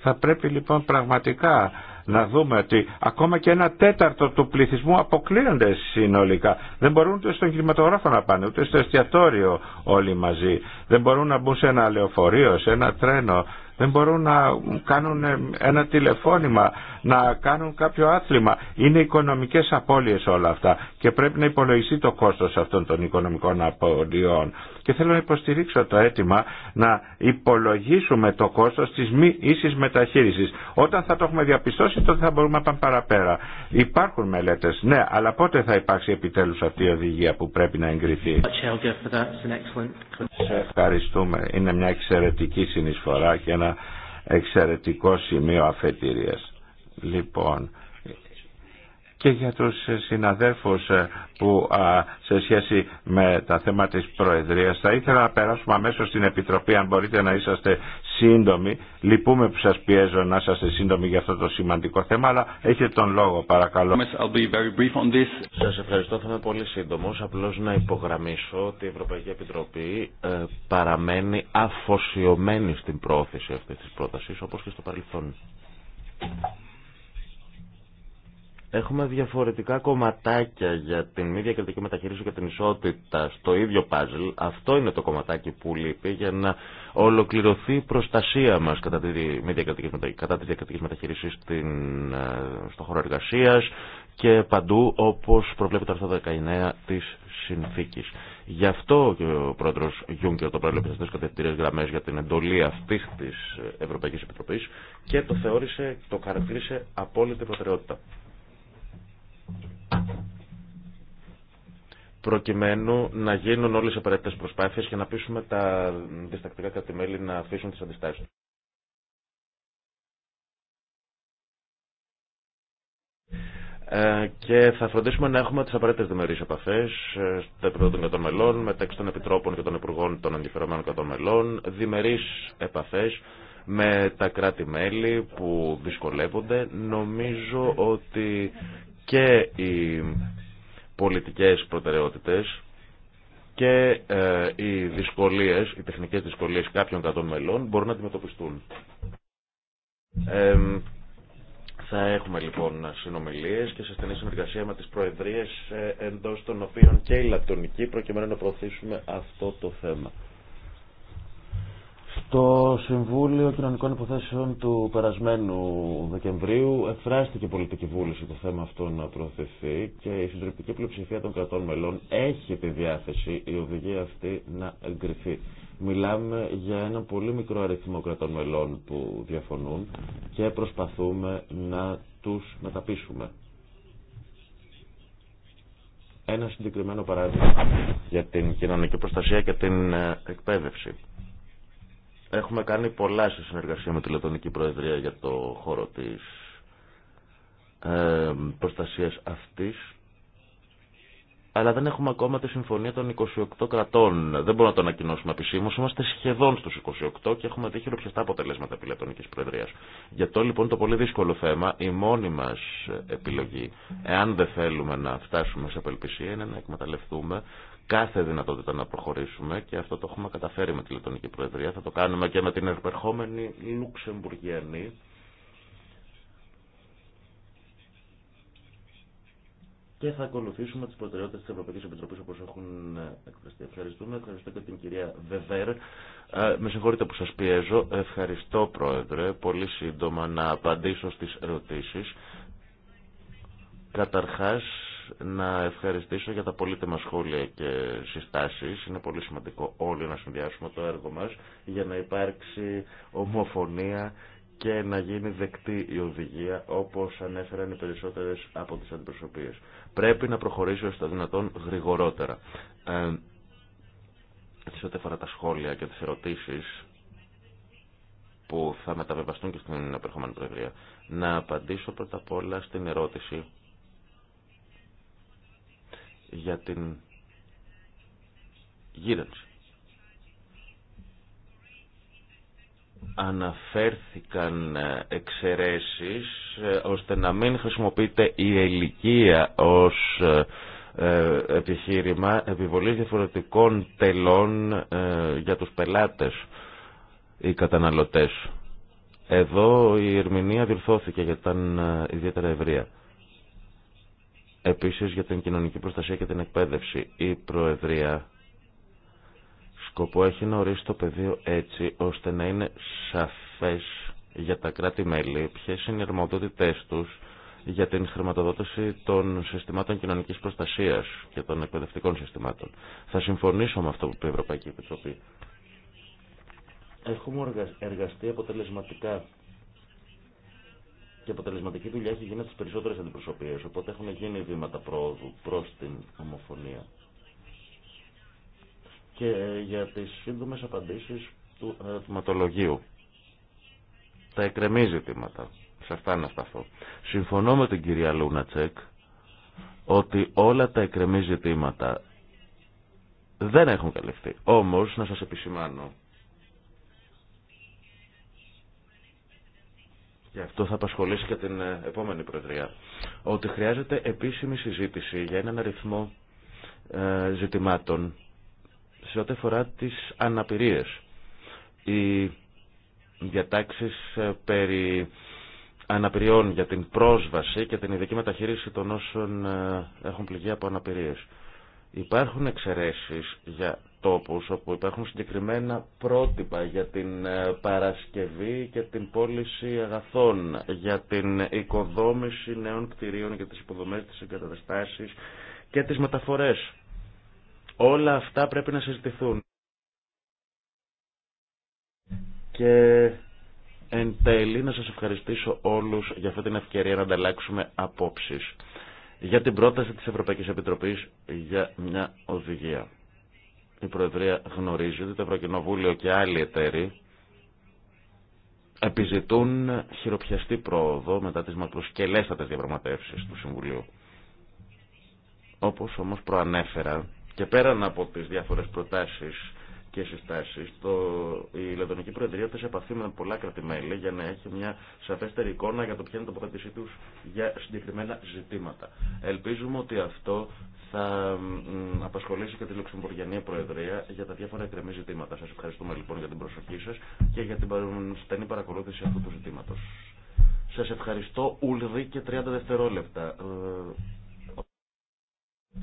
Θα πρέπει λοιπόν πραγματικά να δούμε ότι ακόμα και ένα τέταρτο του πληθυσμού αποκλείονται συνολικά. Δεν μπορούν ούτε στον κινηματογράφο να πάνε, ούτε στο εστιατόριο όλοι μαζί. Δεν μπορούν να μπουν σε ένα λεωφορείο, σε ένα τρένο. Δεν μπορούν να κάνουν ένα τηλεφώνημα να κάνουν κάποιο άθλημα. Είναι οικονομικές απώλειες όλα αυτά και πρέπει να υπολογιστεί το κόστος αυτών των οικονομικών απώλειών. Και θέλω να υποστηρίξω το αίτημα να υπολογίσουμε το κόστος της μη ίσης μεταχείρισης. Όταν θα το έχουμε διαπιστώσει τότε θα μπορούμε να πάμε παραπέρα. Υπάρχουν μελέτες, ναι, αλλά πότε θα υπάρξει επιτέλους αυτή η οδηγία που πρέπει να εγκριθεί. Σε ευχαριστούμε. Είναι μια εξαιρετική συνεισφορά και ένα εξαιρετικό σημείο αφετηρίας. Λοιπόν, και για τους συναδέρφους ε, που σε σχέση με τα θέματα της Προεδρίας θα ήθελα να περάσουμε αμέσως στην Επιτροπή αν μπορείτε να είσαστε σύντομοι λυπούμε που σας πιέζω να είσαστε σύντομοι για αυτό το σημαντικό θέμα αλλά έχετε τον λόγο παρακαλώ Σας ευχαριστώ θα είμαι πολύ σύντομος απλώς να υπογραμμίσω ότι η Ευρωπαϊκή Επιτροπή ε, παραμένει αφοσιωμένη στην πρόθεση αυτής της πρότασης όπως και στο παρελθόν Έχουμε διαφορετικά κομματάκια για την ίδια κριτική μεταχείριση και την ισότητα στο ίδιο παζλ. Αυτό είναι το κομματάκι που λείπει για να ολοκληρωθεί η προστασία μα κατά τη διακριτική μεταχείριση ε, στον χώρο εργασία και παντού όπω προβλέπει το 19 τη συνθήκη. Γι' αυτό και ο πρόεδρο Γιούγκερ το προέλεπε στι κατευθυντήριε γραμμέ για την εντολή αυτή τη Ευρωπαϊκή Επιτροπή και το θεώρησε, το χαρακτήρισε απόλυτη προτεραιότητα προκειμένου να γίνουν όλες οι απαραίτητες προσπάθειες και να πείσουμε τα διστακτικά κρατημέλη να αφήσουν τις αντιστάσεις του. Ε, και θα φροντίσουμε να έχουμε τι απαραίτητε διμερεί επαφέ ε, στο επίπεδο των κρατών μελών, μεταξύ των επιτρόπων και των υπουργών των ενδιαφερομένων κρατών μελών, διμερεί επαφέ με τα κράτη-μέλη που δυσκολεύονται. Νομίζω ότι και οι πολιτικές προτεραιότητες και ε, οι δυσκολίες, οι τεχνικές δυσκολίες κάποιων κατών μελών μπορούν να αντιμετωπιστούν. Ε, θα έχουμε λοιπόν συνομιλίες και σε στενή συνεργασία με τις προεδρίες ε, εντός των οποίων και η λαπτονική προκειμένου να προωθήσουμε αυτό το θέμα. Το Συμβούλιο Κοινωνικών Υποθέσεων του περασμένου Δεκεμβρίου εκφράστηκε πολιτική βούληση το θέμα αυτό να προωθηθεί και η συντριπτική πλειοψηφία των κρατών μελών έχει τη διάθεση η οδηγία αυτή να εγκριθεί. Μιλάμε για ένα πολύ μικρό αριθμό κρατών μελών που διαφωνούν και προσπαθούμε να τους μεταπίσουμε. Ένα συγκεκριμένο παράδειγμα για την κοινωνική προστασία και την ε, εκπαίδευση. Έχουμε κάνει πολλά σε συνεργασία με τη Λετωνική Προεδρία για το χώρο της ε, προστασίας αυτής. Αλλά δεν έχουμε ακόμα τη συμφωνία των 28 κρατών. Δεν μπορούμε να το ανακοινώσουμε επισήμω. Είμαστε σχεδόν στου 28 και έχουμε δει χειροπιαστά αποτελέσματα επί Λετωνική Προεδρία. Για αυτό λοιπόν το πολύ δύσκολο θέμα, η μόνη μα επιλογή, εάν δεν θέλουμε να φτάσουμε σε απελπισία, είναι να εκμεταλλευτούμε κάθε δυνατότητα να προχωρήσουμε και αυτό το έχουμε καταφέρει με τη Λετωνική Προεδρία. Θα το κάνουμε και με την ερχόμενη Λουξεμβουργιανή. Και θα ακολουθήσουμε τι προτεραιότητε τη Ευρωπαϊκή Επιτροπή όπω έχουν εκφραστεί. Ευχαριστούμε. Ευχαριστώ και την κυρία Βεβέρ. Ε, με συγχωρείτε που σα πιέζω. Ευχαριστώ, Πρόεδρε. Πολύ σύντομα να απαντήσω στι ερωτήσει. Καταρχάς, να ευχαριστήσω για τα πολύτιμα σχόλια και συστάσεις. Είναι πολύ σημαντικό όλοι να συνδυάσουμε το έργο μας για να υπάρξει ομοφωνία και να γίνει δεκτή η οδηγία όπως ανέφεραν οι περισσότερες από τις αντιπροσωπείες. Πρέπει να προχωρήσει ως το δυνατόν γρηγορότερα. Ε, σε ό,τι αφορά τα σχόλια και τις ερωτήσεις που θα μεταβεβαστούν και στην επερχόμενη Προεδρία, να απαντήσω πρώτα απ' όλα στην ερώτηση για την γύρανση. αναφέρθηκαν ε, εξαιρέσεις ε, ώστε να μην χρησιμοποιείται η ηλικία ως ε, επιχείρημα επιβολή διαφορετικών τελών για τους πελάτες ή καταναλωτές. Εδώ η ερμηνεία διορθώθηκε γιατί ήταν ιδιαίτερα ευρεία. Επίσης για την κοινωνική προστασία και την εκπαίδευση η Προεδρία σκοπό έχει να ορίσει το πεδίο έτσι ώστε να είναι σαφές για τα κράτη-μέλη ποιες είναι οι αρμοδότητές τους για την χρηματοδότηση των συστημάτων κοινωνικής προστασίας και των εκπαιδευτικών συστημάτων. Θα συμφωνήσω με αυτό που είπε η Ευρωπαϊκή Επιτροπή. Έχουμε εργαστεί αποτελεσματικά και αποτελεσματική δουλειά έχει γίνει στις περισσότερες αντιπροσώπειες. Οπότε έχουν γίνει βήματα πρόοδου προς την ομοφωνία. Και για τις σύντομε απαντήσεις του ερωτηματολογίου. Τα εκκρεμή ζητήματα. Σε αυτά να σταθώ. Συμφωνώ με την κυρία Λούνατσεκ ότι όλα τα εκκρεμή ζητήματα δεν έχουν καλυφθεί. Όμως, να σας επισημάνω και αυτό θα απασχολήσει και την ε, επόμενη Προεδρία, ότι χρειάζεται επίσημη συζήτηση για έναν αριθμό ε, ζητημάτων σε ό,τι αφορά τις αναπηρίες. Οι διατάξεις ε, περί αναπηριών για την πρόσβαση και την ειδική μεταχείριση των όσων έχουν πληγεί από αναπηρίες. Υπάρχουν εξαιρέσεις για τόπους όπου υπάρχουν συγκεκριμένα πρότυπα για την ε, παρασκευή και την πώληση αγαθών, για την οικοδόμηση νέων κτηρίων, για τις υποδομές, της εγκαταστάσεις και τις μεταφορές. Όλα αυτά πρέπει να συζητηθούν. Και εν τέλει να σας ευχαριστήσω όλους για αυτή την ευκαιρία να ανταλλάξουμε απόψεις για την πρόταση της Ευρωπαϊκής Επιτροπής για μια οδηγία η Προεδρία γνωρίζει ότι το Ευρωκοινοβούλιο και άλλοι εταίροι επιζητούν χειροπιαστή πρόοδο μετά τις μακροσκελέστατες διαπραγματεύσεις του Συμβουλίου. Όπως όμως προανέφερα και πέραν από τις διάφορες προτάσεις και συστάσει, η Λετωνική Προεδρία θα σε επαφή με πολλά κρατημέλη για να έχει μια σαφέστερη εικόνα για το ποια είναι η τοποθέτησή του για συγκεκριμένα ζητήματα. Ελπίζουμε ότι αυτό θα απασχολήσει και τη Λουξεμβουργιανή Προεδρία για τα διάφορα εκκρεμή ζητήματα. Σα ευχαριστούμε λοιπόν για την προσοχή σα και για την στενή παρακολούθηση αυτού του ζητήματο. Σα ευχαριστώ, Ουλδί και 30 δευτερόλεπτα. Ε,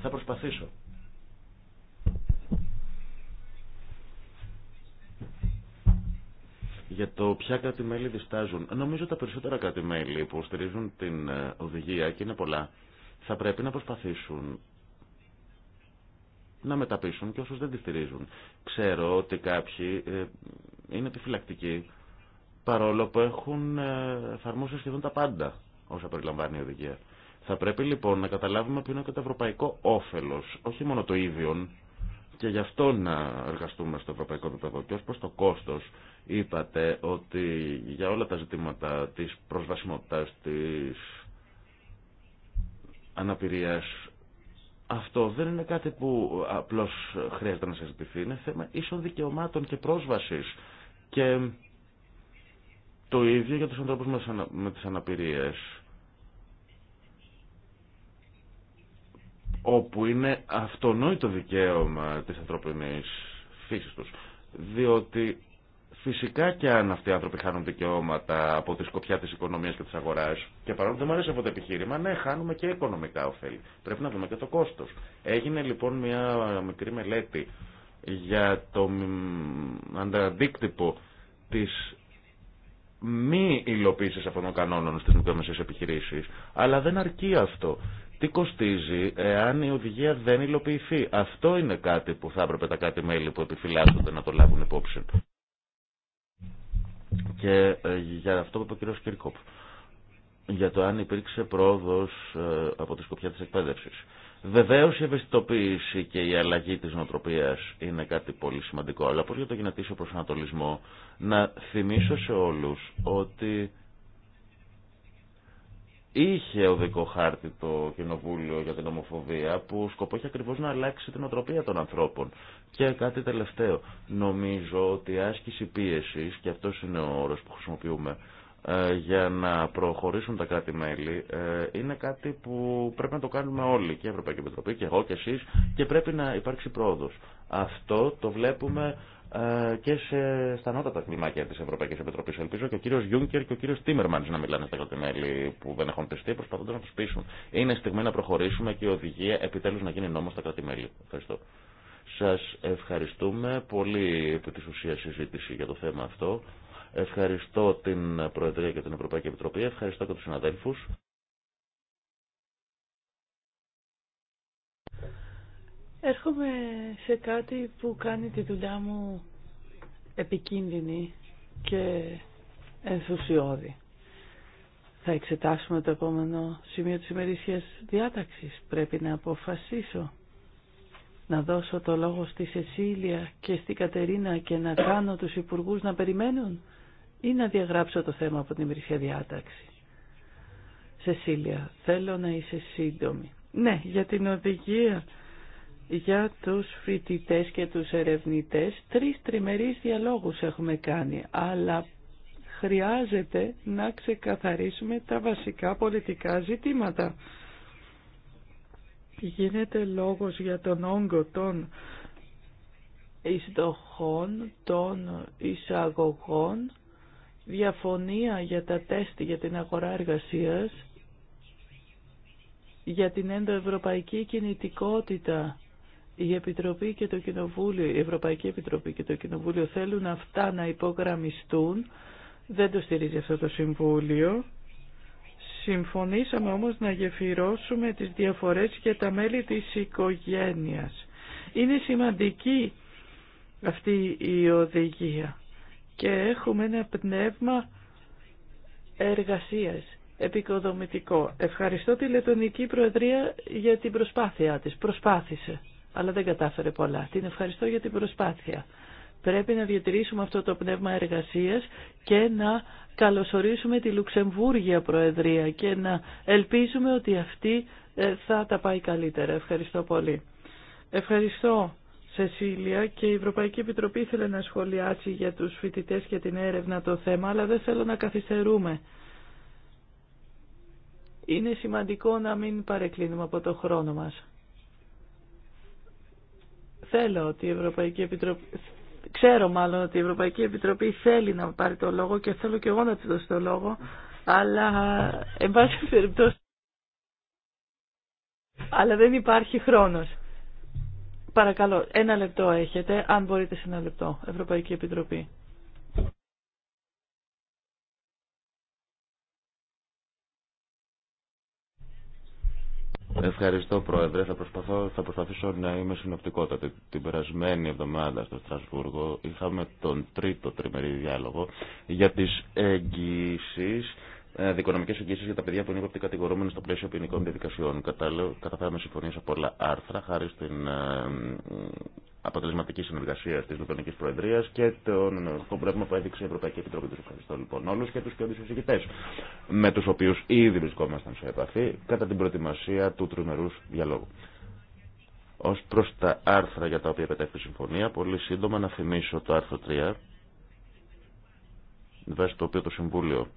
θα προσπαθήσω. για το ποια κράτη-μέλη διστάζουν. Νομίζω τα περισσότερα κράτη-μέλη που στηρίζουν την ε, οδηγία, και είναι πολλά, θα πρέπει να προσπαθήσουν να μεταπίσουν και όσους δεν τη στηρίζουν. Ξέρω ότι κάποιοι ε, είναι επιφυλακτικοί, παρόλο που έχουν ε, εφαρμόσει σχεδόν τα πάντα όσα περιλαμβάνει η οδηγία. Θα πρέπει λοιπόν να καταλάβουμε ποιο είναι και το ευρωπαϊκό όφελος, όχι μόνο το ίδιο, και γι' αυτό να εργαστούμε στο ευρωπαϊκό επίπεδο και ω προς το κόστος Είπατε ότι για όλα τα ζητήματα της προσβασιμότητας, της αναπηρίας, αυτό δεν είναι κάτι που απλώς χρειάζεται να ζητηθεί. Είναι θέμα ίσων δικαιωμάτων και πρόσβασης. Και το ίδιο για τους ανθρώπους με τις αναπηρίες. όπου είναι αυτονόητο δικαίωμα της ανθρώπινης φύσης τους. Διότι Φυσικά και αν αυτοί οι άνθρωποι χάνουν δικαιώματα από τη σκοπιά τη οικονομία και τη αγορά, και παρόλο που δεν μου αρέσει αυτό το επιχείρημα, ναι, χάνουμε και οικονομικά ωφέλη. Πρέπει να δούμε και το κόστο. Έγινε λοιπόν μια μικρή μελέτη για το αντίκτυπο τη μη υλοποίηση αυτών των κανόνων στι μικρομεσαίε επιχειρήσει, αλλά δεν αρκεί αυτό. Τι κοστίζει εάν η οδηγία δεν υλοποιηθεί. Αυτό είναι κάτι που θα έπρεπε τα κάτι μέλη που επιφυλάσσονται να το λάβουν υπόψη και ε, για αυτό που είπε ο κ. Κυρκόπ για το αν υπήρξε πρόοδος ε, από τη σκοπιά της εκπαίδευσης. Βεβαίως η ευαισθητοποίηση και η αλλαγή της νοοτροπίας είναι κάτι πολύ σημαντικό, αλλά πώς για το γυνατήσιο προσανατολισμό να θυμίσω σε όλους ότι Είχε οδικό χάρτη το Κοινοβούλιο για την ομοφοβία που σκοπό έχει ακριβώς να αλλάξει την οτροπία των ανθρώπων. Και κάτι τελευταίο. Νομίζω ότι η άσκηση πίεσης, και αυτός είναι ο όρος που χρησιμοποιούμε, ε, για να προχωρήσουν τα κράτη-μέλη ε, είναι κάτι που πρέπει να το κάνουμε όλοι και η Ευρωπαϊκή Επιτροπή και εγώ και εσείς και πρέπει να υπάρξει πρόοδος. Αυτό το βλέπουμε ε, και σε νότατα κλιμάκια τη Ευρωπαϊκή Επιτροπή. Ελπίζω και ο κύριο Γιούνκερ και ο κύριο Τίμερμαν να μιλάνε στα κρατημέλη που δεν έχουν πιστεί, προσπαθώντα να του πείσουν. Είναι στιγμή να προχωρήσουμε και η οδηγία επιτέλου να γίνει νόμο στα κρατημέλη. Ευχαριστώ. Σα ευχαριστούμε. Πολύ επί τη ουσία συζήτηση για το θέμα αυτό. Ευχαριστώ την Προεδρία και την Ευρωπαϊκή Επιτροπή. Ευχαριστώ και του συναδέλφου. Έρχομαι σε κάτι που κάνει τη δουλειά μου επικίνδυνη και ενθουσιώδη. Θα εξετάσουμε το επόμενο σημείο της ημερήσιας διάταξης. Πρέπει να αποφασίσω να δώσω το λόγο στη Σεσίλια και στη Κατερίνα και να κάνω τους υπουργούς να περιμένουν ή να διαγράψω το θέμα από την ημερήσια διάταξη. Σεσίλια, θέλω να είσαι σύντομη. Ναι, για την οδηγία για τους φοιτητές και τους ερευνητές. Τρεις τριμερείς διαλόγους έχουμε κάνει, αλλά χρειάζεται να ξεκαθαρίσουμε τα βασικά πολιτικά ζητήματα. Γίνεται λόγος για τον όγκο των εισδοχών, των εισαγωγών, διαφωνία για τα τεστ για την αγορά εργασίας, για την ενδοευρωπαϊκή κινητικότητα η Επιτροπή και το Κοινοβούλιο, η Ευρωπαϊκή Επιτροπή και το Κοινοβούλιο θέλουν αυτά να υπογραμμιστούν. Δεν το στηρίζει αυτό το Συμβούλιο. Συμφωνήσαμε όμως να γεφυρώσουμε τις διαφορές και τα μέλη της οικογένειας. Είναι σημαντική αυτή η οδηγία και έχουμε ένα πνεύμα εργασίας επικοδομητικό. Ευχαριστώ τη Λετωνική Προεδρία για την προσπάθειά της. Προσπάθησε αλλά δεν κατάφερε πολλά. Την ευχαριστώ για την προσπάθεια. Πρέπει να διατηρήσουμε αυτό το πνεύμα εργασίας και να καλωσορίσουμε τη Λουξεμβούργια Προεδρία και να ελπίζουμε ότι αυτή ε, θα τα πάει καλύτερα. Ευχαριστώ πολύ. Ευχαριστώ. Σεσίλια και η Ευρωπαϊκή Επιτροπή ήθελε να σχολιάσει για τους φοιτητές και την έρευνα το θέμα, αλλά δεν θέλω να καθυστερούμε. Είναι σημαντικό να μην παρεκκλίνουμε από το χρόνο μας. Θέλω ότι η Ευρωπαϊκή Επιτροπή... Ξέρω μάλλον ότι η Ευρωπαϊκή Επιτροπή θέλει να πάρει το λόγο και θέλω και εγώ να της δώσω το λόγο, αλλά εν πάση Αλλά δεν υπάρχει χρόνος. Παρακαλώ, ένα λεπτό έχετε, αν μπορείτε σε ένα λεπτό, Ευρωπαϊκή Επιτροπή. Ευχαριστώ Πρόεδρε. Θα, προσπαθώ, θα προσπαθήσω να είμαι συνοπτικότατη. Την περασμένη εβδομάδα στο Στρασβούργο είχαμε τον τρίτο τριμερή διάλογο για τις εγγυήσεις ε, δικονομικέ εγγύσει για τα παιδιά που είναι υποπτή κατηγορούμενα στο πλαίσιο ποινικών διαδικασιών. Καταφέραμε συμφωνίες από όλα άρθρα χάρη στην ε, αποτελεσματική συνεργασία τη Λετωνική Προεδρία και τον κομπρεύμα που έδειξε η Ευρωπαϊκή Επιτροπή. Του ευχαριστώ λοιπόν όλου και του και όλου με του οποίου ήδη βρισκόμασταν σε επαφή κατά την προετοιμασία του τριμερού διαλόγου. Ω προ τα άρθρα για τα οποία πετέχει συμφωνία, πολύ σύντομα να θυμίσω το άρθρο 3, βάσει το το Συμβούλιο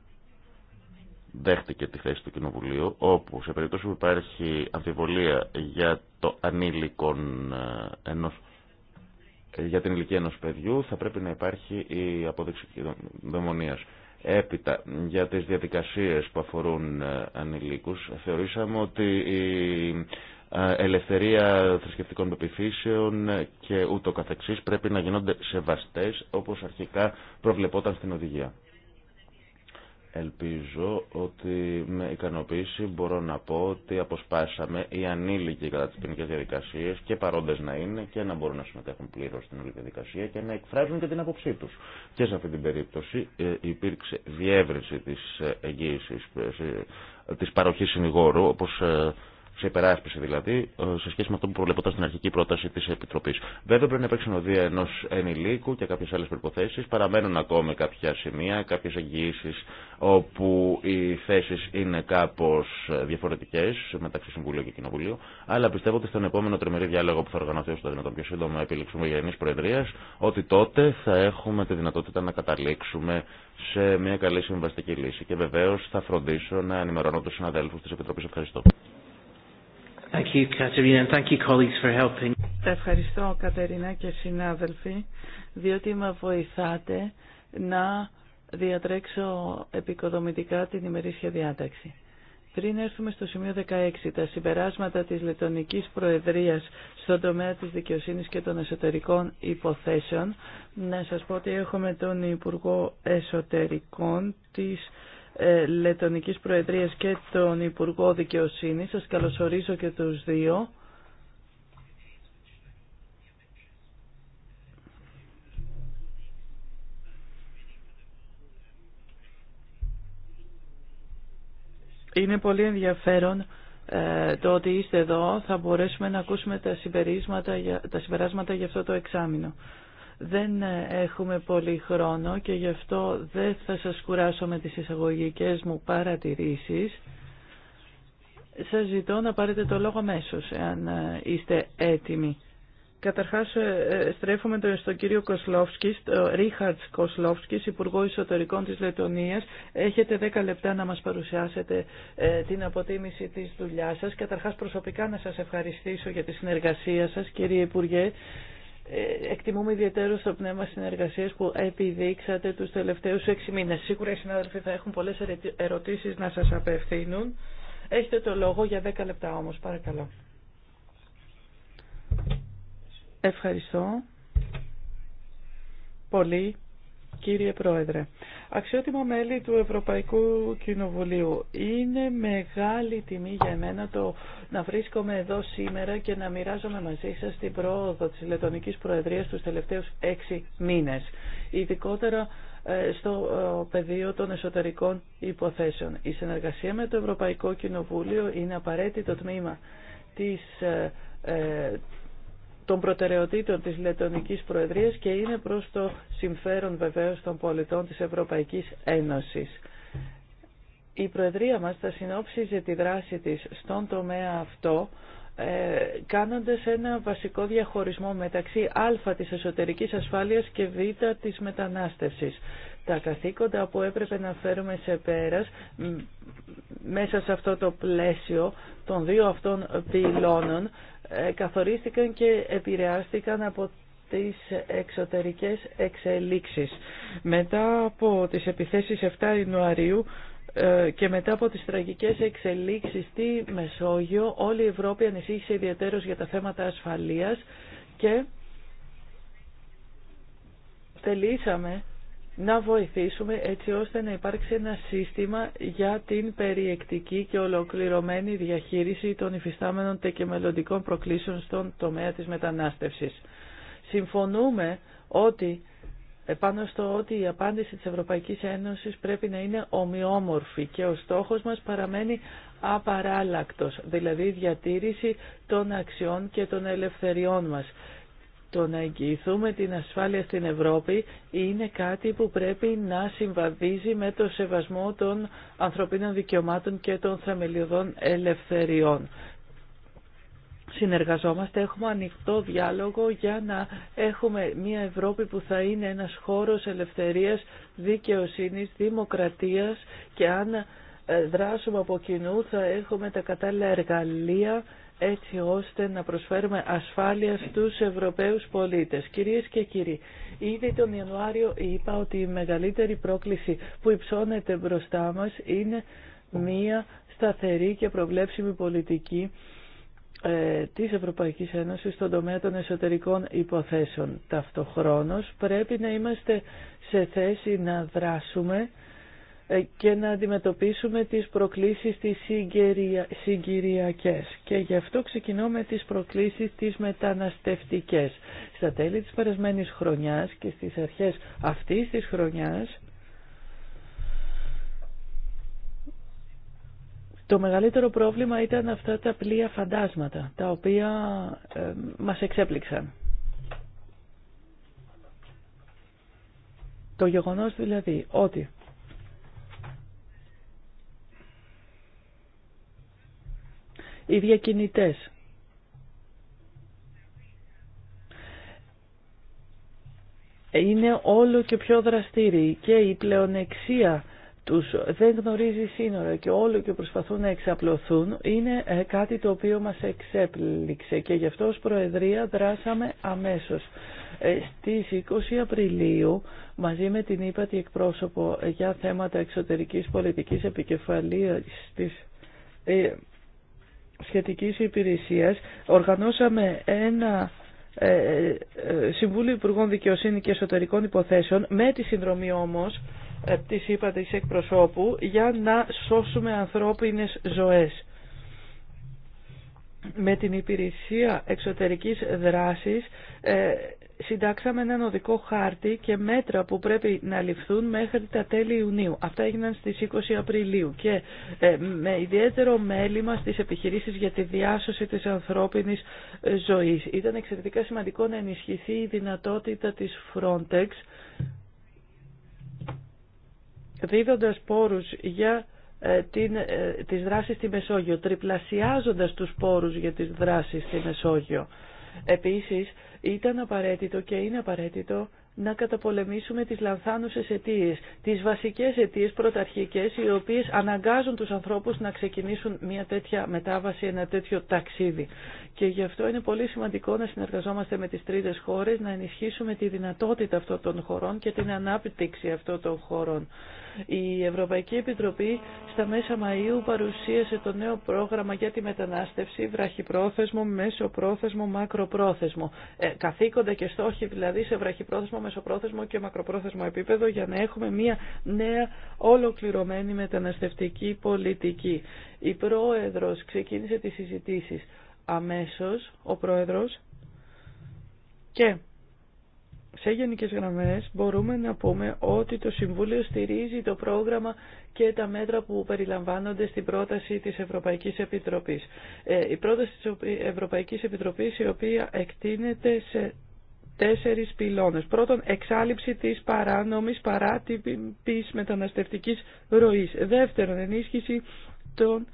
δέχτηκε τη θέση του Κοινοβουλίου, όπου σε περίπτωση που υπάρχει αμφιβολία για το ανήλικον ε, ενός για την ηλικία ενός παιδιού θα πρέπει να υπάρχει η απόδειξη δαιμονίας. Έπειτα, για τις διαδικασίες που αφορούν ε, ανηλίκους, θεωρήσαμε ότι η ε, ελευθερία θρησκευτικών πεπιθήσεων και ούτω καθεξής πρέπει να γίνονται σεβαστές όπως αρχικά προβλεπόταν στην οδηγία. Ελπίζω ότι με ικανοποίηση μπορώ να πω ότι αποσπάσαμε οι ανήλικοι κατά τι ποινικέ διαδικασίε και παρόντες να είναι και να μπορούν να συμμετέχουν πλήρω στην όλη διαδικασία και να εκφράζουν και την άποψή του. Και σε αυτή την περίπτωση ε, υπήρξε διεύρυνση τη ε, εγγύηση ε, τη παροχή συνηγόρου, όπω σε υπεράσπιση δηλαδή, ε, σε σχέση με αυτό που προβλεπόταν στην αρχική πρόταση τη Επιτροπή. Βέβαια πρέπει να υπάρξει συνοδεία ενό ενηλίκου και κάποιε άλλε προποθέσει. Παραμένουν ακόμη κάποια σημεία, κάποιε εγγυήσει όπου οι θέσει είναι κάπω διαφορετικέ μεταξύ Συμβουλίου και Κοινοβουλίου. Αλλά πιστεύω ότι στον επόμενο τριμερή διάλογο που θα οργανωθεί όσο το δυνατόν πιο σύντομα επιληξούμε για Προεδρία, ότι τότε θα έχουμε τη δυνατότητα να καταλήξουμε σε μια καλή συμβαστική λύση. Και βεβαίω θα φροντίσω να ενημερώνω του συναδέλφου τη Επιτροπή. Ευχαριστώ. Thank you, Katerina, Ευχαριστώ, Κατερίνα και συνάδελφοι, διότι με βοηθάτε να διατρέξω επικοδομητικά την ημερήσια διάταξη. Πριν έρθουμε στο σημείο 16, τα συμπεράσματα της Λετωνικής Προεδρίας στον τομέα της δικαιοσύνης και των εσωτερικών υποθέσεων, να σας πω ότι έχουμε τον Υπουργό Εσωτερικών της ε, Λετωνικής Προεδρίας και τον Υπουργό Δικαιοσύνη. Σας καλωσορίζω και τους δύο. Είναι πολύ ενδιαφέρον ε, το ότι είστε εδώ. Θα μπορέσουμε να ακούσουμε τα, συμπεράσματα για, τα συμπεράσματα για αυτό το εξάμεινο. Δεν έχουμε πολύ χρόνο και γι' αυτό δεν θα σας κουράσω με τις εισαγωγικές μου παρατηρήσεις. Σας ζητώ να πάρετε το λόγο μέσω εάν ε, είστε έτοιμοι. Καταρχάς ε, ε, στρέφουμε στον κύριο Κοσλόφσκι, Ρίχαρτ Κοσλόφσκι, Υπουργό Ισοτορικών της Λετωνίας. Έχετε 10 λεπτά να μας παρουσιάσετε την αποτίμηση της δουλειάς σας. Καταρχάς προσωπικά να σας ευχαριστήσω για τη συνεργασία σας κύριε Υπουργέ ε, εκτιμούμε ιδιαίτερως το πνεύμα συνεργασίας που επιδείξατε τους τελευταίους έξι μήνες. Σίγουρα οι συνάδελφοι θα έχουν πολλές ερωτήσεις να σας απευθύνουν. Έχετε το λόγο για δέκα λεπτά όμως, παρακαλώ. Ευχαριστώ πολύ, κύριε Πρόεδρε. Αξιότιμο μέλη του Ευρωπαϊκού Κοινοβουλίου, είναι μεγάλη τιμή για εμένα το να βρίσκομαι εδώ σήμερα και να μοιράζομαι μαζί σας την πρόοδο της Λετωνικής Προεδρίας τους τελευταίους έξι μήνες, ειδικότερα ε, στο ε, πεδίο των εσωτερικών υποθέσεων. Η συνεργασία με το Ευρωπαϊκό Κοινοβούλιο είναι απαραίτητο τμήμα της ε, των προτεραιοτήτων της Λετωνικής Προεδρίας και είναι προς το συμφέρον βεβαίως των πολιτών της Ευρωπαϊκής Ένωσης. Η Προεδρία μας θα συνόψιζε τη δράση της στον τομέα αυτό ε, κάνοντας ένα βασικό διαχωρισμό μεταξύ α της εσωτερικής ασφάλειας και β της μετανάστευσης τα καθήκοντα που έπρεπε να φέρουμε σε πέρας μέσα σε αυτό το πλαίσιο των δύο αυτών πυλώνων ε, καθορίστηκαν και επηρεάστηκαν από τις εξωτερικές εξελίξεις. Μετά από τις επιθέσεις 7 Ιανουαρίου ε, και μετά από τις τραγικές εξελίξεις στη Μεσόγειο όλη η Ευρώπη ανησύχησε ιδιαίτερως για τα θέματα ασφαλείας και θελήσαμε να βοηθήσουμε έτσι ώστε να υπάρξει ένα σύστημα για την περιεκτική και ολοκληρωμένη διαχείριση των υφιστάμενων και μελλοντικών προκλήσεων στον τομέα της μετανάστευσης. Συμφωνούμε ότι επάνω στο ότι η απάντηση της Ευρωπαϊκής Ένωσης πρέπει να είναι ομοιόμορφη και ο στόχος μας παραμένει απαράλλακτος, δηλαδή η διατήρηση των αξιών και των ελευθεριών μας το να εγγυηθούμε την ασφάλεια στην Ευρώπη είναι κάτι που πρέπει να συμβαδίζει με το σεβασμό των ανθρωπίνων δικαιωμάτων και των θεμελιωδών ελευθεριών. Συνεργαζόμαστε, έχουμε ανοιχτό διάλογο για να έχουμε μια Ευρώπη που θα είναι ένας χώρος ελευθερίας, δικαιοσύνης, δημοκρατίας και αν ε, δράσουμε από κοινού θα έχουμε τα κατάλληλα εργαλεία έτσι ώστε να προσφέρουμε ασφάλεια στους Ευρωπαίους πολίτες. Κυρίες και κύριοι, ήδη τον Ιανουάριο είπα ότι η μεγαλύτερη πρόκληση που υψώνεται μπροστά μας είναι μία σταθερή και προβλέψιμη πολιτική ε, της Ευρωπαϊκής Ένωσης στον τομέα των εσωτερικών υποθέσεων. Ταυτοχρόνως πρέπει να είμαστε σε θέση να δράσουμε ε, και να αντιμετωπίσουμε τις προκλήσεις τις συγκυριακές. Και γι' αυτό ξεκινώ με τις προκλήσεις τις μεταναστευτικές. Στα τέλη της περασμένης χρονιάς και στις αρχές αυτής της χρονιάς, Το μεγαλύτερο πρόβλημα ήταν αυτά τα πλοία φαντάσματα, τα οποία ε, μας εξέπληξαν. Το γεγονός δηλαδή ότι οι διακινητές. Είναι όλο και πιο δραστήριοι και η πλεονεξία τους δεν γνωρίζει σύνορα και όλο και προσπαθούν να εξαπλωθούν είναι ε, κάτι το οποίο μας εξέπληξε και γι' αυτό ως Προεδρία δράσαμε αμέσως. Ε, στις 20 Απριλίου μαζί με την ύπατη εκπρόσωπο για θέματα εξωτερικής πολιτικής επικεφαλής της ε, σχετικής υπηρεσίας οργανώσαμε ένα ε, ε, Συμβούλιο Υπουργών Δικαιοσύνη και Εσωτερικών Υποθέσεων με τη συνδρομή όμως ε, της είπα της εκπροσώπου για να σώσουμε ανθρώπινες ζωές. Με την υπηρεσία εξωτερικής δράσης συντάξαμε έναν οδικό χάρτη και μέτρα που πρέπει να ληφθούν μέχρι τα τέλη Ιουνίου. Αυτά έγιναν στις 20 Απριλίου και ε, με ιδιαίτερο μέλημα στις επιχειρήσεις για τη διάσωση της ανθρώπινης ε, ζωής. Ήταν εξαιρετικά σημαντικό να ενισχυθεί η δυνατότητα της Frontex δίδοντας πόρους για ε, την, τις δράσεις στη Μεσόγειο, τριπλασιάζοντας τους πόρους για τις δράσεις στη Μεσόγειο. Επίσης, ήταν απαραίτητο και είναι απαραίτητο να καταπολεμήσουμε τις λανθάνουσες αιτίες, τις βασικές αιτίες πρωταρχικές, οι οποίες αναγκάζουν τους ανθρώπους να ξεκινήσουν μια τέτοια μετάβαση, ένα τέτοιο ταξίδι. Και γι' αυτό είναι πολύ σημαντικό να συνεργαζόμαστε με τις τρίτες χώρες, να ενισχύσουμε τη δυνατότητα αυτών των χωρών και την ανάπτυξη αυτών των χωρών. Η Ευρωπαϊκή Επιτροπή στα μέσα Μαΐου παρουσίασε το νέο πρόγραμμα για τη μετανάστευση, βραχυπρόθεσμο, μεσοπρόθεσμο, μακροπρόθεσμο. Ε, καθήκοντα και στόχοι δηλαδή σε βραχυπρόθεσμο, μεσοπρόθεσμο και μακροπρόθεσμο επίπεδο για να έχουμε μια νέα ολοκληρωμένη μεταναστευτική πολιτική. Η Πρόεδρος ξεκίνησε τις συζητήσεις αμέσως, ο Πρόεδρος, και σε γενικές γραμμές μπορούμε να πούμε ότι το Συμβούλιο στηρίζει το πρόγραμμα και τα μέτρα που περιλαμβάνονται στην πρόταση της Ευρωπαϊκής Επιτροπής. Ε, η πρόταση της Ευρωπαϊκής Επιτροπής η οποία εκτείνεται σε τέσσερις πυλώνες. Πρώτον, εξάλληψη της παράνομης παράτυπης μεταναστευτικής ροής. Δεύτερον, ενίσχυση των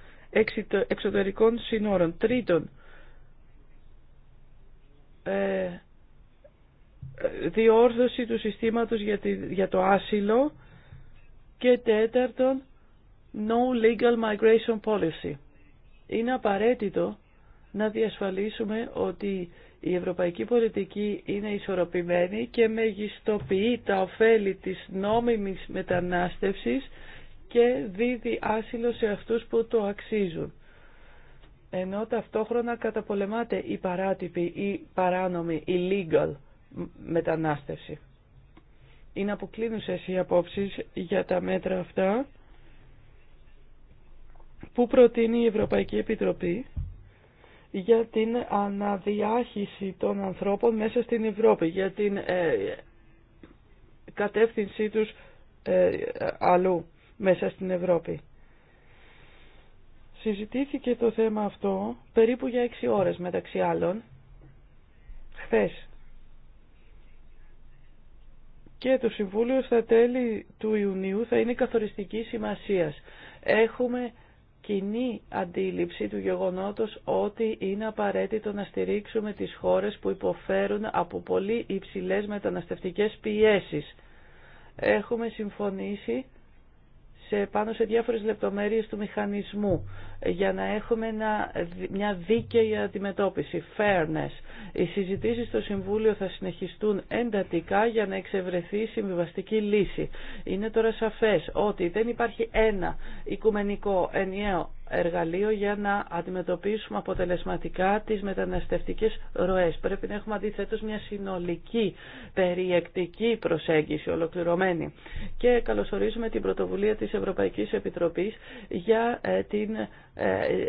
εξωτερικών συνόρων. Τρίτον, ε, διόρθωση του συστήματος για, για το άσυλο και τέταρτον, No Legal Migration Policy. Είναι απαραίτητο να διασφαλίσουμε ότι η ευρωπαϊκή πολιτική είναι ισορροπημένη και μεγιστοποιεί τα ωφέλη της νόμιμης μετανάστευσης και δίδει άσυλο σε αυτούς που το αξίζουν. Ενώ ταυτόχρονα καταπολεμάται η παράτυπη ή παράνομη, η legal μετανάστευση. Είναι αποκλίνουσες οι απόψεις για τα μέτρα αυτά που προτείνει η Ευρωπαϊκή Επιτροπή για την αναδιάχυση των ανθρώπων μέσα στην Ευρώπη, για την ε, κατεύθυνσή τους ε, αλλού μέσα στην Ευρώπη. Συζητήθηκε το θέμα αυτό περίπου για 6 ώρες μεταξύ άλλων, χθες και το Συμβούλιο στα τέλη του Ιουνίου θα είναι καθοριστική σημασίας. Έχουμε κοινή αντίληψη του γεγονότος ότι είναι απαραίτητο να στηρίξουμε τις χώρες που υποφέρουν από πολύ υψηλές μεταναστευτικές πιέσεις. Έχουμε συμφωνήσει σε, πάνω σε διάφορες λεπτομέρειες του μηχανισμού για να έχουμε ένα, μια δίκαιη αντιμετώπιση, fairness. Οι συζητήσεις στο Συμβούλιο θα συνεχιστούν εντατικά για να εξευρεθεί συμβιβαστική λύση. Είναι τώρα σαφές ότι δεν υπάρχει ένα οικουμενικό ενιαίο εργαλείο για να αντιμετωπίσουμε αποτελεσματικά τις μεταναστευτικές ροές. Πρέπει να έχουμε αντιθέτως μια συνολική, περιεκτική προσέγγιση, ολοκληρωμένη. Και καλωσορίζουμε την πρωτοβουλία της Ευρωπαϊκής Επιτροπής για ε, την ε,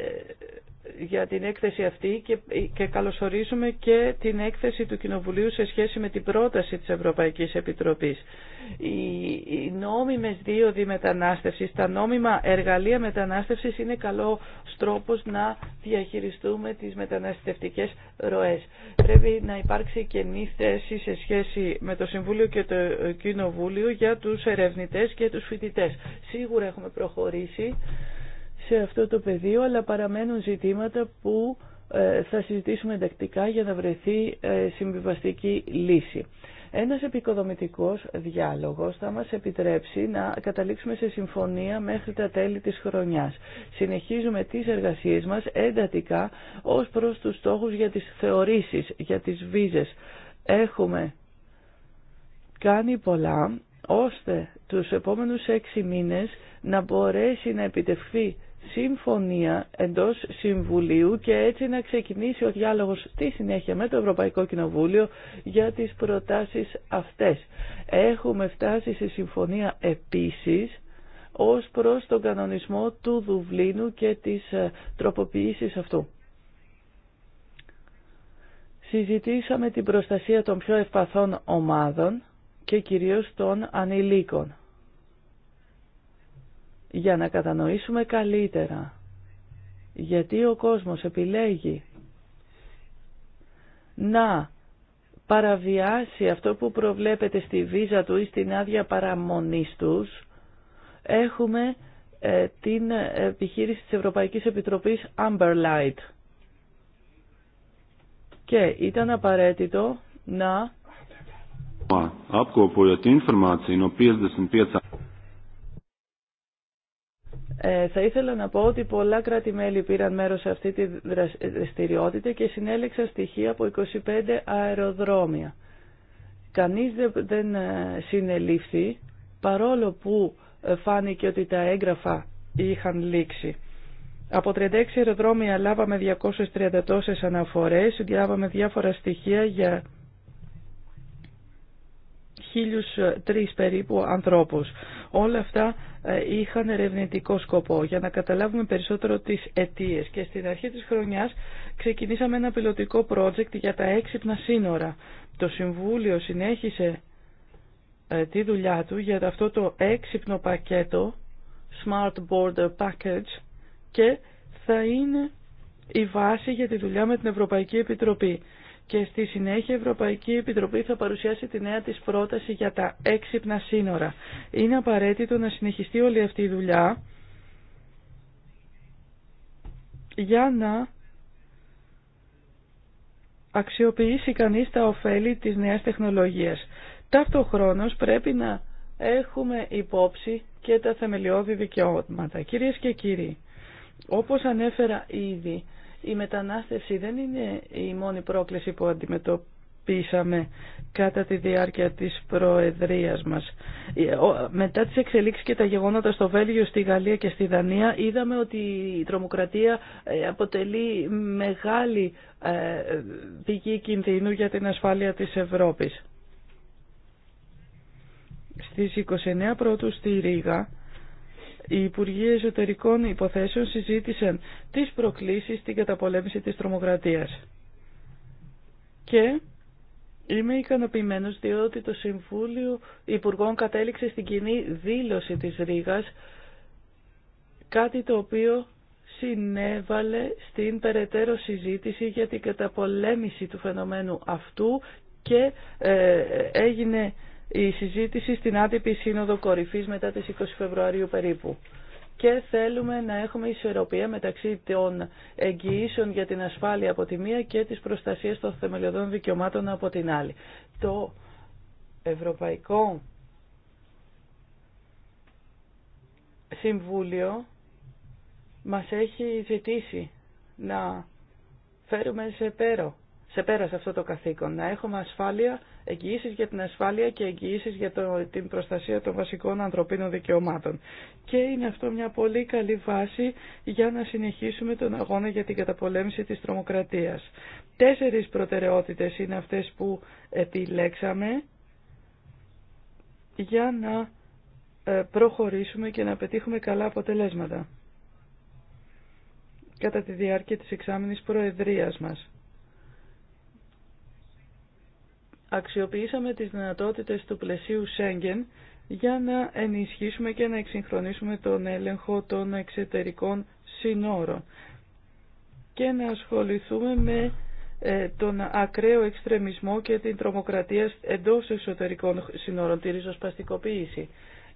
για την έκθεση αυτή και, και καλωσορίζουμε και την έκθεση του Κοινοβουλίου σε σχέση με την πρόταση της Ευρωπαϊκής Επιτροπής. Οι, οι νόμιμες δίωδοι μετανάστευσης, τα νόμιμα εργαλεία μετανάστευσης είναι καλό τρόπος να διαχειριστούμε τις μεταναστευτικές ροές. Πρέπει να υπάρξει καινή θέση σε σχέση με το Συμβούλιο και το Κοινοβούλιο για τους ερευνητές και τους φοιτητές. Σίγουρα έχουμε προχωρήσει σε αυτό το πεδίο, αλλά παραμένουν ζητήματα που ε, θα συζητήσουμε εντακτικά για να βρεθεί ε, συμβιβαστική λύση. Ένας επικοδομητικός διάλογος θα μας επιτρέψει να καταλήξουμε σε συμφωνία μέχρι τα τέλη της χρονιάς. Συνεχίζουμε τις εργασίες μας εντατικά ως προς τους στόχους για τις θεωρήσεις, για τις βίζες. Έχουμε κάνει πολλά ώστε τους επόμενους έξι μήνες να μπορέσει να επιτευχθεί συμφωνία εντός Συμβουλίου και έτσι να ξεκινήσει ο διάλογος στη συνέχεια με το Ευρωπαϊκό Κοινοβούλιο για τις προτάσεις αυτές. Έχουμε φτάσει σε συμφωνία επίσης ως προς τον κανονισμό του Δουβλίνου και τις ε, τροποποιήσεις αυτού. Συζητήσαμε την προστασία των πιο ευπαθών ομάδων και κυρίως των ανηλίκων για να κατανοήσουμε καλύτερα γιατί ο κόσμος επιλέγει να παραβιάσει αυτό που προβλέπεται στη βίζα του ή στην άδεια παραμονής τους, έχουμε ε, την επιχείρηση της Ευρωπαϊκής Επιτροπής Amber Light. Και ήταν απαραίτητο να... Από την 55 ε, θα ήθελα να πω ότι πολλά κράτη-μέλη πήραν μέρος σε αυτή τη ε, δραστηριότητα και συνέλεξαν στοιχεία από 25 αεροδρόμια. Κανείς δεν ε, συνελήφθη παρόλο που φάνηκε ότι τα έγγραφα είχαν λήξει. Από 36 αεροδρόμια λάβαμε 230 τόσες αναφορές, διάβαμε διάφορα στοιχεία για 1003 περίπου ανθρώπους. Όλα αυτά είχαν ερευνητικό σκοπό για να καταλάβουμε περισσότερο τις αιτίες και στην αρχή της χρονιάς ξεκινήσαμε ένα πιλωτικό project για τα έξυπνα σύνορα. Το Συμβούλιο συνέχισε ε, τη δουλειά του για αυτό το έξυπνο πακέτο Smart Border Package και θα είναι η βάση για τη δουλειά με την Ευρωπαϊκή Επιτροπή και στη συνέχεια η Ευρωπαϊκή Επιτροπή θα παρουσιάσει τη νέα της πρόταση για τα έξυπνα σύνορα. Είναι απαραίτητο να συνεχιστεί όλη αυτή η δουλειά για να αξιοποιήσει κανείς τα ωφέλη της νέας τεχνολογίας. Ταυτοχρόνως πρέπει να έχουμε υπόψη και τα θεμελιώδη δικαιώματα. Κυρίες και κύριοι, όπως ανέφερα ήδη, η μετανάστευση δεν είναι η μόνη πρόκληση που αντιμετωπίσαμε κατά τη διάρκεια της προεδρίας μας. Ε, μετά τις εξελίξεις και τα γεγονότα στο Βέλγιο, στη Γαλλία και στη Δανία είδαμε ότι η τρομοκρατία ε, αποτελεί μεγάλη ε, πηγή κινδύνου για την ασφάλεια της Ευρώπης. Στις 29 πρώτου στη Ρήγα οι Υπουργοί Εσωτερικών Υποθέσεων συζήτησαν τις προκλήσεις στην καταπολέμηση της τρομοκρατίας. Και είμαι ικανοποιημένος διότι το Συμβούλιο Υπουργών κατέληξε στην κοινή δήλωση της Ρήγας, κάτι το οποίο συνέβαλε στην περαιτέρω συζήτηση για την καταπολέμηση του φαινομένου αυτού και ε, ε, έγινε η συζήτηση στην άτυπη σύνοδο κορυφής μετά τις 20 Φεβρουαρίου περίπου. Και θέλουμε να έχουμε ισορροπία μεταξύ των εγγυήσεων για την ασφάλεια από τη μία και της προστασίας των θεμελιωδών δικαιωμάτων από την άλλη. Το Ευρωπαϊκό Συμβούλιο μας έχει ζητήσει να φέρουμε σε σε πέρα σε αυτό το καθήκον, να έχουμε ασφάλεια εγγυήσει για την ασφάλεια και εγγυήσει για το, την προστασία των βασικών ανθρωπίνων δικαιωμάτων. Και είναι αυτό μια πολύ καλή βάση για να συνεχίσουμε τον αγώνα για την καταπολέμηση της τρομοκρατίας. Τέσσερις προτεραιότητες είναι αυτές που επιλέξαμε για να ε, προχωρήσουμε και να πετύχουμε καλά αποτελέσματα κατά τη διάρκεια της εξάμηνης προεδρίας μας. αξιοποιήσαμε τις δυνατότητες του πλαισίου Σέγγεν για να ενισχύσουμε και να εξυγχρονίσουμε τον έλεγχο των εξωτερικών συνόρων και να ασχοληθούμε με ε, τον ακραίο εξτρεμισμό και την τρομοκρατία εντός εξωτερικών συνόρων, τη ριζοσπαστικοποίηση,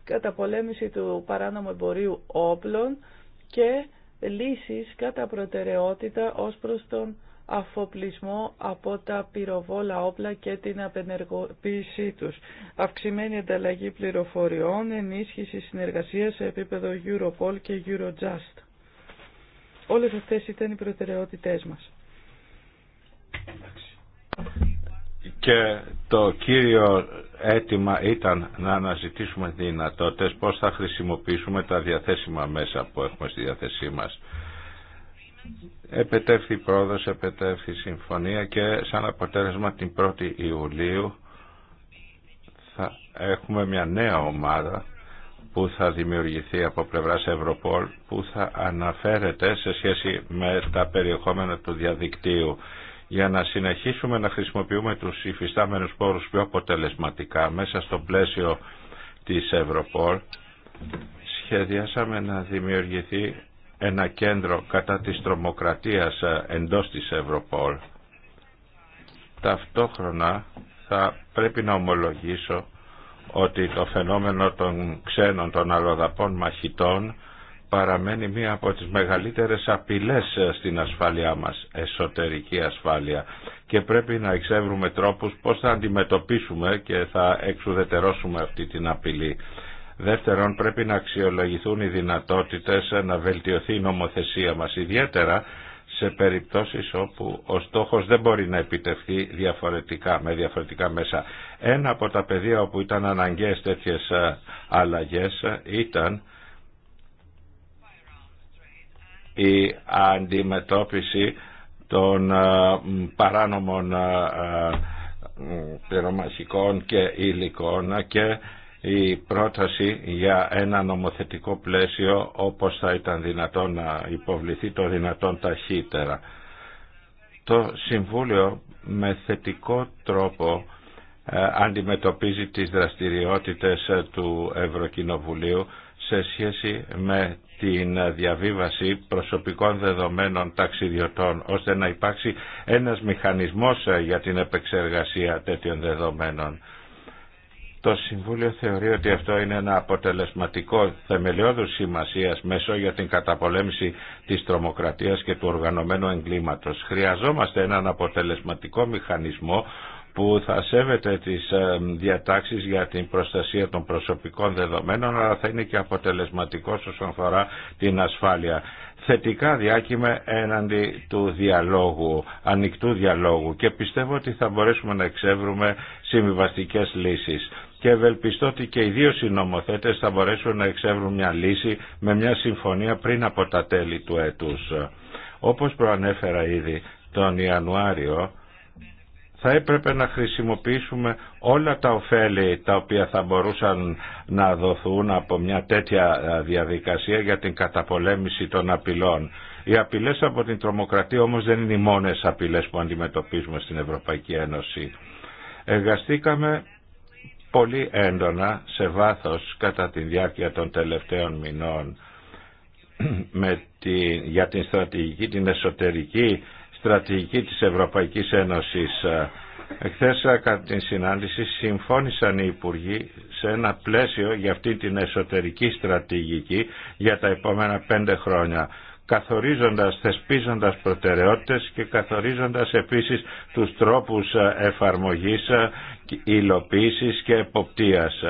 καταπολέμηση του παράνομου εμπορίου όπλων και λύσεις κατά προτεραιότητα ως προς τον αφοπλισμό από τα πυροβόλα όπλα και την απενεργοποίησή τους. Αυξημένη ανταλλαγή πληροφοριών, ενίσχυση συνεργασίας σε επίπεδο Europol και Eurojust. Όλες αυτές ήταν οι προτεραιότητές μας. Και το κύριο αίτημα ήταν να αναζητήσουμε δυνατότητες πώς θα χρησιμοποιήσουμε τα διαθέσιμα μέσα που έχουμε στη διάθεσή μας Επετεύχθη πρόοδος, επετεύχθη συμφωνία και σαν αποτέλεσμα την 1η Ιουλίου θα έχουμε μια νέα ομάδα που θα δημιουργηθεί από πλευράς Ευρωπόλ που θα αναφέρεται σε σχέση με τα περιεχόμενα του διαδικτύου για να συνεχίσουμε να χρησιμοποιούμε τους υφιστάμενους πόρους πιο αποτελεσματικά μέσα στο πλαίσιο της Ευρωπόλ σχεδιάσαμε να δημιουργηθεί ένα κέντρο κατά της τρομοκρατίας ε, εντός της Ευρωπόλ. Ταυτόχρονα θα πρέπει να ομολογήσω ότι το φαινόμενο των ξένων των αλλοδαπών μαχητών παραμένει μία από τις μεγαλύτερες απειλές ε, στην ασφάλειά μας, εσωτερική ασφάλεια και πρέπει να εξεύρουμε τρόπους πώς θα αντιμετωπίσουμε και θα εξουδετερώσουμε αυτή την απειλή. Δεύτερον, πρέπει να αξιολογηθούν οι δυνατότητες να βελτιωθεί η νομοθεσία μας, ιδιαίτερα σε περιπτώσεις όπου ο στόχος δεν μπορεί να επιτευχθεί διαφορετικά, με διαφορετικά μέσα. Ένα από τα πεδία όπου ήταν αναγκαίες τέτοιες ε, αλλαγές ε, ήταν η αντιμετώπιση των ε, παράνομων πυρομαχικών και υλικών και η πρόταση για ένα νομοθετικό πλαίσιο όπως θα ήταν δυνατόν να υποβληθεί το δυνατόν ταχύτερα. Το Συμβούλιο με θετικό τρόπο ε, αντιμετωπίζει τις δραστηριότητες ε, του Ευρωκοινοβουλίου σε σχέση με την διαβίβαση προσωπικών δεδομένων ταξιδιωτών ώστε να υπάρξει ένας μηχανισμός ε, για την επεξεργασία τέτοιων δεδομένων. Το Συμβούλιο θεωρεί ότι αυτό είναι ένα αποτελεσματικό θεμελιώδους σημασίας μέσο για την καταπολέμηση της τρομοκρατίας και του οργανωμένου εγκλήματος. Χρειαζόμαστε έναν αποτελεσματικό μηχανισμό που θα σέβεται τις ε, διατάξεις για την προστασία των προσωπικών δεδομένων αλλά θα είναι και αποτελεσματικός όσον αφορά την ασφάλεια. Θετικά διάκυμε έναντι του διαλόγου, ανοιχτού διαλόγου και πιστεύω ότι θα μπορέσουμε να εξεύρουμε συμβιβαστικές λύσεις και ευελπιστώ ότι και οι δύο συνομοθέτες θα μπορέσουν να εξεύρουν μια λύση με μια συμφωνία πριν από τα τέλη του έτους. Όπως προανέφερα ήδη τον Ιανουάριο, θα έπρεπε να χρησιμοποιήσουμε όλα τα ωφέλη τα οποία θα μπορούσαν να δοθούν από μια τέτοια διαδικασία για την καταπολέμηση των απειλών. Οι απειλές από την τρομοκρατία όμως δεν είναι οι μόνες απειλές που αντιμετωπίζουμε στην Ευρωπαϊκή Ένωση. Εργαστήκαμε πολύ έντονα σε βάθος κατά τη διάρκεια των τελευταίων μηνών με τη, για την στρατηγική, την εσωτερική στρατηγική της Ευρωπαϊκής Ένωσης. Εχθές κατά την συνάντηση συμφώνησαν οι Υπουργοί σε ένα πλαίσιο για αυτή την εσωτερική στρατηγική για τα επόμενα πέντε χρόνια καθορίζοντας, θεσπίζοντας προτεραιότητες και καθορίζοντας επίσης τους τρόπους ε, εφαρμογής, ε, υλοποίησης και εποπτείας.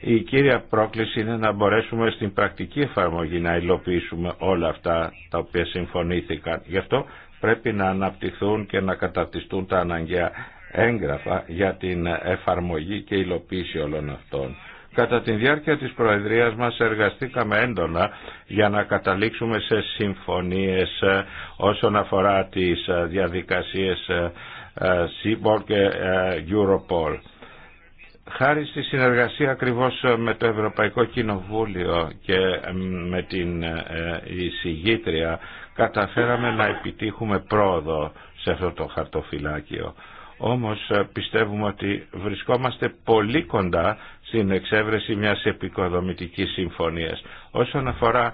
Η κύρια πρόκληση είναι να μπορέσουμε στην πρακτική εφαρμογή να υλοποιήσουμε όλα αυτά τα οποία συμφωνήθηκαν. Γι' αυτό πρέπει να αναπτυχθούν και να καταρτιστούν τα αναγκαία έγγραφα για την εφαρμογή και υλοποίηση όλων αυτών. Κατά τη διάρκεια της Προεδρίας μας εργαστήκαμε έντονα για να καταλήξουμε σε συμφωνίες ε, όσον αφορά τις ε, διαδικασίες ε, Seaboard και Europol. Χάρη στη συνεργασία ακριβώς με το Ευρωπαϊκό Κοινοβούλιο και με την εισηγήτρια καταφέραμε να επιτύχουμε πρόοδο σε αυτό το χαρτοφυλάκιο. Όμως πιστεύουμε ότι βρισκόμαστε πολύ κοντά στην εξέβρεση μιας επικοδομητικής συμφωνίας. Όσον αφορά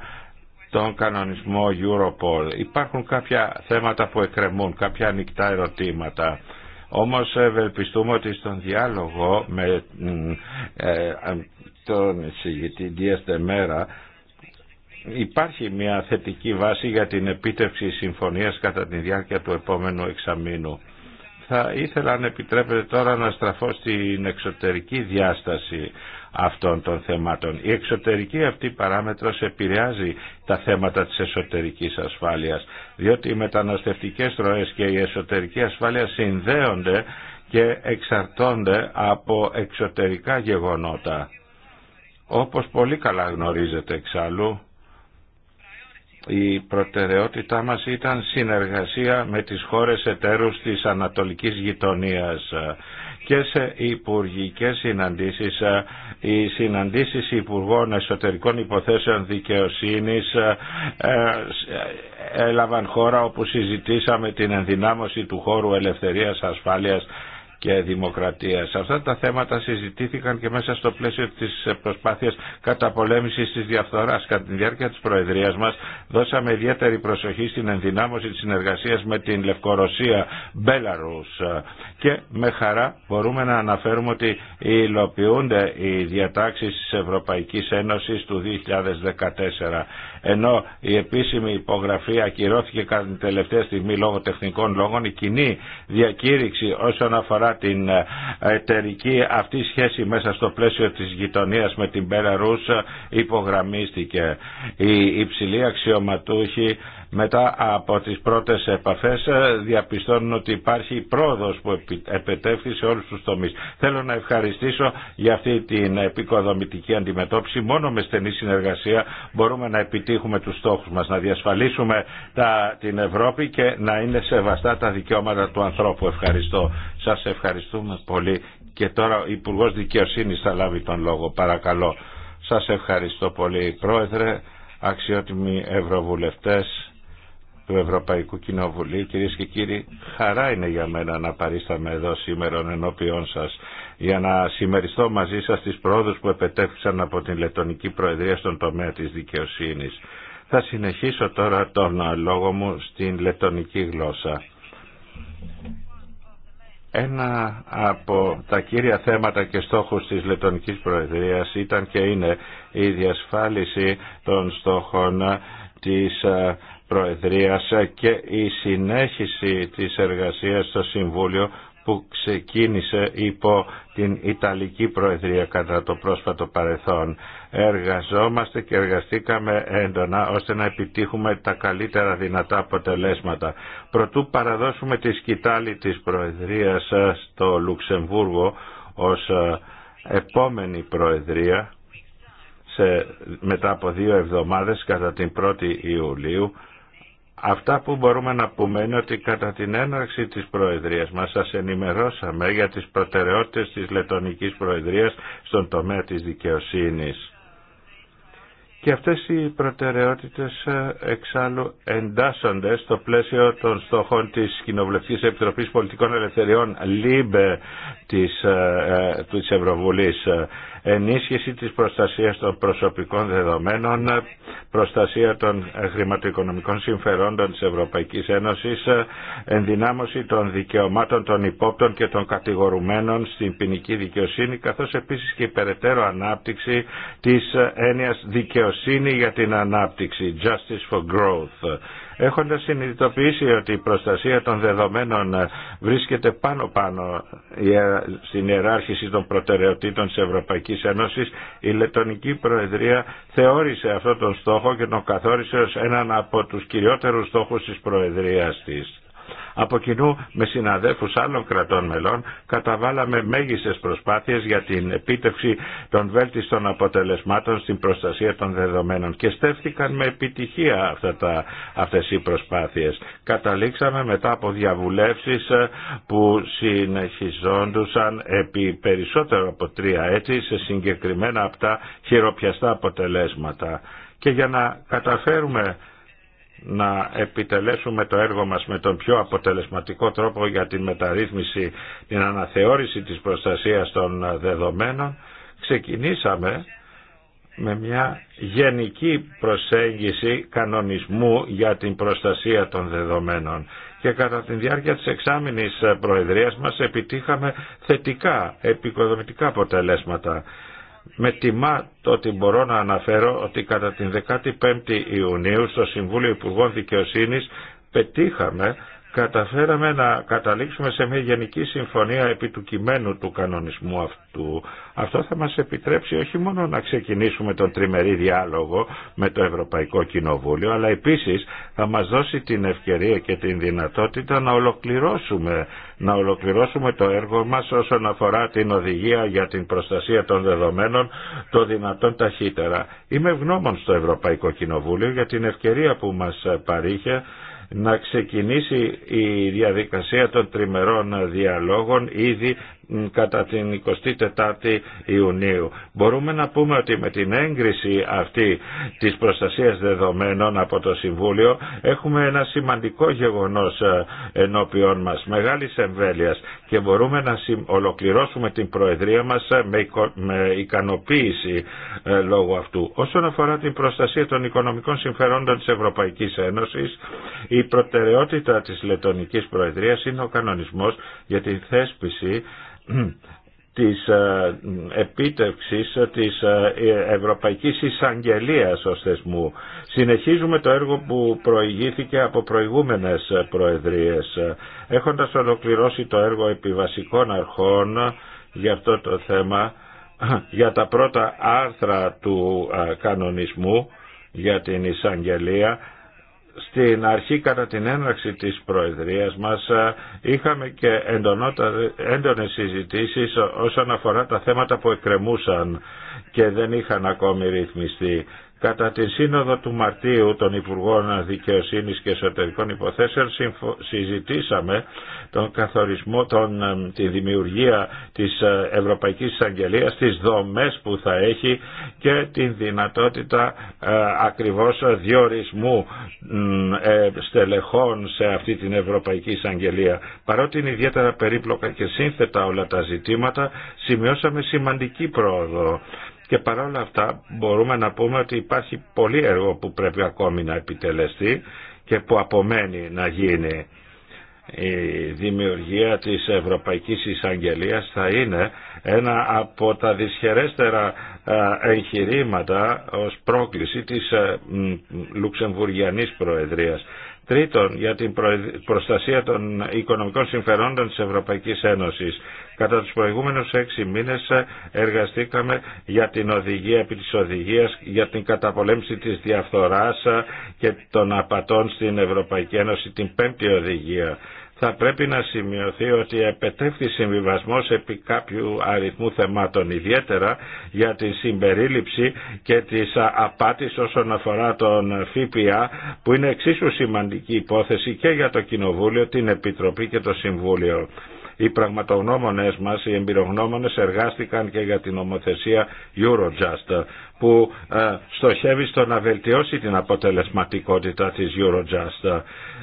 τον κανονισμό Europol υπάρχουν κάποια θέματα που εκκρεμούν, κάποια ανοιχτά ερωτήματα. Όμως ευελπιστούμε ότι στον διάλογο με ε, τον συγητή υπάρχει μια θετική βάση για την επίτευξη συμφωνίας κατά τη διάρκεια του επόμενου εξαμήνου. Θα ήθελα αν επιτρέπετε τώρα να στραφώ στην εξωτερική διάσταση αυτών των θεμάτων. Η εξωτερική αυτή παράμετρος επηρεάζει τα θέματα της εσωτερικής ασφάλειας, διότι οι μεταναστευτικές ροές και η εσωτερική ασφάλεια συνδέονται και εξαρτώνται από εξωτερικά γεγονότα. Όπως πολύ καλά γνωρίζετε εξάλλου, η προτεραιότητά μας ήταν συνεργασία με τις χώρες εταίρους της Ανατολικής Γειτονίας και σε υπουργικές συναντήσεις, ε, οι συναντήσεις Υπουργών Εσωτερικών Υποθέσεων Δικαιοσύνης ε, ε, έλαβαν χώρα όπου συζητήσαμε την ενδυνάμωση του χώρου ελευθερίας, ασφάλειας και δημοκρατίας. Αυτά τα θέματα συζητήθηκαν και μέσα στο πλαίσιο της προσπάθειας καταπολέμησης της διαφθοράς. Κατά τη διάρκεια της Προεδρίας μας δώσαμε ιδιαίτερη προσοχή στην ενδυνάμωση της συνεργασίας με την Λευκορωσία Μπέλαρους και με χαρά μπορούμε να αναφέρουμε ότι υλοποιούνται οι διατάξεις της Ευρωπαϊκής Ένωσης του 2014 ενώ η επίσημη υπογραφή ακυρώθηκε κατά την τελευταία στιγμή λόγω τεχνικών λόγων, η κοινή διακήρυξη όσον αφορά την ε, εταιρική αυτή σχέση μέσα στο πλαίσιο της γειτονίας με την Πέρα υπογραμμίστηκε. η υψηλή αξιωματούχοι μετά από τις πρώτες επαφές ε, διαπιστώνουν ότι υπάρχει πρόοδος που επετεύχθη σε όλους τους τομείς. Θέλω να ευχαριστήσω για αυτή την επικοδομητική αντιμετώπιση. Μόνο με στενή συνεργασία μπορούμε να επιτύχουμε τους στόχους μας, να διασφαλίσουμε τα, την Ευρώπη και να είναι σεβαστά τα δικαιώματα του ανθρώπου. Ευχαριστώ. Σας ευχαριστούμε πολύ. Και τώρα ο Υπουργό Δικαιοσύνη θα λάβει τον λόγο. Παρακαλώ. Σας ευχαριστώ πολύ Πρόεδρε, αξιότιμοι Ευρωβουλευτές του Ευρωπαϊκού Κοινοβουλίου. Κυρίες και κύριοι, χαρά είναι για μένα να παρίσταμαι εδώ σήμερα ενώπιόν σας για να συμμεριστώ μαζί σας τις πρόοδους που επετέφθησαν από την Λετωνική Προεδρία στον τομέα της δικαιοσύνης. Θα συνεχίσω τώρα τον λόγο μου στην λετωνική γλώσσα. Ένα από τα κύρια θέματα και στόχους της Λετωνικής Προεδρίας ήταν και είναι η διασφάλιση των στόχων της ε, Προεδρίας και η συνέχιση της εργασίας στο Συμβούλιο που ξεκίνησε υπό την Ιταλική Προεδρία κατά το πρόσφατο παρελθόν. Εργαζόμαστε και εργαστήκαμε έντονα ώστε να επιτύχουμε τα καλύτερα δυνατά αποτελέσματα. Προτού παραδώσουμε τη σκητάλη της Προεδρίας στο Λουξεμβούργο ως επόμενη Προεδρία σε, μετά από δύο εβδομάδες κατά την 1η Ιουλίου Αυτά που μπορούμε να πούμε είναι ότι κατά την έναρξη της Προεδρίας μας σας ενημερώσαμε για τις προτεραιότητες της Λετωνικής Προεδρίας στον τομέα της δικαιοσύνης. Και αυτές οι προτεραιότητες ε, εξάλλου εντάσσονται στο πλαίσιο των στόχων της Κοινοβουλευτικής Επιτροπής Πολιτικών Ελευθεριών ΛΥΜΠΕ της, ε, ε, της Ευρωβουλής ενίσχυση της προστασίας των προσωπικών δεδομένων, προστασία των χρηματοοικονομικών συμφερόντων της Ευρωπαϊκής Ένωσης, ενδυνάμωση των δικαιωμάτων των υπόπτων και των κατηγορουμένων στην ποινική δικαιοσύνη, καθώς επίσης και η περαιτέρω ανάπτυξη της έννοιας δικαιοσύνη για την ανάπτυξη, justice for growth έχοντας συνειδητοποιήσει ότι η προστασία των δεδομένων βρίσκεται πάνω-πάνω ε, στην ιεράρχηση των προτεραιοτήτων της Ευρωπαϊκής Ένωσης, η Λετωνική Προεδρία θεώρησε αυτόν τον στόχο και τον καθόρισε ως έναν από τους κυριότερους στόχους της Προεδρίας της. Από κοινού με συναδέλφους άλλων κρατών μελών καταβάλαμε μέγιστες προσπάθειες για την επίτευξη των βέλτιστων αποτελεσμάτων στην προστασία των δεδομένων και στέφθηκαν με επιτυχία αυτά τα, αυτές οι προσπάθειες. Καταλήξαμε μετά από διαβουλεύσεις ε, που συνεχιζόντουσαν επί περισσότερο από τρία έτη σε συγκεκριμένα από τα χειροπιαστά αποτελέσματα. Και για να καταφέρουμε να επιτελέσουμε το έργο μας με τον πιο αποτελεσματικό τρόπο για την μεταρρύθμιση, την αναθεώρηση της προστασίας των δεδομένων, ξεκινήσαμε με μια γενική προσέγγιση κανονισμού για την προστασία των δεδομένων. Και κατά τη διάρκεια της εξάμηνης προεδρίας μας επιτύχαμε θετικά, επικοδομητικά αποτελέσματα με τιμά το ότι μπορώ να αναφέρω ότι κατά την 15η Ιουνίου στο Συμβούλιο Υπουργών Δικαιοσύνης πετύχαμε καταφέραμε να καταλήξουμε σε μια γενική συμφωνία επί του κειμένου του κανονισμού αυτού. Αυτό θα μας επιτρέψει όχι μόνο να ξεκινήσουμε τον τριμερή διάλογο με το Ευρωπαϊκό Κοινοβούλιο, αλλά επίσης θα μας δώσει την ευκαιρία και την δυνατότητα να ολοκληρώσουμε, να ολοκληρώσουμε το έργο μας όσον αφορά την οδηγία για την προστασία των δεδομένων το δυνατόν ταχύτερα. Είμαι ευγνώμων στο Ευρωπαϊκό Κοινοβούλιο για την ευκαιρία που μας παρήχε να ξεκινήσει η διαδικασία των τριμερών διαλόγων ήδη κατά την 24η Ιουνίου. Μπορούμε να πούμε ότι με την έγκριση αυτή της προστασίας δεδομένων από το Συμβούλιο έχουμε ένα σημαντικό γεγονός ε, ενώπιόν μας, μεγάλης εμβέλειας και μπορούμε να ολοκληρώσουμε την Προεδρία μας ε, με ικανοποίηση ε, λόγω αυτού. Όσον αφορά την προστασία των οικονομικών συμφερόντων της Ευρωπαϊκής Ένωσης, η προτεραιότητα της Λετωνικής Προεδρίας είναι ο κανονισμός για την θέσπιση της ε, επίτευξης της ε, Ευρωπαϊκής Εισαγγελίας ως θεσμού. Συνεχίζουμε το έργο που προηγήθηκε από προηγούμενες προεδρίες. Έχοντας ολοκληρώσει το έργο επιβασικών αρχών για αυτό το θέμα, για τα πρώτα άρθρα του ε, κανονισμού για την εισαγγελία, στην αρχή κατά την έναρξη της Προεδρίας μας είχαμε και έντονες συζητήσεις όσον αφορά τα θέματα που εκκρεμούσαν και δεν είχαν ακόμη ρυθμιστεί. Κατά τη Σύνοδο του Μαρτίου των Υπουργών Δικαιοσύνης και Εσωτερικών Υποθέσεων συζητήσαμε τον καθορισμό, τον, ε, τη δημιουργία της ε, Ευρωπαϊκής Εισαγγελίας, τις δομές που θα έχει και την δυνατότητα ε, ακριβώς διορισμού ε, στελεχών σε αυτή την Ευρωπαϊκή Εισαγγελία. Παρότι είναι ιδιαίτερα περίπλοκα και σύνθετα όλα τα ζητήματα, σημειώσαμε σημαντική πρόοδο και παρόλα αυτά μπορούμε να πούμε ότι υπάρχει πολύ έργο που πρέπει ακόμη να επιτελεστεί και που απομένει να γίνει. Η δημιουργία της Ευρωπαϊκής Εισαγγελίας θα είναι ένα από τα δυσχερέστερα ε, εγχειρήματα ως πρόκληση της ε, Λουξεμβουργιανής Προεδρίας. Τρίτον, για την προστασία των οικονομικών συμφερόντων της Ευρωπαϊκής Ένωσης. Κατά τους προηγούμενους έξι μήνες ε, εργαστήκαμε για την οδηγία επί για την καταπολέμηση της διαφθοράς ε, και των απατών στην Ευρωπαϊκή Ένωση, την πέμπτη οδηγία. Θα πρέπει να σημειωθεί ότι επετεύχθη συμβιβασμό επί κάποιου αριθμού θεμάτων, ιδιαίτερα για τη συμπερίληψη και της ε, απάτης όσον αφορά τον ΦΠΑ, που είναι εξίσου σημαντική υπόθεση και για το Κοινοβούλιο, την Επιτροπή και το Συμβούλιο. Οι πραγματογνώμονες μας, οι εμπειρογνώμονες εργάστηκαν και για την ομοθεσία Eurojust που ε, στοχεύει στο να βελτιώσει την αποτελεσματικότητα της Eurojust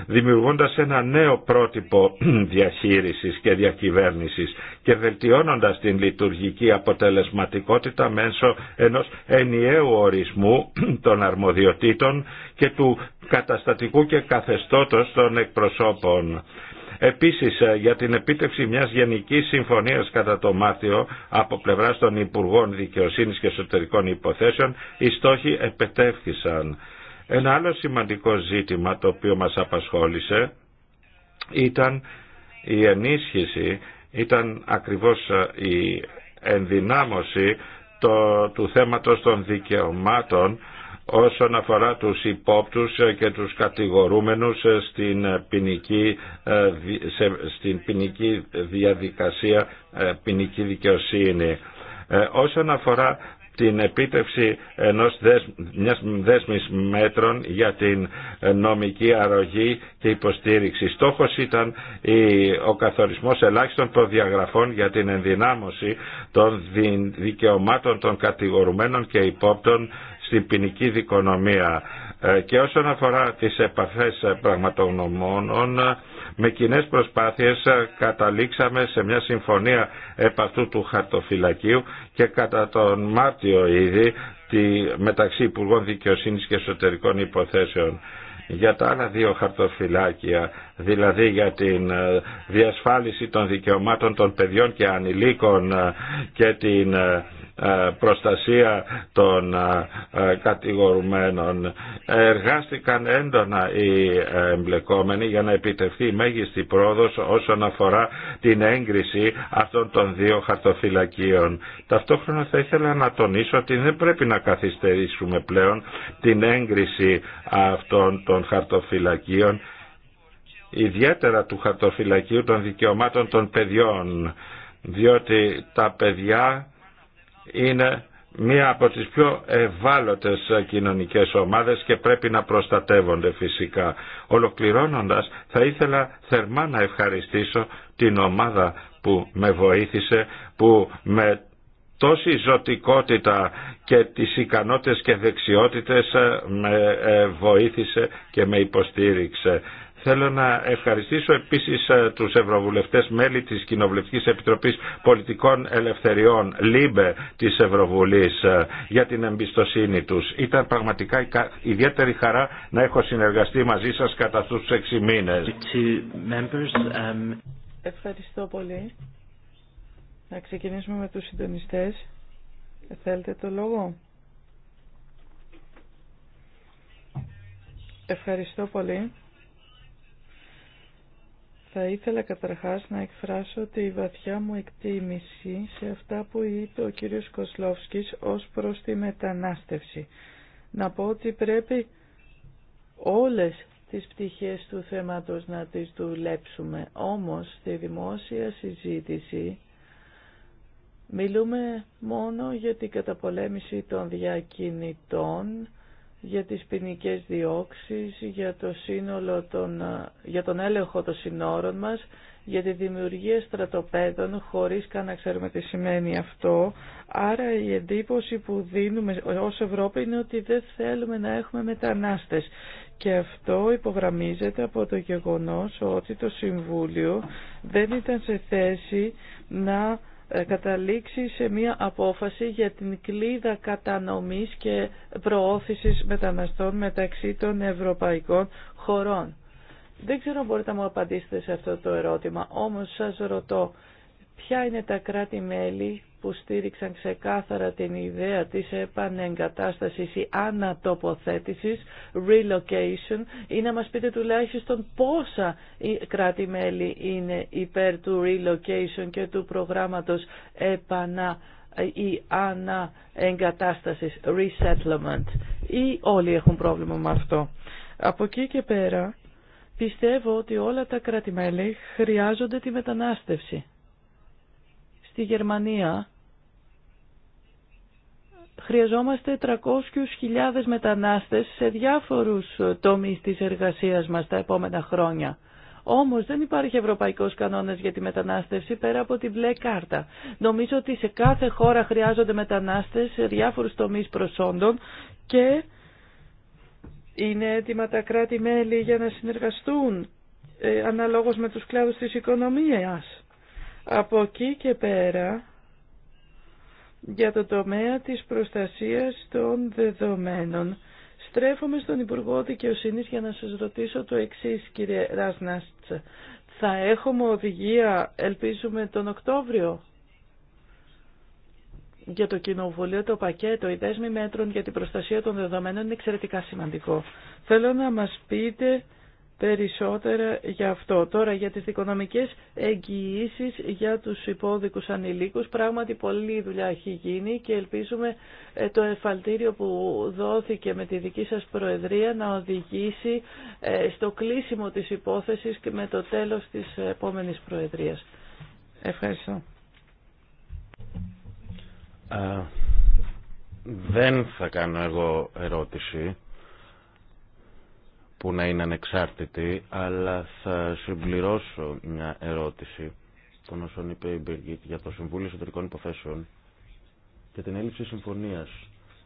δημιουργώντας ένα νέο πρότυπο διαχείρισης και διακυβέρνησης και βελτιώνοντας την λειτουργική αποτελεσματικότητα μέσω ενός ενιαίου ορισμού των αρμοδιοτήτων και του καταστατικού και καθεστώτος των εκπροσώπων. Επίσης ε, για την επίτευξη μιας γενικής συμφωνίας κατά το Μάθιο από πλευράς των Υπουργών Δικαιοσύνης και Εσωτερικών Υποθέσεων οι στόχοι επετεύχθησαν. Ένα άλλο σημαντικό ζήτημα το οποίο μας απασχόλησε ήταν η ενίσχυση, ήταν ακριβώς ε, η ενδυνάμωση του θέματος των δικαιωμάτων όσον αφορά τους υπόπτους και τους κατηγορούμενους στην ποινική, ε, στην ποινική διαδικασία, ε, ποινική δικαιοσύνη. Ε, όσον αφορά την επίτευξη ενός δεσ... μιας δέσμης μέτρων για την νομική αρρωγή και υποστήριξη. Στόχος ήταν ο καθορισμός ελάχιστων προδιαγραφών για την ενδυνάμωση των δικαιωμάτων των κατηγορουμένων και υπόπτων στην ποινική δικονομία ε, και όσον αφορά τις επαφές ε, πραγματογνωμόνων ε, με κοινέ προσπάθειες καταλήξαμε σε μια συμφωνία επ' του χαρτοφυλακίου και κατά τον Μάρτιο ήδη τη, μεταξύ Υπουργών Δικαιοσύνης και Εσωτερικών Υποθέσεων για τα άλλα δύο χαρτοφυλάκια, δηλαδή για την διασφάλιση των δικαιωμάτων των παιδιών και ανηλίκων και την ε, προστασία των ε, ε, κατηγορουμένων. Εργάστηκαν έντονα οι εμπλεκόμενοι για να επιτευχθεί η μέγιστη πρόοδος όσον αφορά την έγκριση αυτών των δύο χαρτοφυλακίων. Ταυτόχρονα θα ήθελα να τονίσω ότι δεν πρέπει να καθυστερήσουμε πλέον την έγκριση αυτών των χαρτοφυλακίων ιδιαίτερα του χαρτοφυλακίου των δικαιωμάτων των παιδιών διότι τα παιδιά είναι μία από τις πιο ευάλωτες κοινωνικές ομάδες και πρέπει να προστατεύονται φυσικά. Ολοκληρώνοντας θα ήθελα θερμά να ευχαριστήσω την ομάδα που με βοήθησε, που με τόση ζωτικότητα και τις ικανότητες και δεξιότητες ε, με ε, βοήθησε και με υποστήριξε. Θέλω να ευχαριστήσω επίσης ε, τους Ευρωβουλευτές μέλη της Κοινοβουλευτικής Επιτροπής Πολιτικών Ελευθεριών, ΛΥΜΠΕ της Ευρωβουλής, ε, για την εμπιστοσύνη τους. Ήταν πραγματικά ιδιαίτερη χαρά να έχω συνεργαστεί μαζί σας κατά τους έξι μήνες. Um, Ευχαριστώ πολύ. Να ξεκινήσουμε με τους συντονιστές. Ε, θέλετε το λόγο. Ευχαριστώ πολύ. Θα ήθελα καταρχάς να εκφράσω τη βαθιά μου εκτίμηση σε αυτά που είπε ο κύριος Κοσλόφσκης ως προς τη μετανάστευση. Να πω ότι πρέπει όλες τις πτυχές του θέματος να τις δουλέψουμε. Όμως στη δημόσια συζήτηση μιλούμε μόνο για την καταπολέμηση των διακινητών για τις ποινικέ διώξεις, για, το σύνολο των, για τον έλεγχο των συνόρων μας, για τη δημιουργία στρατοπέδων χωρίς καν να ξέρουμε τι σημαίνει αυτό. Άρα η εντύπωση που δίνουμε ως Ευρώπη είναι ότι δεν θέλουμε να έχουμε μετανάστες. Και αυτό υπογραμμίζεται από το γεγονός ότι το Συμβούλιο δεν ήταν σε θέση να ε, καταλήξει σε μία απόφαση για την κλίδα κατανομής και προώθησης μεταναστών μεταξύ των ευρωπαϊκών χωρών. Δεν ξέρω αν μπορείτε να μου απαντήσετε σε αυτό το ερώτημα, όμως σας ρωτώ ποια είναι τα κράτη-μέλη που στήριξαν ξεκάθαρα την ιδέα της επανεγκατάστασης ή ανατοποθέτησης, relocation, ή να μας πείτε τουλάχιστον πόσα κράτη-μέλη είναι υπέρ του relocation και του προγράμματος επανα ή αναεγκατάστασης, resettlement, ή όλοι έχουν πρόβλημα με αυτό. Από εκεί και πέρα πιστεύω ότι όλα τα κράτη-μέλη χρειάζονται τη μετανάστευση στη Γερμανία χρειαζόμαστε 300.000 μετανάστες σε διάφορους τομείς της εργασίας μας τα επόμενα χρόνια. Όμως δεν υπάρχει ευρωπαϊκός κανόνας για τη μετανάστευση πέρα από την μπλε κάρτα. Νομίζω ότι σε κάθε χώρα χρειάζονται μετανάστες σε διάφορους τομείς προσόντων και είναι έτοιμα τα κράτη-μέλη για να συνεργαστούν ε, με τους κλάδους της οικονομίας. Από εκεί και πέρα, για το τομέα της προστασίας των δεδομένων, στρέφομαι στον Υπουργό Δικαιοσύνης για να σας ρωτήσω το εξής, κύριε Ράσναστ. Θα έχουμε οδηγία, ελπίζουμε, τον Οκτώβριο για το κοινοβουλίο το πακέτο, οι δέσμοι μέτρων για την προστασία των δεδομένων είναι εξαιρετικά σημαντικό. Θέλω να μας πείτε περισσότερα για αυτό. Τώρα για τις οικονομικές εγγυήσεις για τους υπόδικους ανηλίκους, πράγματι πολλή δουλειά έχει γίνει και ελπίζουμε ε, το εφαλτήριο που δόθηκε με τη δική σας Προεδρία να οδηγήσει ε, στο κλείσιμο της υπόθεσης και με το τέλος της επόμενης Προεδρίας. Ευχαριστώ. δεν θα κάνω εγώ ερώτηση που να είναι ανεξάρτητη, αλλά θα συμπληρώσω μια ερώτηση των όσων είπε η Μπίργκιτ για το Συμβούλιο Εσωτερικών Υποθέσεων και την έλλειψη συμφωνίας.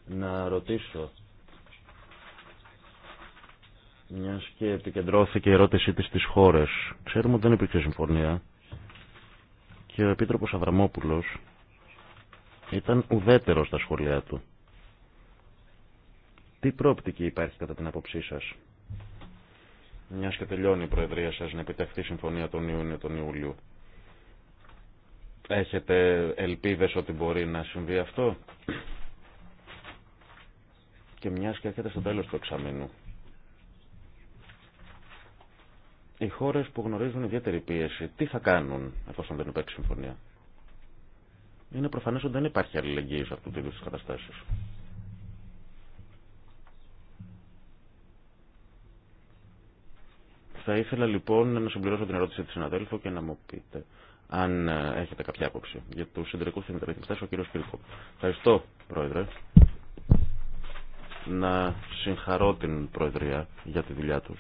Να ρωτήσω, μια και επικεντρώθηκε η ερώτησή της στις χώρες. Ξέρουμε ότι δεν υπήρξε συμφωνία και ο Επίτροπος Αβραμόπουλος ήταν ουδέτερος στα σχολεία του. Τι πρόπτικη υπάρχει κατά την άποψή σας μια και τελειώνει η Προεδρία σα να επιτευχθεί συμφωνία τον Ιούνιο, τον Ιούλιο. Έχετε ελπίδε ότι μπορεί να συμβεί αυτό. Και μιας και έρχεται στο τέλος του εξαμήνου. Οι χώρες που γνωρίζουν ιδιαίτερη πίεση, τι θα κάνουν εφόσον δεν υπάρχει συμφωνία. Είναι προφανές ότι δεν υπάρχει αλληλεγγύη σε αυτού του είδου Θα ήθελα λοιπόν να συμπληρώσω την ερώτηση της συναδέλφου και να μου πείτε αν ε, έχετε κάποια άποψη για τους συντηρικούς μεταρρυθμιστές, ο κύριος Κύρκο. Ευχαριστώ, Πρόεδρε. Να συγχαρώ την Προεδρία για τη δουλειά του.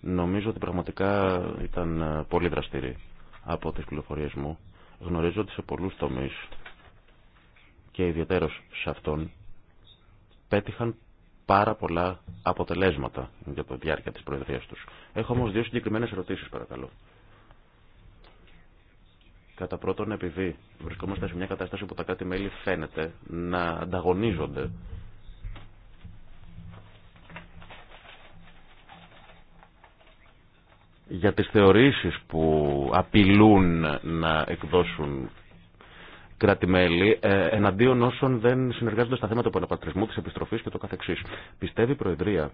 Νομίζω ότι πραγματικά ήταν ε, πολύ δραστηρή από τις πληροφορίες μου. Γνωρίζω ότι σε πολλού τομεί και ιδιαίτερω σε αυτόν πέτυχαν πάρα πολλά αποτελέσματα για το διάρκεια της προεδρίας τους. Έχω όμως δύο συγκεκριμένες ερωτήσεις παρακαλώ. Κατά πρώτον, επειδή βρισκόμαστε σε μια κατάσταση που τα κάτι μέλη φαίνεται να ανταγωνίζονται για τις θεωρήσεις που απειλούν να εκδώσουν κράτη-μέλη ε, εναντίον όσων δεν συνεργάζονται στα θέματα του αναπατρισμού, τη επιστροφή και το καθεξή. Πιστεύει η Προεδρία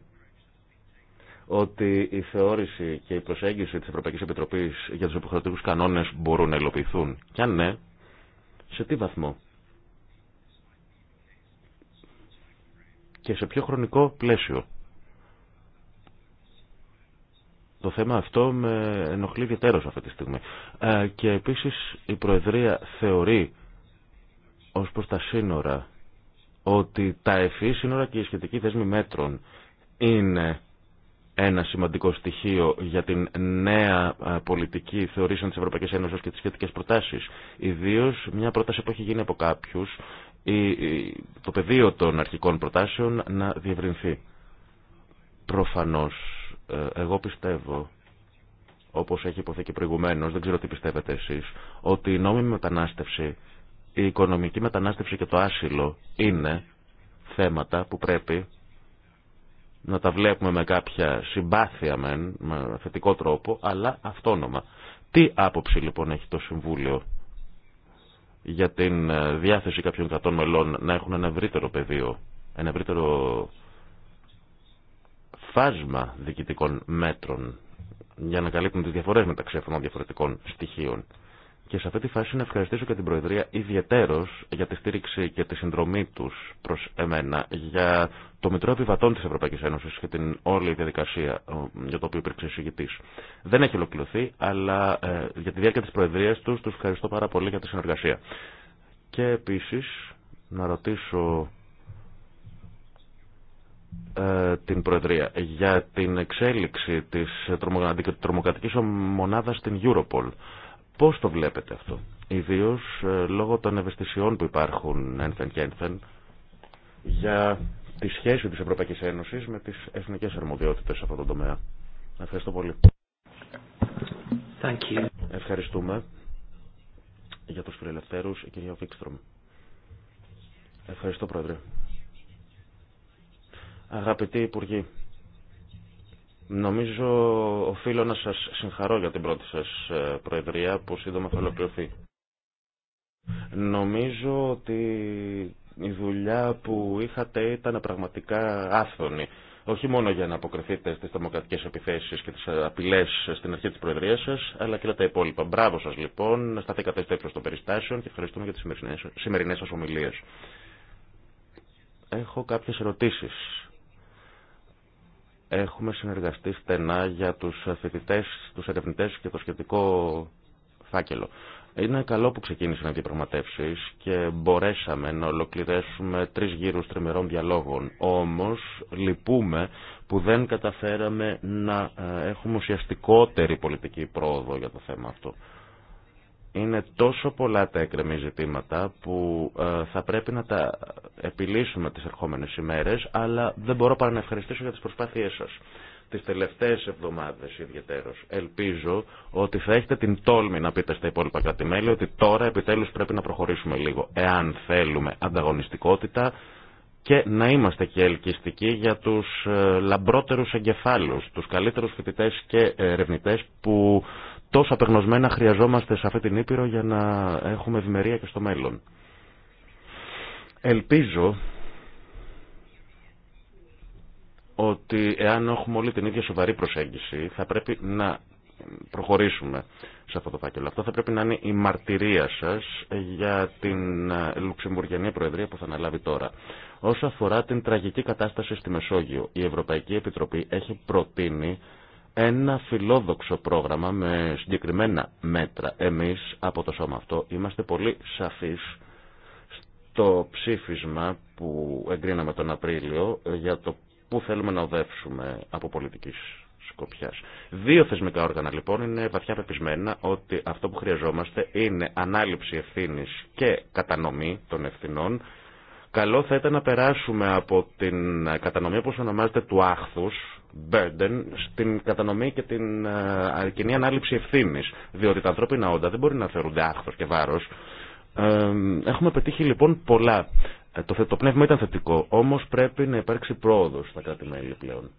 ότι η θεώρηση και η προσέγγιση της Ευρωπαϊκής Επιτροπής για τους υποχρεωτικούς κανόνες μπορούν να υλοποιηθούν. Και αν ναι, σε τι βαθμό. Και σε ποιο χρονικό πλαίσιο. Το θέμα αυτό με ενοχλεί ιδιαίτερως αυτή τη στιγμή. Ε, και επίσης η Προεδρία θεωρεί ως προς τα σύνορα ότι τα ευφύ σύνορα και οι σχετικοί θέσμοι μέτρων είναι ένα σημαντικό στοιχείο για την νέα ε, πολιτική θεωρήσεων της Ευρωπαϊκής Ένωσης και τις σχετικές προτάσεις. Ιδίως μια πρόταση που έχει γίνει από κάποιους, το πεδίο των αρχικών προτάσεων να διευρυνθεί. Προφανώς, ε, εγώ πιστεύω, όπως έχει υποθεί και προηγουμένως, δεν ξέρω τι πιστεύετε εσείς, ότι η νόμιμη μετανάστευση η οικονομική μετανάστευση και το άσυλο είναι θέματα που πρέπει να τα βλέπουμε με κάποια συμπάθεια μεν, με θετικό τρόπο, αλλά αυτόνομα. Τι άποψη λοιπόν έχει το Συμβούλιο για την ε, διάθεση κάποιων κρατών μελών να έχουν ένα ευρύτερο πεδίο, ένα ευρύτερο φάσμα διοικητικών μέτρων για να καλύπτουν τις διαφορές μεταξύ αυτών των διαφορετικών στοιχείων. Και σε αυτή τη φάση να ευχαριστήσω και την Προεδρία ιδιαιτέρω για τη στήριξη και τη συνδρομή του προ εμένα για το Μητρό Επιβατών τη Ευρωπαϊκή Ένωση και την όλη διαδικασία για το οποίο υπήρξε εισηγητή. Δεν έχει ολοκληρωθεί, αλλά ε, για τη διάρκεια τη Προεδρία του του ευχαριστώ πάρα πολύ για τη συνεργασία. Και επίση να ρωτήσω ε, την Προεδρία για την εξέλιξη της τρομοκρατικής μονάδας στην Europol. Πώς το βλέπετε αυτό, ιδίως ε, λόγω των ευαισθησιών που υπάρχουν ένθεν και ένθεν για τη σχέση της Ευρωπαϊκής Ένωσης με τις εθνικές αρμοδιότητες σε αυτό το τομέα. Ευχαριστώ πολύ. Thank you. Ευχαριστούμε για τους φιλελευθέρους, κυρία Βίκστρομ. Ευχαριστώ, Πρόεδρε. Αγαπητοί Υπουργοί, Νομίζω οφείλω να σας συγχαρώ για την πρώτη σας ε, προεδρία που σύντομα θα ολοκληρωθεί. Νομίζω ότι η δουλειά που είχατε ήταν πραγματικά άφθονη. Όχι μόνο για να αποκριθείτε στις δημοκρατικές επιθέσεις και τις απειλές στην αρχή της Προεδρίας σας, αλλά και για τα υπόλοιπα. Μπράβο σας λοιπόν, σταθήκατε στο των περιστάσεων και ευχαριστούμε για τις σημερινές σας ομιλίες. Έχω κάποιες ερωτήσεις Έχουμε συνεργαστεί στενά για τους φοιτητές, τους ερευνητές και το σχετικό φάκελο. Είναι καλό που ξεκίνησαν οι διαπραγματεύσει και μπορέσαμε να ολοκληρώσουμε τρει γύρου τριμερών διαλόγων. Όμως, λυπούμε που δεν καταφέραμε να ε, έχουμε ουσιαστικότερη πολιτική πρόοδο για το θέμα αυτό. Είναι τόσο πολλά τα εκκρεμή ζητήματα που ε, θα πρέπει να τα επιλύσουμε τις ερχόμενες ημέρες, αλλά δεν μπορώ παρά να ευχαριστήσω για τις προσπάθειές σας. Τις τελευταίες εβδομάδες ιδιαιτέρως ελπίζω ότι θα έχετε την τόλμη να πείτε στα υπόλοιπα ότι τώρα επιτέλους πρέπει να προχωρήσουμε λίγο, εάν θέλουμε ανταγωνιστικότητα και να είμαστε και ελκυστικοί για τους ε, λαμπρότερους εγκεφάλους, τους καλύτερους φοιτητές και ερευνητές που τόσα απεγνωσμένα χρειαζόμαστε σε αυτή την Ήπειρο για να έχουμε ευημερία και στο μέλλον. Ελπίζω ότι εάν έχουμε όλη την ίδια σοβαρή προσέγγιση θα πρέπει να προχωρήσουμε σε αυτό το φάκελο. Αυτό θα πρέπει να είναι η μαρτυρία σας για την Λουξεμβουργιανή Προεδρία που θα αναλάβει τώρα. Όσο αφορά την τραγική κατάσταση στη Μεσόγειο, η Ευρωπαϊκή Επιτροπή έχει προτείνει ένα φιλόδοξο πρόγραμμα με συγκεκριμένα μέτρα. Εμείς από το σώμα αυτό είμαστε πολύ σαφείς στο ψήφισμα που εγκρίναμε τον Απρίλιο για το πού θέλουμε να οδεύσουμε από πολιτικής σκοπιάς. Δύο θεσμικά όργανα λοιπόν είναι βαθιά πεπισμένα ότι αυτό που χρειαζόμαστε είναι ανάληψη ευθύνης και κατανομή των ευθυνών Καλό θα ήταν να περάσουμε από την κατανομή όπως ονομάζεται του άχθους, burden στην κατανομή και την ε, κοινή ανάληψη ευθύνη. Διότι τα ανθρώπινα όντα δεν μπορεί να θεωρούνται άχθο και βάρο. Ε, έχουμε πετύχει λοιπόν πολλά. Ε, το πνεύμα ήταν θετικό, όμω πρέπει να υπάρξει πρόοδο στα κράτη-μέλη πλέον.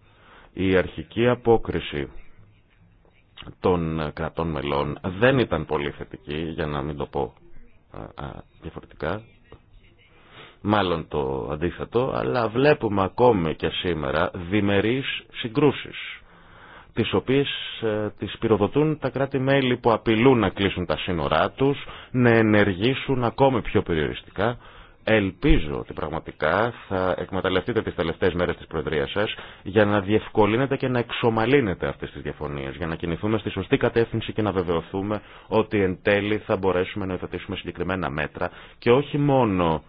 Η αρχική απόκριση των κρατών μελών δεν ήταν πολύ θετική, για να μην το πω διαφορετικά μάλλον το αντίθετο, αλλά βλέπουμε ακόμη και σήμερα διμερείς συγκρούσεις, τις οποίες ε, τις πυροδοτούν τα κράτη-μέλη που απειλούν να κλείσουν τα σύνορά τους, να ενεργήσουν ακόμη πιο περιοριστικά. Ελπίζω ότι πραγματικά θα εκμεταλλευτείτε τις τελευταίες μέρες της Προεδρίας σας για να διευκολύνετε και να εξομαλύνετε αυτές τις διαφωνίες, για να κινηθούμε στη σωστή κατεύθυνση και να βεβαιωθούμε ότι εν τέλει θα μπορέσουμε να υιοθετήσουμε συγκεκριμένα μέτρα και όχι μόνο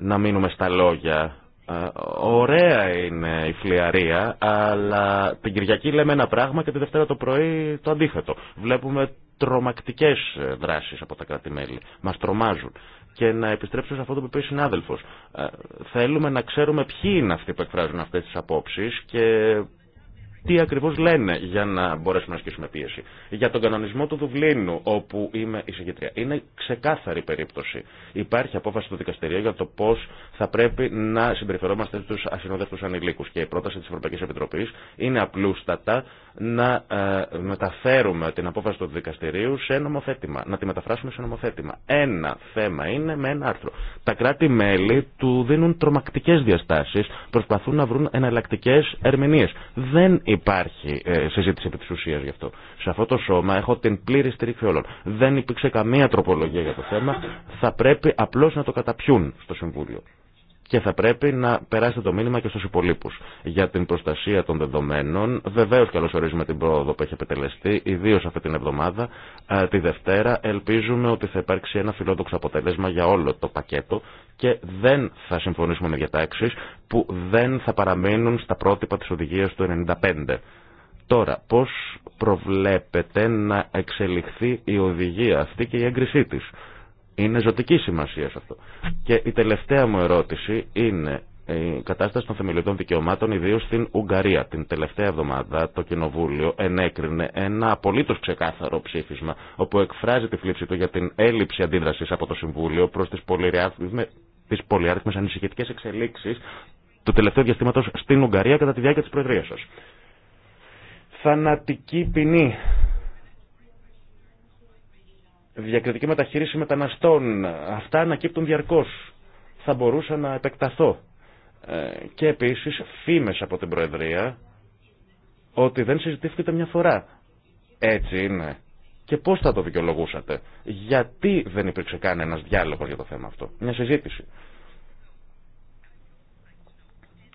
να μείνουμε στα λόγια. Ε, ωραία είναι η φλιαρία, αλλά την Κυριακή λέμε ένα πράγμα και τη Δευτέρα το πρωί το αντίθετο. Βλέπουμε τρομακτικές δράσεις από τα κρατη Μας τρομάζουν. Και να επιστρέψω σε αυτό το που είπε ο συνάδελφος, ε, Θέλουμε να ξέρουμε ποιοι είναι αυτοί που εκφράζουν αυτές τις απόψεις και τι ακριβώ λένε για να μπορέσουμε να ασκήσουμε πίεση. Για τον κανονισμό του Δουβλίνου, όπου είμαι εισηγητρία, είναι ξεκάθαρη περίπτωση. Υπάρχει απόφαση του δικαστηρίου για το πώ θα πρέπει να συμπεριφερόμαστε στου ασυνόδευτου ανηλίκου. Και η πρόταση τη Ευρωπαϊκή Επιτροπή είναι απλούστατα να ε, μεταφέρουμε την απόφαση του δικαστηρίου σε νομοθέτημα, να τη μεταφράσουμε σε νομοθέτημα. Ένα θέμα είναι με ένα άρθρο. Τα κράτη-μέλη του δίνουν τρομακτικέ διαστάσει, προσπαθούν να βρουν εναλλακτικέ ερμηνείε. Δεν υπάρχει ε, συζήτηση επί τη ουσία γι' αυτό. Σε αυτό το σώμα έχω την πλήρη στήριξη όλων. Δεν υπήρξε καμία τροπολογία για το θέμα. Θα πρέπει απλώ να το καταπιούν στο Συμβούλιο και θα πρέπει να περάσετε το μήνυμα και στους υπολείπους. Για την προστασία των δεδομένων, βεβαίως καλώς ορίζουμε την πρόοδο που έχει επιτελεστεί, ιδίως αυτή την εβδομάδα. Τη Δευτέρα ελπίζουμε ότι θα υπάρξει ένα φιλόδοξο αποτέλεσμα για όλο το πακέτο και δεν θα συμφωνήσουμε με διατάξεις που δεν θα παραμείνουν στα πρότυπα της οδηγίας του 95. Τώρα, πώς προβλέπετε να εξελιχθεί η οδηγία αυτή και η έγκρισή της. Είναι ζωτική σημασία αυτό. Και η τελευταία μου ερώτηση είναι η κατάσταση των θεμελιωδών δικαιωμάτων, ιδίω στην Ουγγαρία. Την τελευταία εβδομάδα το Κοινοβούλιο ενέκρινε ένα απολύτω ξεκάθαρο ψήφισμα, όπου εκφράζει τη φλήψη του για την έλλειψη αντίδραση από το Συμβούλιο προ τι πολυάριθμε ανησυχητικέ εξελίξει του τελευταίου διαστήματο στην Ουγγαρία κατά τη διάρκεια τη Προεδρία σα. Θανατική ποινή διακριτική μεταχείριση μεταναστών. Αυτά ανακύπτουν διαρκώς. Θα μπορούσα να επεκταθώ. Ε, και επίσης φήμες από την Προεδρία ότι δεν συζητήθηκε μια φορά. Έτσι είναι. Και πώς θα το δικαιολογούσατε. Γιατί δεν υπήρξε κανένας διάλογος για το θέμα αυτό. Μια συζήτηση.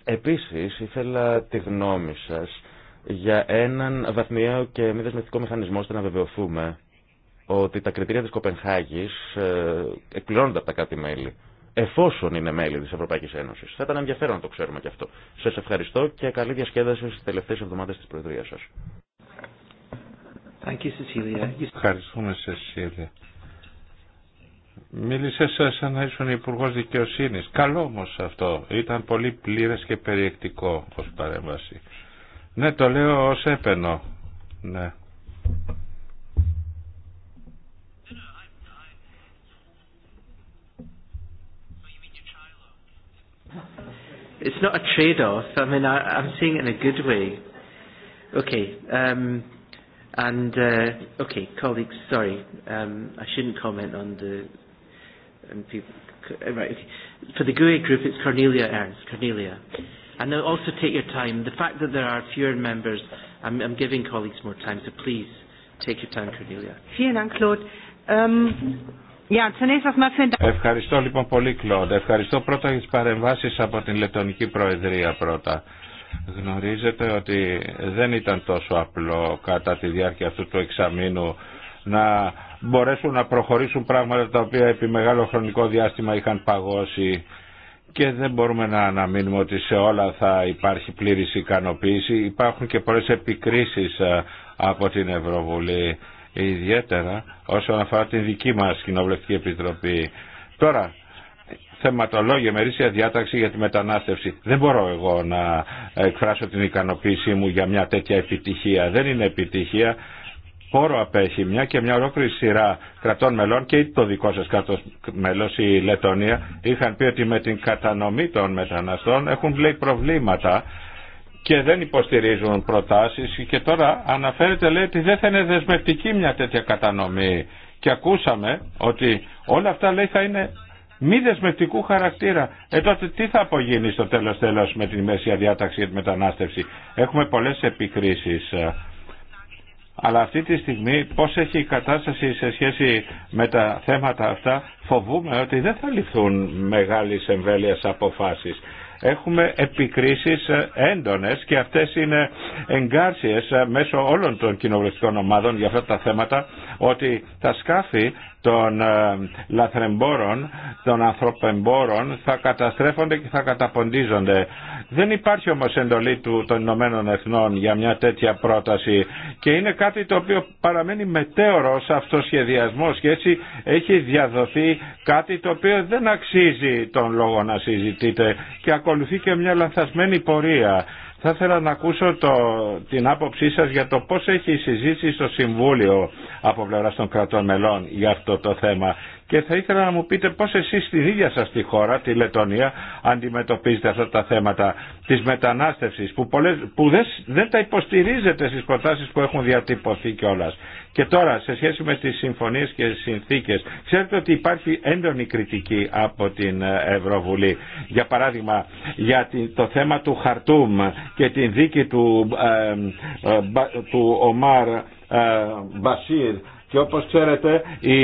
Επίσης ήθελα τη γνώμη σας για έναν βαθμιαίο και μη δεσμευτικό μηχανισμό ώστε να βεβαιωθούμε ότι τα κριτήρια της Κοπενχάγης ε, εκπληρώνονται από τα κάτι μέλη εφόσον είναι μέλη της Ευρωπαϊκής Ένωσης. Θα ήταν ενδιαφέρον να το ξέρουμε και αυτό. Σας ευχαριστώ και καλή διασκέδαση στις τελευταίες εβδομάδες της Προεδρίας σας. Ευχαριστούμε, Σεσίλια. Μίλησε σαν να ήσουν Υπουργός Δικαιοσύνης. Καλό όμω αυτό. Ήταν πολύ πλήρες και περιεκτικό ω παρέμβαση. Ναι, το λέω ως έπαινο. Ναι. It's not a trade-off. I mean, I, I'm seeing it in a good way. Okay. Um, and, uh, okay, colleagues, sorry. Um, I shouldn't comment on the people. Right, okay. For the GUE group, it's Cornelia Ernst. Cornelia. And also take your time. The fact that there are fewer members, I'm, I'm giving colleagues more time, so please take your time, Cornelia. Vielen Dank, Claude. Um, Ευχαριστώ λοιπόν πολύ Κλοντ. Ευχαριστώ πρώτα για τις παρεμβάσεις από την Λετωνική Προεδρία πρώτα. Γνωρίζετε ότι δεν ήταν τόσο απλό κατά τη διάρκεια αυτού του εξαμήνου να μπορέσουν να προχωρήσουν πράγματα τα οποία επί μεγάλο χρονικό διάστημα είχαν παγώσει και δεν μπορούμε να αναμείνουμε ότι σε όλα θα υπάρχει πλήρης ικανοποίηση. Υπάρχουν και πολλές επικρίσεις ε, από την Ευρωβουλή ιδιαίτερα όσον αφορά την δική μας Κοινοβουλευτική Επιτροπή. Τώρα, θεματολόγια, μερίσια διάταξη για τη μετανάστευση. Δεν μπορώ εγώ να εκφράσω την ικανοποίησή μου για μια τέτοια επιτυχία. Δεν είναι επιτυχία. Πόρο απέχει μια και μια ολόκληρη σειρά κρατών μελών και το δικό σας κράτος μέλος, η Λετωνία, είχαν πει ότι με την κατανομή των μεταναστών έχουν βλέπει προβλήματα και δεν υποστηρίζουν προτάσεις και τώρα αναφέρεται λέει ότι δεν θα είναι δεσμευτική μια τέτοια κατανομή και ακούσαμε ότι όλα αυτά λέει θα είναι μη δεσμευτικού χαρακτήρα. Ε τότε τι θα απογίνει στο τέλος τέλος με την Μέσια διάταξη για τη μετανάστευση. Έχουμε πολλές επικρίσεις. Αλλά αυτή τη στιγμή πώς έχει η κατάσταση σε σχέση με τα θέματα αυτά φοβούμε ότι δεν θα ληφθούν μεγάλες εμβέλειες αποφάσεις έχουμε επικρίσεις ε, έντονες και αυτές είναι εγκάρσιες ε, μέσω όλων των κοινοβουλευτικών ομάδων για αυτά τα θέματα ότι τα σκάφη των ε, λαθρεμπόρων, των ανθρωπεμπόρων θα καταστρέφονται και θα καταποντίζονται. Δεν υπάρχει όμως εντολή του, των Ηνωμένων Εθνών για μια τέτοια πρόταση και είναι κάτι το οποίο παραμένει μετέωρο σε σχεδιασμό και έτσι έχει διαδοθεί κάτι το οποίο δεν αξίζει τον λόγο να συζητείτε και ακολουθεί και μια λανθασμένη πορεία. Θα ήθελα να ακούσω το, την άποψή σας για το πώς έχει η στο Συμβούλιο από πλευρά των κρατών μελών για αυτό το θέμα και θα ήθελα να μου πείτε πώς εσείς στην ίδια σας τη χώρα, τη Λετωνία, αντιμετωπίζετε αυτά τα θέματα της μετανάστευσης που, δεν, τα υποστηρίζετε στις προτάσεις που έχουν διατυπωθεί κιόλα. Και τώρα σε σχέση με τις συμφωνίες και τις συνθήκες, ξέρετε ότι υπάρχει έντονη κριτική από την Ευρωβουλή. Για παράδειγμα, για το θέμα του Χαρτούμ και την δίκη του, ε, ε, του Ομάρ ε, Μπασίρ και όπως ξέρετε οι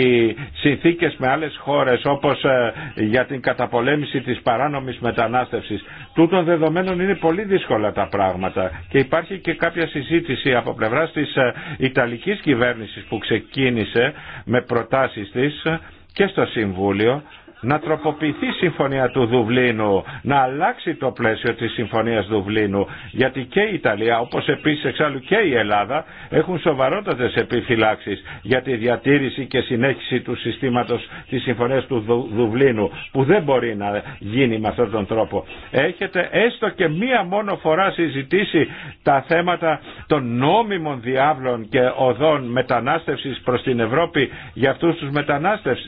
συνθήκες με άλλες χώρες όπως ε, για την καταπολέμηση της παράνομης μετανάστευσης τούτων δεδομένων είναι πολύ δύσκολα τα πράγματα και υπάρχει και κάποια συζήτηση από πλευράς της ε, Ιταλικής κυβέρνησης που ξεκίνησε με προτάσεις της ε, και στο Συμβούλιο να τροποποιηθεί η Συμφωνία του Δουβλίνου, να αλλάξει το πλαίσιο της Συμφωνίας Δουβλίνου, γιατί και η Ιταλία, όπως επίσης εξάλλου και η Ελλάδα, έχουν σοβαρότατες επιφυλάξεις για τη διατήρηση και συνέχιση του συστήματος της Συμφωνίας του Δουβλίνου, που δεν μπορεί να γίνει με αυτόν τον τρόπο. Έχετε έστω και μία μόνο φορά συζητήσει τα θέματα των νόμιμων διάβλων και οδών μετανάστευσης προς την Ευρώπη για αυτούς τους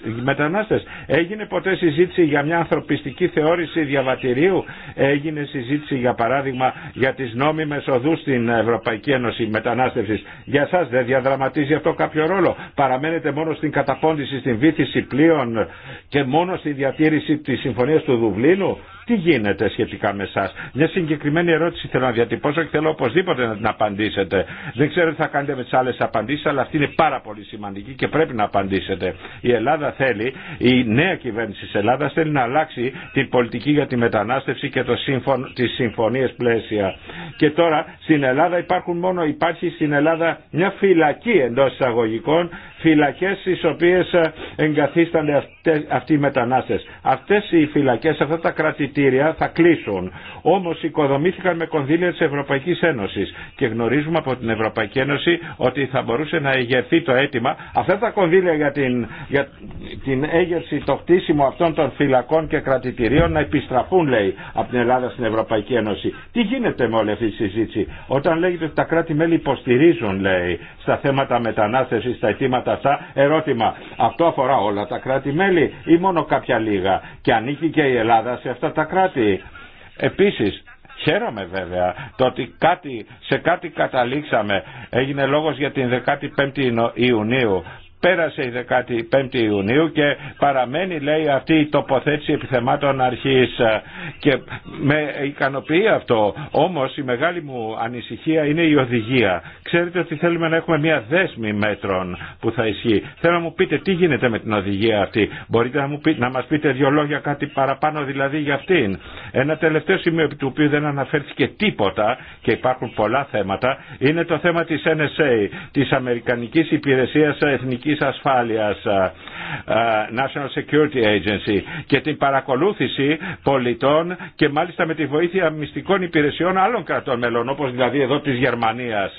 μετανάστες. Έγινε ποτέ συζήτηση για μια ανθρωπιστική θεώρηση διαβατηρίου. Έγινε συζήτηση για παράδειγμα για τις νόμιμες οδούς στην Ευρωπαϊκή Ένωση Μετανάστευσης. Για σας δεν διαδραματίζει αυτό κάποιο ρόλο. Παραμένετε μόνο στην καταπώντηση, στην βήθηση πλοίων και μόνο στη διατήρηση της Συμφωνίας του Δουβλίνου τι γίνεται σχετικά με εσά. Μια συγκεκριμένη ερώτηση θέλω να διατυπώσω και θέλω οπωσδήποτε να την απαντήσετε. Δεν ξέρω τι θα κάνετε με τι άλλε απαντήσει, αλλά αυτή είναι πάρα πολύ σημαντική και πρέπει να απαντήσετε. Η Ελλάδα θέλει, η νέα κυβέρνηση τη Ελλάδα θέλει να αλλάξει την πολιτική για τη μετανάστευση και το σύμφων, τις συμφωνίες πλαίσια. Και τώρα στην Ελλάδα υπάρχουν μόνο, υπάρχει στην Ελλάδα μια φυλακή εντό εισαγωγικών φυλακές στις οποίες ε, εγκαθίστανται αυτοί οι μετανάστες. Αυτές οι φυλακές, αυτά τα κρατητήρια θα κλείσουν. Όμως οικοδομήθηκαν με κονδύλια της Ευρωπαϊκής Ένωσης και γνωρίζουμε από την Ευρωπαϊκή Ένωση ότι θα μπορούσε να ηγερθεί το αίτημα. Αυτά τα κονδύλια για την, για την έγερση, το χτίσιμο αυτών των φυλακών και κρατητηρίων να επιστραφούν λέει από την Ελλάδα στην Ευρωπαϊκή Ένωση. Τι γίνεται με όλη αυτή τη συζήτηση. Όταν λέγεται ότι τα κράτη-μέλη υποστηρίζουν λέει στα θέματα μετανάστευσης, στα αιτήματα αυτά. Ερώτημα, αυτό αφορά όλα τα κράτη-μέλη ή μόνο κάποια λίγα και ανήκει και η Ελλάδα σε αυτά τα κράτη. Επίσης, Χαίρομαι βέβαια το ότι κάτι, σε κάτι καταλήξαμε. Έγινε λόγος για την 15η Ιουνίου. Πέρασε η 15η Ιουνίου και παραμένει λέει αυτή η τοποθέτηση επιθεμάτων αρχής και με ικανοποιεί αυτό. Όμως η μεγάλη μου ανησυχία είναι η οδηγία. Ξέρετε ότι θέλουμε να έχουμε μια δέσμη μέτρων που θα ισχύει. Θέλω να μου πείτε τι γίνεται με την οδηγία αυτή. Μπορείτε να, μου πείτε, να μας πείτε δυο λόγια κάτι παραπάνω δηλαδή για αυτήν. Ένα τελευταίο σημείο του οποίου δεν αναφέρθηκε τίποτα και υπάρχουν πολλά θέματα είναι το θέμα της NSA, της Αμερικανικής Υπηρεσίας Εθνικής εθνικής ασφάλειας National Security Agency και την παρακολούθηση πολιτών και μάλιστα με τη βοήθεια μυστικών υπηρεσιών άλλων κρατών μελών όπως δηλαδή εδώ της Γερμανίας.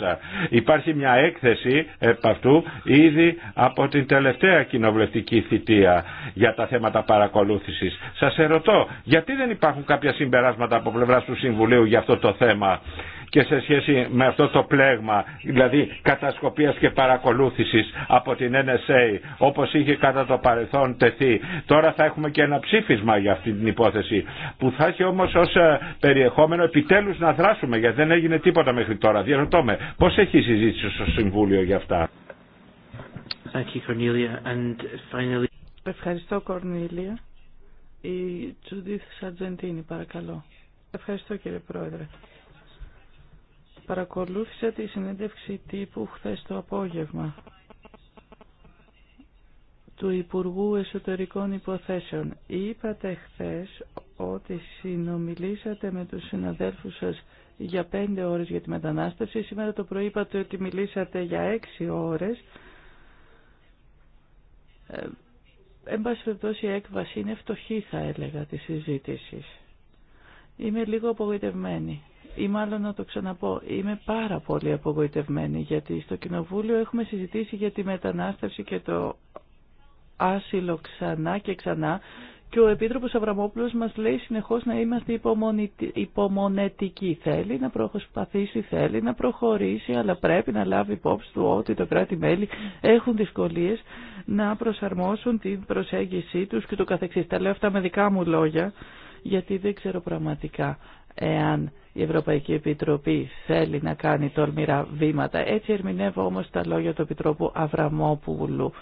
Υπάρχει μια έκθεση επ' αυτού ήδη από την τελευταία κοινοβουλευτική θητεία για τα θέματα παρακολούθησης. Σας ερωτώ γιατί δεν υπάρχουν κάποια συμπεράσματα από πλευρά του Συμβουλίου για αυτό το θέμα και σε σχέση με αυτό το πλέγμα, δηλαδή κατασκοπίας και παρακολούθησης από την NSA, όπως είχε κατά το παρελθόν τεθεί. Τώρα θα έχουμε και ένα ψήφισμα για αυτή την υπόθεση, που θα έχει όμως ως ε, περιεχόμενο επιτέλους να δράσουμε, γιατί δεν έγινε τίποτα μέχρι τώρα. Διαρωτώ με, πώς έχει συζήτηση στο Συμβούλιο για αυτά. Ευχαριστώ, Κορνίλια. Η Τζουδίθ Σαρτζεντίνη, παρακαλώ. Ευχαριστώ, κύριε Πρόεδρε. Παρακολούθησα τη συνέντευξη τύπου χθες το απόγευμα του Υπουργού Εσωτερικών Υποθέσεων. Είπατε χθες ότι συνομιλήσατε με τους συναδέλφους σας για πέντε ώρες για τη μετανάστευση. Σήμερα το πρωί είπατε ότι μιλήσατε για έξι ώρες. Ε, εν πάση περιπτώσει η έκβαση είναι φτωχή θα έλεγα τη συζήτηση. Είμαι λίγο απογοητευμένη ή μάλλον να το ξαναπώ, είμαι πάρα πολύ απογοητευμένη γιατί στο Κοινοβούλιο έχουμε συζητήσει για τη μετανάστευση και το άσυλο ξανά και ξανά και ο Επίτροπος Αβραμόπουλος μας λέει συνεχώς να είμαστε υπομονετικοί. Θέλει να προσπαθήσει, θέλει να προχωρήσει, αλλά πρέπει να λάβει υπόψη του ότι το κράτη-μέλη έχουν δυσκολίες να προσαρμόσουν την προσέγγιση τους και το καθεξής. Τα λέω αυτά με δικά μου λόγια, γιατί δεν ξέρω πραγματικά εάν η Ευρωπαϊκή Επιτροπή θέλει να κάνει τολμηρά βήματα. Έτσι ερμηνεύω όμως τα λόγια του Επιτρόπου Αβραμόπουλου.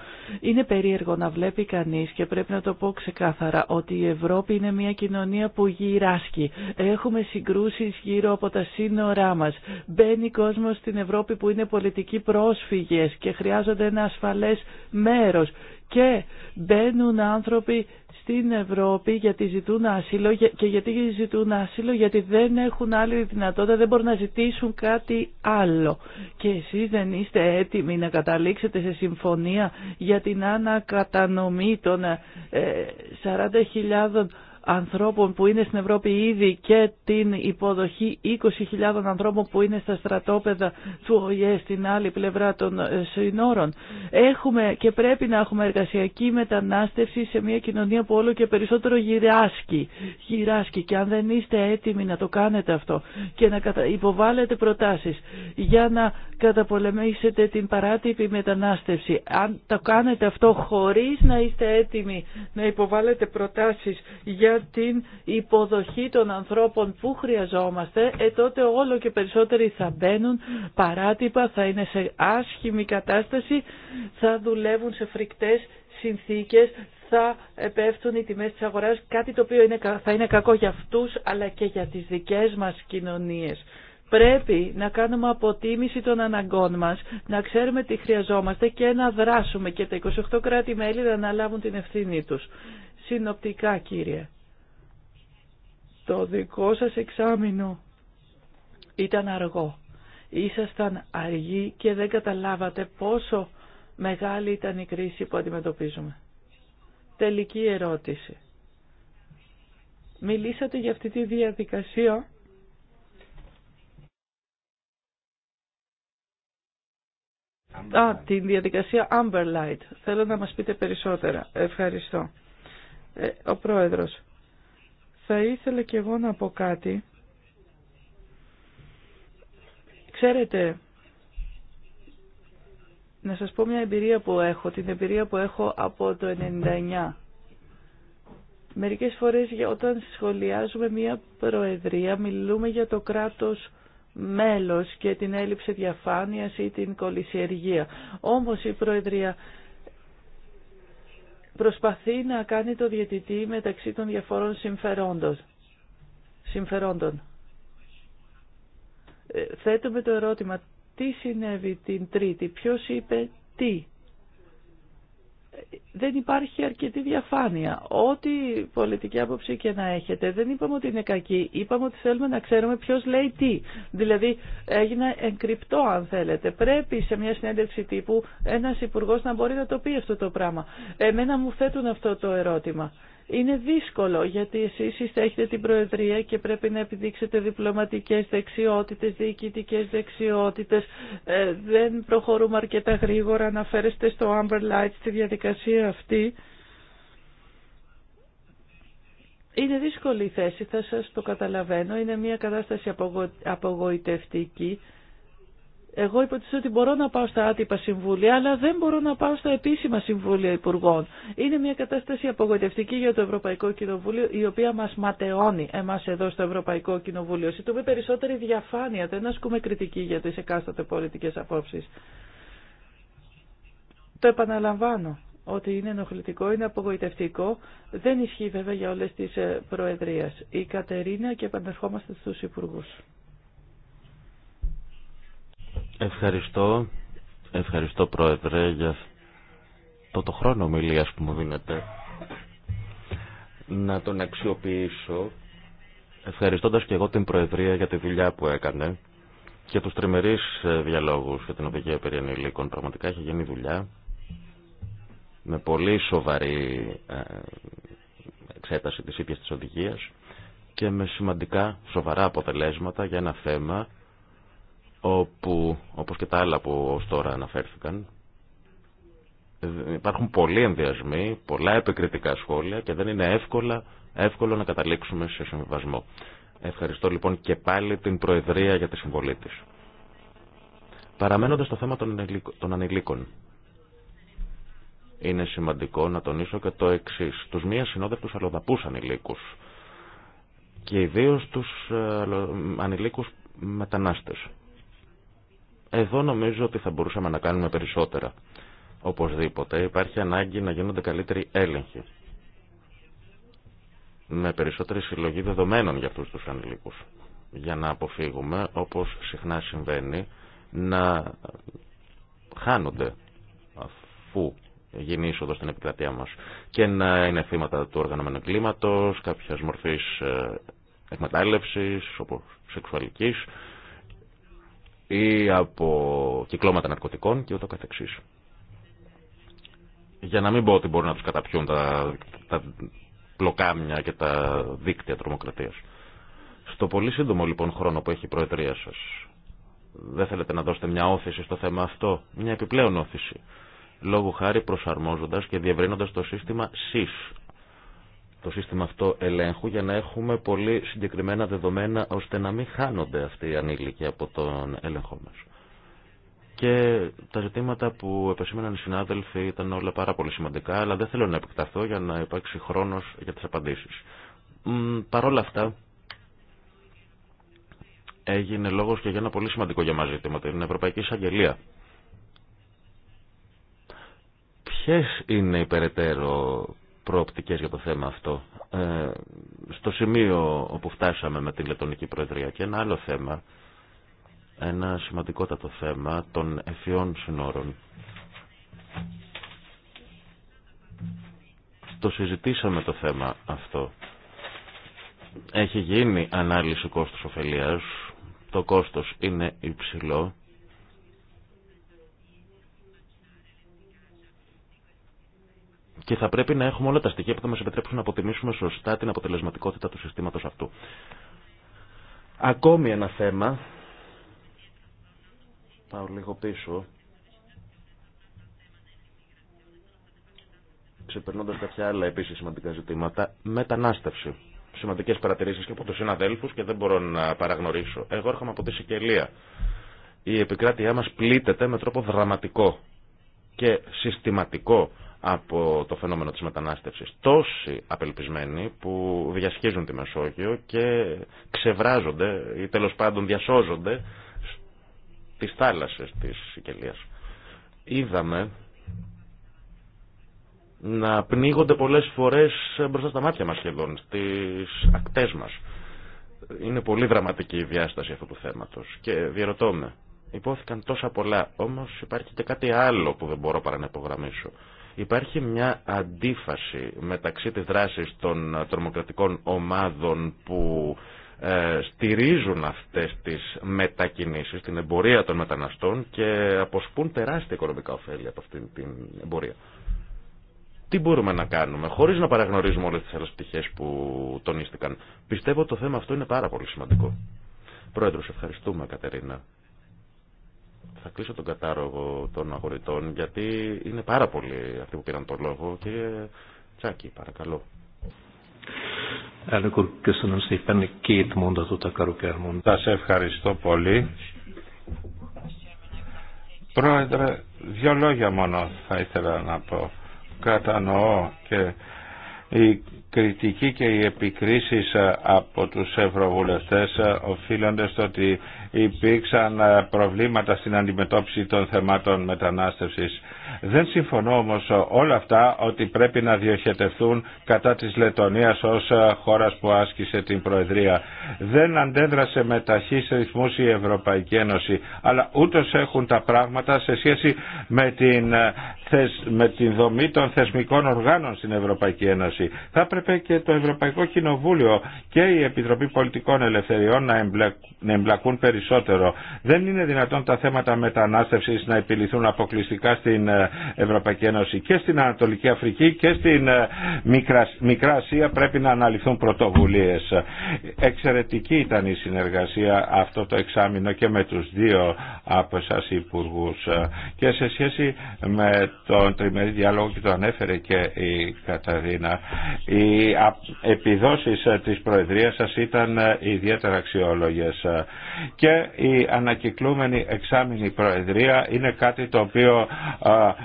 Είναι περίεργο να βλέπει κανείς και πρέπει να το πω ξεκάθαρα ότι η Ευρώπη είναι μια κοινωνία που γυράσκει. Έχουμε συγκρούσεις γύρω από τα σύνορά μας. Μπαίνει κόσμο στην Ευρώπη που είναι πολιτικοί πρόσφυγες και χρειάζονται ένα ασφαλές μέρος και μπαίνουν άνθρωποι στην Ευρώπη γιατί ζητούν άσυλο και γιατί ζητούν άσυλο γιατί δεν έχουν άλλη δυνατότητα, δεν μπορούν να ζητήσουν κάτι άλλο. Και εσείς δεν είστε έτοιμοι να καταλήξετε σε συμφωνία για την ανακατανομή των 40.000 ε, ανθρώπων που είναι στην Ευρώπη ήδη και την υποδοχή 20.000 ανθρώπων που είναι στα στρατόπεδα του ΟΗΕ στην άλλη πλευρά των ε, συνόρων. Έχουμε και πρέπει να έχουμε εργασιακή μετανάστευση σε μια κοινωνία που όλο και περισσότερο γυράσκει. γυράσκει. Και αν δεν είστε έτοιμοι να το κάνετε αυτό και να υποβάλλετε προτάσεις για να καταπολεμήσετε την παράτυπη μετανάστευση, αν το κάνετε αυτό χωρίς να είστε έτοιμοι να υποβάλλετε προτάσεις για την υποδοχή των ανθρώπων που χρειαζόμαστε, ε, τότε όλο και περισσότεροι θα μπαίνουν παράτυπα, θα είναι σε άσχημη κατάσταση, θα δουλεύουν σε φρικτές συνθήκες, θα επέφτουν οι τιμές της αγοράς, κάτι το οποίο είναι, θα είναι κακό για αυτούς αλλά και για τις δικές μας κοινωνίες. Πρέπει να κάνουμε αποτίμηση των αναγκών μας, να ξέρουμε τι χρειαζόμαστε και να δράσουμε και τα 28 κράτη-μέλη να αναλάβουν την ευθύνη τους. Συνοπτικά κύριε, το δικό σας εξάμεινο ήταν αργό. Ήσασταν αργοί και δεν καταλάβατε πόσο μεγάλη ήταν η κρίση που αντιμετωπίζουμε. Τελική ερώτηση. Μιλήσατε για αυτή τη διαδικασία Α, την διαδικασία Amberlight. Θέλω να μας πείτε περισσότερα. Ευχαριστώ. Ε, ο Πρόεδρος. Θα ήθελα και εγώ να πω κάτι. Ξέρετε, να σας πω μια εμπειρία που έχω, την εμπειρία που έχω από το 99. Μερικές φορές όταν σχολιάζουμε μια προεδρία μιλούμε για το κράτος μέλος και την έλλειψη διαφάνειας ή την κολυσιεργία. Όμως η προεδρία προσπαθεί να κάνει το διαιτητή μεταξύ των διαφορών συμφερόντων. συμφερόντων. Ε, θέτουμε το ερώτημα, τι συνέβη την Τρίτη, ποιος είπε τι δεν υπάρχει αρκετή διαφάνεια. Ό,τι πολιτική άποψη και να έχετε, δεν είπαμε ότι είναι κακή. Είπαμε ότι θέλουμε να ξέρουμε ποιο λέει τι. Δηλαδή, έγινε εγκρυπτό, αν θέλετε. Πρέπει σε μια συνέντευξη τύπου ένα υπουργό να μπορεί να το πει αυτό το πράγμα. Εμένα μου θέτουν αυτό το ερώτημα. Είναι δύσκολο γιατί εσείς είστε έχετε την Προεδρία και πρέπει να επιδείξετε διπλωματικές δεξιότητες, διοικητικές δεξιότητες. Ε, δεν προχωρούμε αρκετά γρήγορα, αναφέρεστε στο Amber Light στη διαδικασία αυτή. Είναι δύσκολη η θέση, θα σας το καταλαβαίνω. Είναι μια κατάσταση απογοητευτική. Εγώ υποτίθεται ότι μπορώ να πάω στα άτυπα συμβούλια, αλλά δεν μπορώ να πάω στα επίσημα συμβούλια υπουργών. Είναι μια κατάσταση απογοητευτική για το Ευρωπαϊκό Κοινοβούλιο, η οποία μα ματαιώνει εμά εδώ στο Ευρωπαϊκό Κοινοβούλιο. Συντούμε περισσότερη διαφάνεια, δεν ασκούμε κριτική για τι εκάστοτε πολιτικέ απόψει. Το επαναλαμβάνω ότι είναι ενοχλητικό, είναι απογοητευτικό. Δεν ισχύει βέβαια για όλε τι ε, προεδρίες. Η Κατερίνα και επανερχόμαστε στου υπουργού. Ευχαριστώ. Ευχαριστώ Πρόεδρε για το, το χρόνο ομιλίας που μου δίνετε. Να τον αξιοποιήσω ευχαριστώντας και εγώ την Προεδρία για τη δουλειά που έκανε και τους τριμερείς ε, διαλόγους για την οδηγία περί ενηλίκων. Πραγματικά έχει γίνει δουλειά με πολύ σοβαρή ε, εξέταση της ίδιας της οδηγίας και με σημαντικά σοβαρά αποτελέσματα για ένα θέμα όπου, όπως και τα άλλα που ως τώρα αναφέρθηκαν, υπάρχουν πολλοί ενδιασμοί, πολλά επικριτικά σχόλια και δεν είναι εύκολα, εύκολο να καταλήξουμε σε συμβιβασμό. Ευχαριστώ λοιπόν και πάλι την Προεδρία για τη συμβολή της. Παραμένοντας στο θέμα των ανηλίκων, είναι σημαντικό να τονίσω και το εξή. Τους μία συνόδευτους αλλοδαπούς ανηλίκους και ιδίως τους ε, ανηλίκους μετανάστες. Εδώ νομίζω ότι θα μπορούσαμε να κάνουμε περισσότερα. Οπωσδήποτε υπάρχει ανάγκη να γίνονται καλύτεροι έλεγχοι. Με περισσότερη συλλογή δεδομένων για αυτούς τους ανηλίκους. Για να αποφύγουμε, όπως συχνά συμβαίνει, να χάνονται αφού γίνει είσοδο στην επικρατεία μας και να είναι θύματα του οργανωμένου κλίματος, κάποιας μορφής ε, εκμετάλλευσης, όπως σεξουαλικής, ή από κυκλώματα ναρκωτικών και ούτω καθεξής. Για να μην πω ότι μπορούν να τους καταπιούν τα, τα πλοκάμια και τα δίκτυα τρομοκρατίας. Στο πολύ σύντομο λοιπόν χρόνο που έχει η Προεδρία σας, δεν θέλετε να δώσετε μια όθηση στο θέμα αυτό, μια επιπλέον όθηση, Λόγου χάρη προσαρμόζοντας και διευρύνοντας το σύστημα ΣΥΣ το σύστημα αυτό ελέγχου για να έχουμε πολύ συγκεκριμένα δεδομένα ώστε να μην χάνονται αυτοί οι ανήλικοι από τον έλεγχό μας. Και τα ζητήματα που επεσήμεναν οι συνάδελφοι ήταν όλα πάρα πολύ σημαντικά, αλλά δεν θέλω να επεκταθώ για να υπάρξει χρόνος για τις απαντήσεις. Παρ' όλα αυτά, έγινε λόγος και για ένα πολύ σημαντικό για μας ζήτημα, την Ευρωπαϊκή Εισαγγελία. Ποιες είναι οι περαιτέρω προοπτικές για το θέμα αυτό. Ε, στο σημείο όπου φτάσαμε με την Λετωνική Προεδρία και ένα άλλο θέμα, ένα σημαντικότατο θέμα των εφιών συνόρων. Το συζητήσαμε το θέμα αυτό. Έχει γίνει ανάλυση κόστους ωφελίας. Το κόστος είναι υψηλό και θα πρέπει να έχουμε όλα τα στοιχεία που θα μας επιτρέψουν να αποτιμήσουμε σωστά την αποτελεσματικότητα του συστήματος αυτού. Ακόμη ένα θέμα, πάω λίγο πίσω, ξεπερνώντας κάποια άλλα επίσης σημαντικά ζητήματα, μετανάστευση. Σημαντικές παρατηρήσεις και από τους συναδέλφους και δεν μπορώ να παραγνωρίσω. Εγώ έρχομαι από τη Σικελία. Η επικράτειά μας πλήττεται με τρόπο δραματικό και συστηματικό από το φαινόμενο της μετανάστευσης. Τόσοι απελπισμένοι που διασχίζουν τη Μεσόγειο και ξεβράζονται ή τέλος πάντων διασώζονται στις θάλασσες της Σικελίας. Είδαμε να πνίγονται πολλές φορές μπροστά στα μάτια μας σχεδόν, στις ακτές μας. Είναι πολύ δραματική η διάσταση αυτού του θέματος και διαρωτώ Υπόθηκαν τόσα πολλά, όμως υπάρχει και κάτι άλλο που δεν μπορώ παρά να υπογραμμίσω. Υπάρχει μια αντίφαση μεταξύ της δράσης των τρομοκρατικών ομάδων που ε, στηρίζουν αυτές τις μετακινήσεις, την εμπορία των μεταναστών και αποσπούν τεράστια οικονομικά ωφέλη από αυτή την εμπορία. Τι μπορούμε να κάνουμε, χωρίς να παραγνωρίζουμε όλες τις άλλες πτυχές που τονίστηκαν. Πιστεύω το θέμα αυτό είναι πάρα πολύ σημαντικό. Πρόεδρος, ευχαριστούμε Κατερίνα. Θα κλείσω τον κατάλογο των αγορητών γιατί είναι πάρα πολλοί αυτοί που πήραν τον λόγο. Κύριε Τσάκη, παρακαλώ. σε ευχαριστώ πολύ. Πρόεδρε, δύο λόγια μόνο θα ήθελα να πω. Κατανοώ και η κριτική και οι επικρίσεις από τους ευρωβουλευτές οφείλονται στο ότι υπήρξαν ε, προβλήματα στην αντιμετώπιση των θεμάτων μετανάστευσης. Δεν συμφωνώ όμως όλα αυτά ότι πρέπει να διοχετευτούν κατά της Λετωνίας ως ε, χώρας που άσκησε την Προεδρία. Δεν αντέδρασε με ταχύς ρυθμούς η Ευρωπαϊκή Ένωση, αλλά ούτως έχουν τα πράγματα σε σχέση με την, ε, με την δομή των θεσμικών οργάνων στην Ευρωπαϊκή Ένωση. Θα έπρεπε και το Ευρωπαϊκό Κοινοβούλιο και η Επιτροπή Πολιτικών Ελευθεριών να εμπλακούν περισσότερο περισσότερο. Δεν είναι δυνατόν τα θέματα μετανάστευσης να επιληθούν αποκλειστικά στην ε, Ευρωπαϊκή Ένωση και στην Ανατολική Αφρική και στην ε, Μικρά Ασία πρέπει να αναλυθούν πρωτοβουλίες. Εξαιρετική ήταν η συνεργασία αυτό το εξάμεινο και με τους δύο από εσά υπουργού. Ε, και σε σχέση με τον τριμερή διάλογο και το ανέφερε και η Καταδίνα οι επιδόσεις της Προεδρίας σας ήταν ιδιαίτερα αξιόλογες και και η ανακυκλούμενη εξάμεινη προεδρία είναι κάτι το οποίο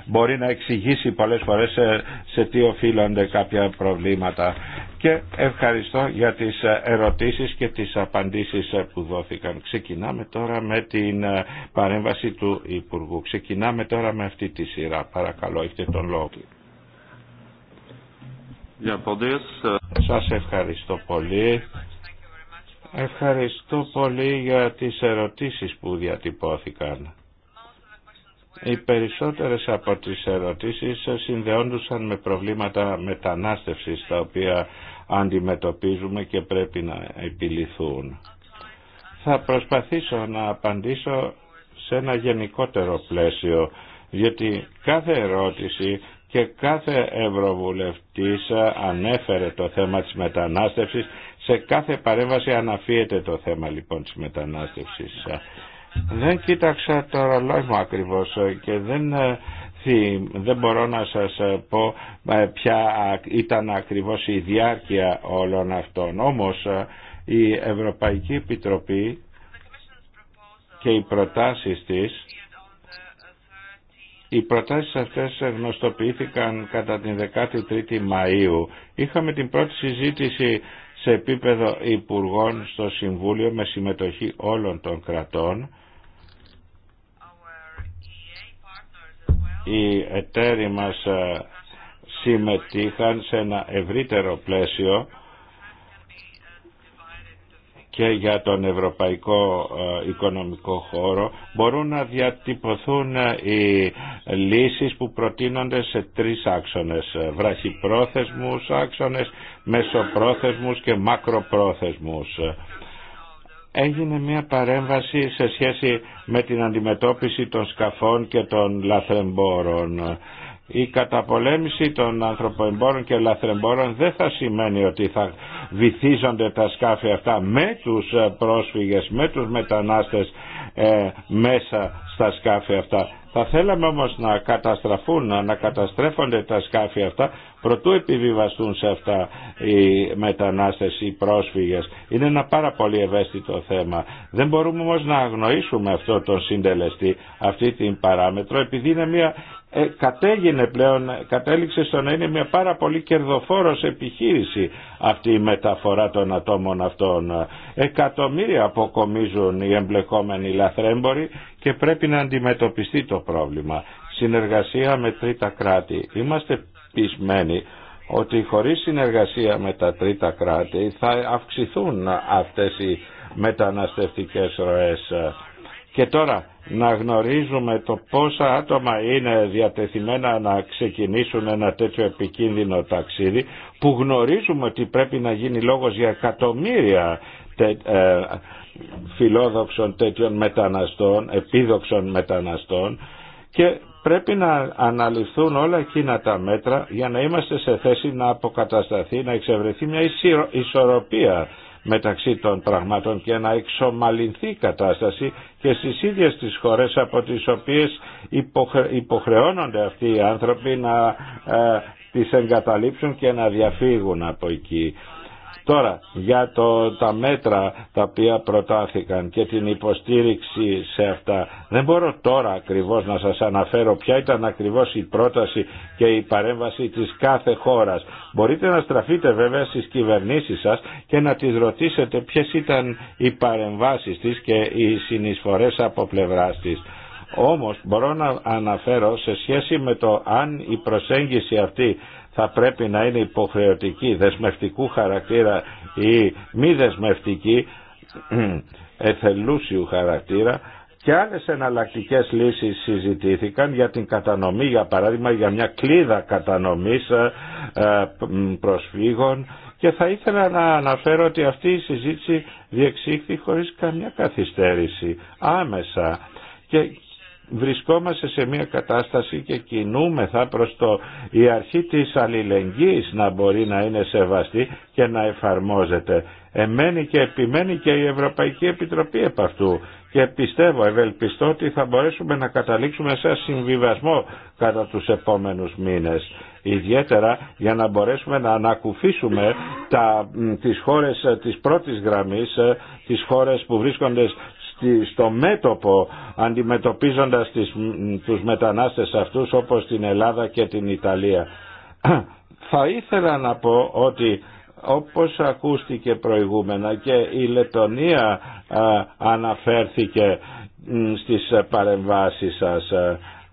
μπορεί να εξηγήσει πολλές φορές ε, σε τι οφείλονται κάποια προβλήματα. Και ευχαριστώ για τις ε, ερωτήσεις και τις απαντήσεις ε, που δόθηκαν. Ξεκινάμε τώρα με την παρέμβαση του Υπουργού. Ξεκινάμε τώρα με αυτή τη σειρά. Παρακαλώ, έχετε τον λόγο. Σας ευχαριστώ πολύ. Ευχαριστώ πολύ για τις ερωτήσεις που διατυπώθηκαν. Οι περισσότερες από τις ερωτήσεις συνδεόντουσαν με προβλήματα μετανάστευσης τα οποία αντιμετωπίζουμε και πρέπει να επιληθούν. Θα προσπαθήσω να απαντήσω σε ένα γενικότερο πλαίσιο, γιατί κάθε ερώτηση και κάθε ευρωβουλευτής ανέφερε το θέμα της μετανάστευσης σε κάθε παρέμβαση αναφύεται το θέμα λοιπόν της μετανάστευσης. Δεν κοίταξα το ρολόι μου ακριβώς και δεν, ε, δεν μπορώ να σας ε, πω ε, ποια ήταν ακριβώς η διάρκεια όλων αυτών. Όμως η Ευρωπαϊκή Επιτροπή και οι προτάσεις της οι προτάσεις αυτές γνωστοποιήθηκαν κατά την 13η Μαΐου. Είχαμε την πρώτη συζήτηση σε επίπεδο Υπουργών στο Συμβούλιο με συμμετοχή όλων των κρατών. Οι εταίροι μας ε, συμμετείχαν σε ένα ευρύτερο πλαίσιο και για τον Ευρωπαϊκό ε, Οικονομικό Χώρο μπορούν να διατυπωθούν ε, οι λύσεις που προτείνονται σε τρεις άξονες ε, βραχυπρόθεσμους άξονες, μεσοπρόθεσμους και μακροπρόθεσμους έγινε μια παρέμβαση σε σχέση με την αντιμετώπιση των σκαφών και των λαθρεμπόρων η καταπολέμηση των ανθρωποεμπόρων και λαθρεμπόρων δεν θα σημαίνει ότι θα βυθίζονται τα σκάφη αυτά με τους ε, πρόσφυγες, με τους μετανάστες ε, μέσα στα σκάφη αυτά. Θα θέλαμε όμως να καταστραφούν, να καταστρέφονται τα σκάφη αυτά προτού επιβιβαστούν σε αυτά οι μετανάστες, οι πρόσφυγες. Είναι ένα πάρα πολύ ευαίσθητο θέμα. Δεν μπορούμε όμως να αγνοήσουμε αυτό τον συντελεστή, αυτή την παράμετρο, επειδή είναι μια ε, κατέγινε πλέον, κατέληξε στο να είναι μια πάρα πολύ κερδοφόρος επιχείρηση αυτή η μεταφορά των ατόμων αυτών. Εκατομμύρια αποκομίζουν οι εμπλεκόμενοι λαθρέμποροι και πρέπει να αντιμετωπιστεί το πρόβλημα. Συνεργασία με τρίτα κράτη. Είμαστε ότι χωρίς συνεργασία με τα τρίτα κράτη θα αυξηθούν αυτές οι μεταναστευτικές ροές. Και τώρα να γνωρίζουμε το πόσα άτομα είναι διατεθειμένα να ξεκινήσουν ένα τέτοιο επικίνδυνο ταξίδι που γνωρίζουμε ότι πρέπει να γίνει λόγος για εκατομμύρια ε, φιλόδοξων τέτοιων μεταναστών, επίδοξων μεταναστών και πρέπει να αναλυθούν όλα εκείνα τα μέτρα για να είμαστε σε θέση να αποκατασταθεί, να εξευρεθεί μια ισορροπία μεταξύ των πραγμάτων και να εξομαλυνθεί η κατάσταση και στις ίδιες τις χώρες από τις οποίες υποχρεώνονται αυτοί οι άνθρωποι να ε, τις εγκαταλείψουν και να διαφύγουν από εκεί. Τώρα, για το, τα μέτρα τα οποία προτάθηκαν και την υποστήριξη σε αυτά, δεν μπορώ τώρα ακριβώς να σας αναφέρω ποια ήταν ακριβώς η πρόταση και η παρέμβαση της κάθε χώρας. Μπορείτε να στραφείτε βέβαια στις κυβερνήσεις σας και να τις ρωτήσετε ποιες ήταν οι παρεμβάσεις της και οι συνεισφορές από πλευράς της. Όμως μπορώ να αναφέρω σε σχέση με το αν η προσέγγιση αυτή θα πρέπει να είναι υποχρεωτική, δεσμευτικού χαρακτήρα ή μη δεσμευτική, εθελούσιου χαρακτήρα και άλλες εναλλακτικές λύσεις συζητήθηκαν για την κατανομή, για παράδειγμα για μια κλίδα κατανομής ε, ε, προσφύγων και θα ήθελα να αναφέρω ότι αυτή η συζήτηση διεξήχθη χωρίς καμιά καθυστέρηση, άμεσα και βρισκόμαστε σε μια κατάσταση και κινούμεθα προς το η αρχή της αλληλεγγύης να μπορεί να είναι σεβαστή και να εφαρμόζεται. Εμένει και επιμένει και η Ευρωπαϊκή Επιτροπή επ' αυτού και πιστεύω, ευελπιστώ ότι θα μπορέσουμε να καταλήξουμε σε συμβιβασμό κατά τους επόμενους μήνες. Ιδιαίτερα για να μπορέσουμε να ανακουφίσουμε τα, τις χώρες ε, της πρώτης γραμμής, ε, τις χώρες που βρίσκονται στο μέτωπο αντιμετωπίζοντας τις, τους μετανάστες αυτούς όπως την Ελλάδα και την Ιταλία. Θα ήθελα να πω ότι όπως ακούστηκε προηγούμενα και η Λετωνία αναφέρθηκε στις παρεμβάσεις σας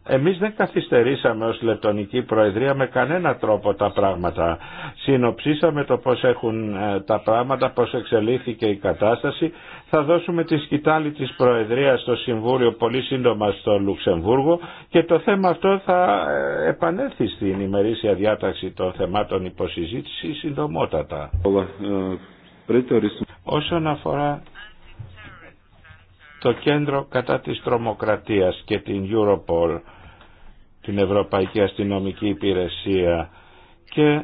εμείς δεν καθυστερήσαμε ως λεπτονική προεδρία με κανένα τρόπο τα πράγματα. Συνοψίσαμε το πώς έχουν ε, τα πράγματα, πώς εξελίχθηκε η κατάσταση. Θα δώσουμε τη σκητάλη της προεδρίας στο Συμβούλιο πολύ σύντομα στο Λουξεμβούργο και το θέμα αυτό θα ε, επανέλθει στην ημερήσια διάταξη των θεμάτων υποσυζήτηση συντομότατα. Όσον αφορά το κέντρο κατά της τρομοκρατίας και την Europol την Ευρωπαϊκή Αστυνομική Υπηρεσία και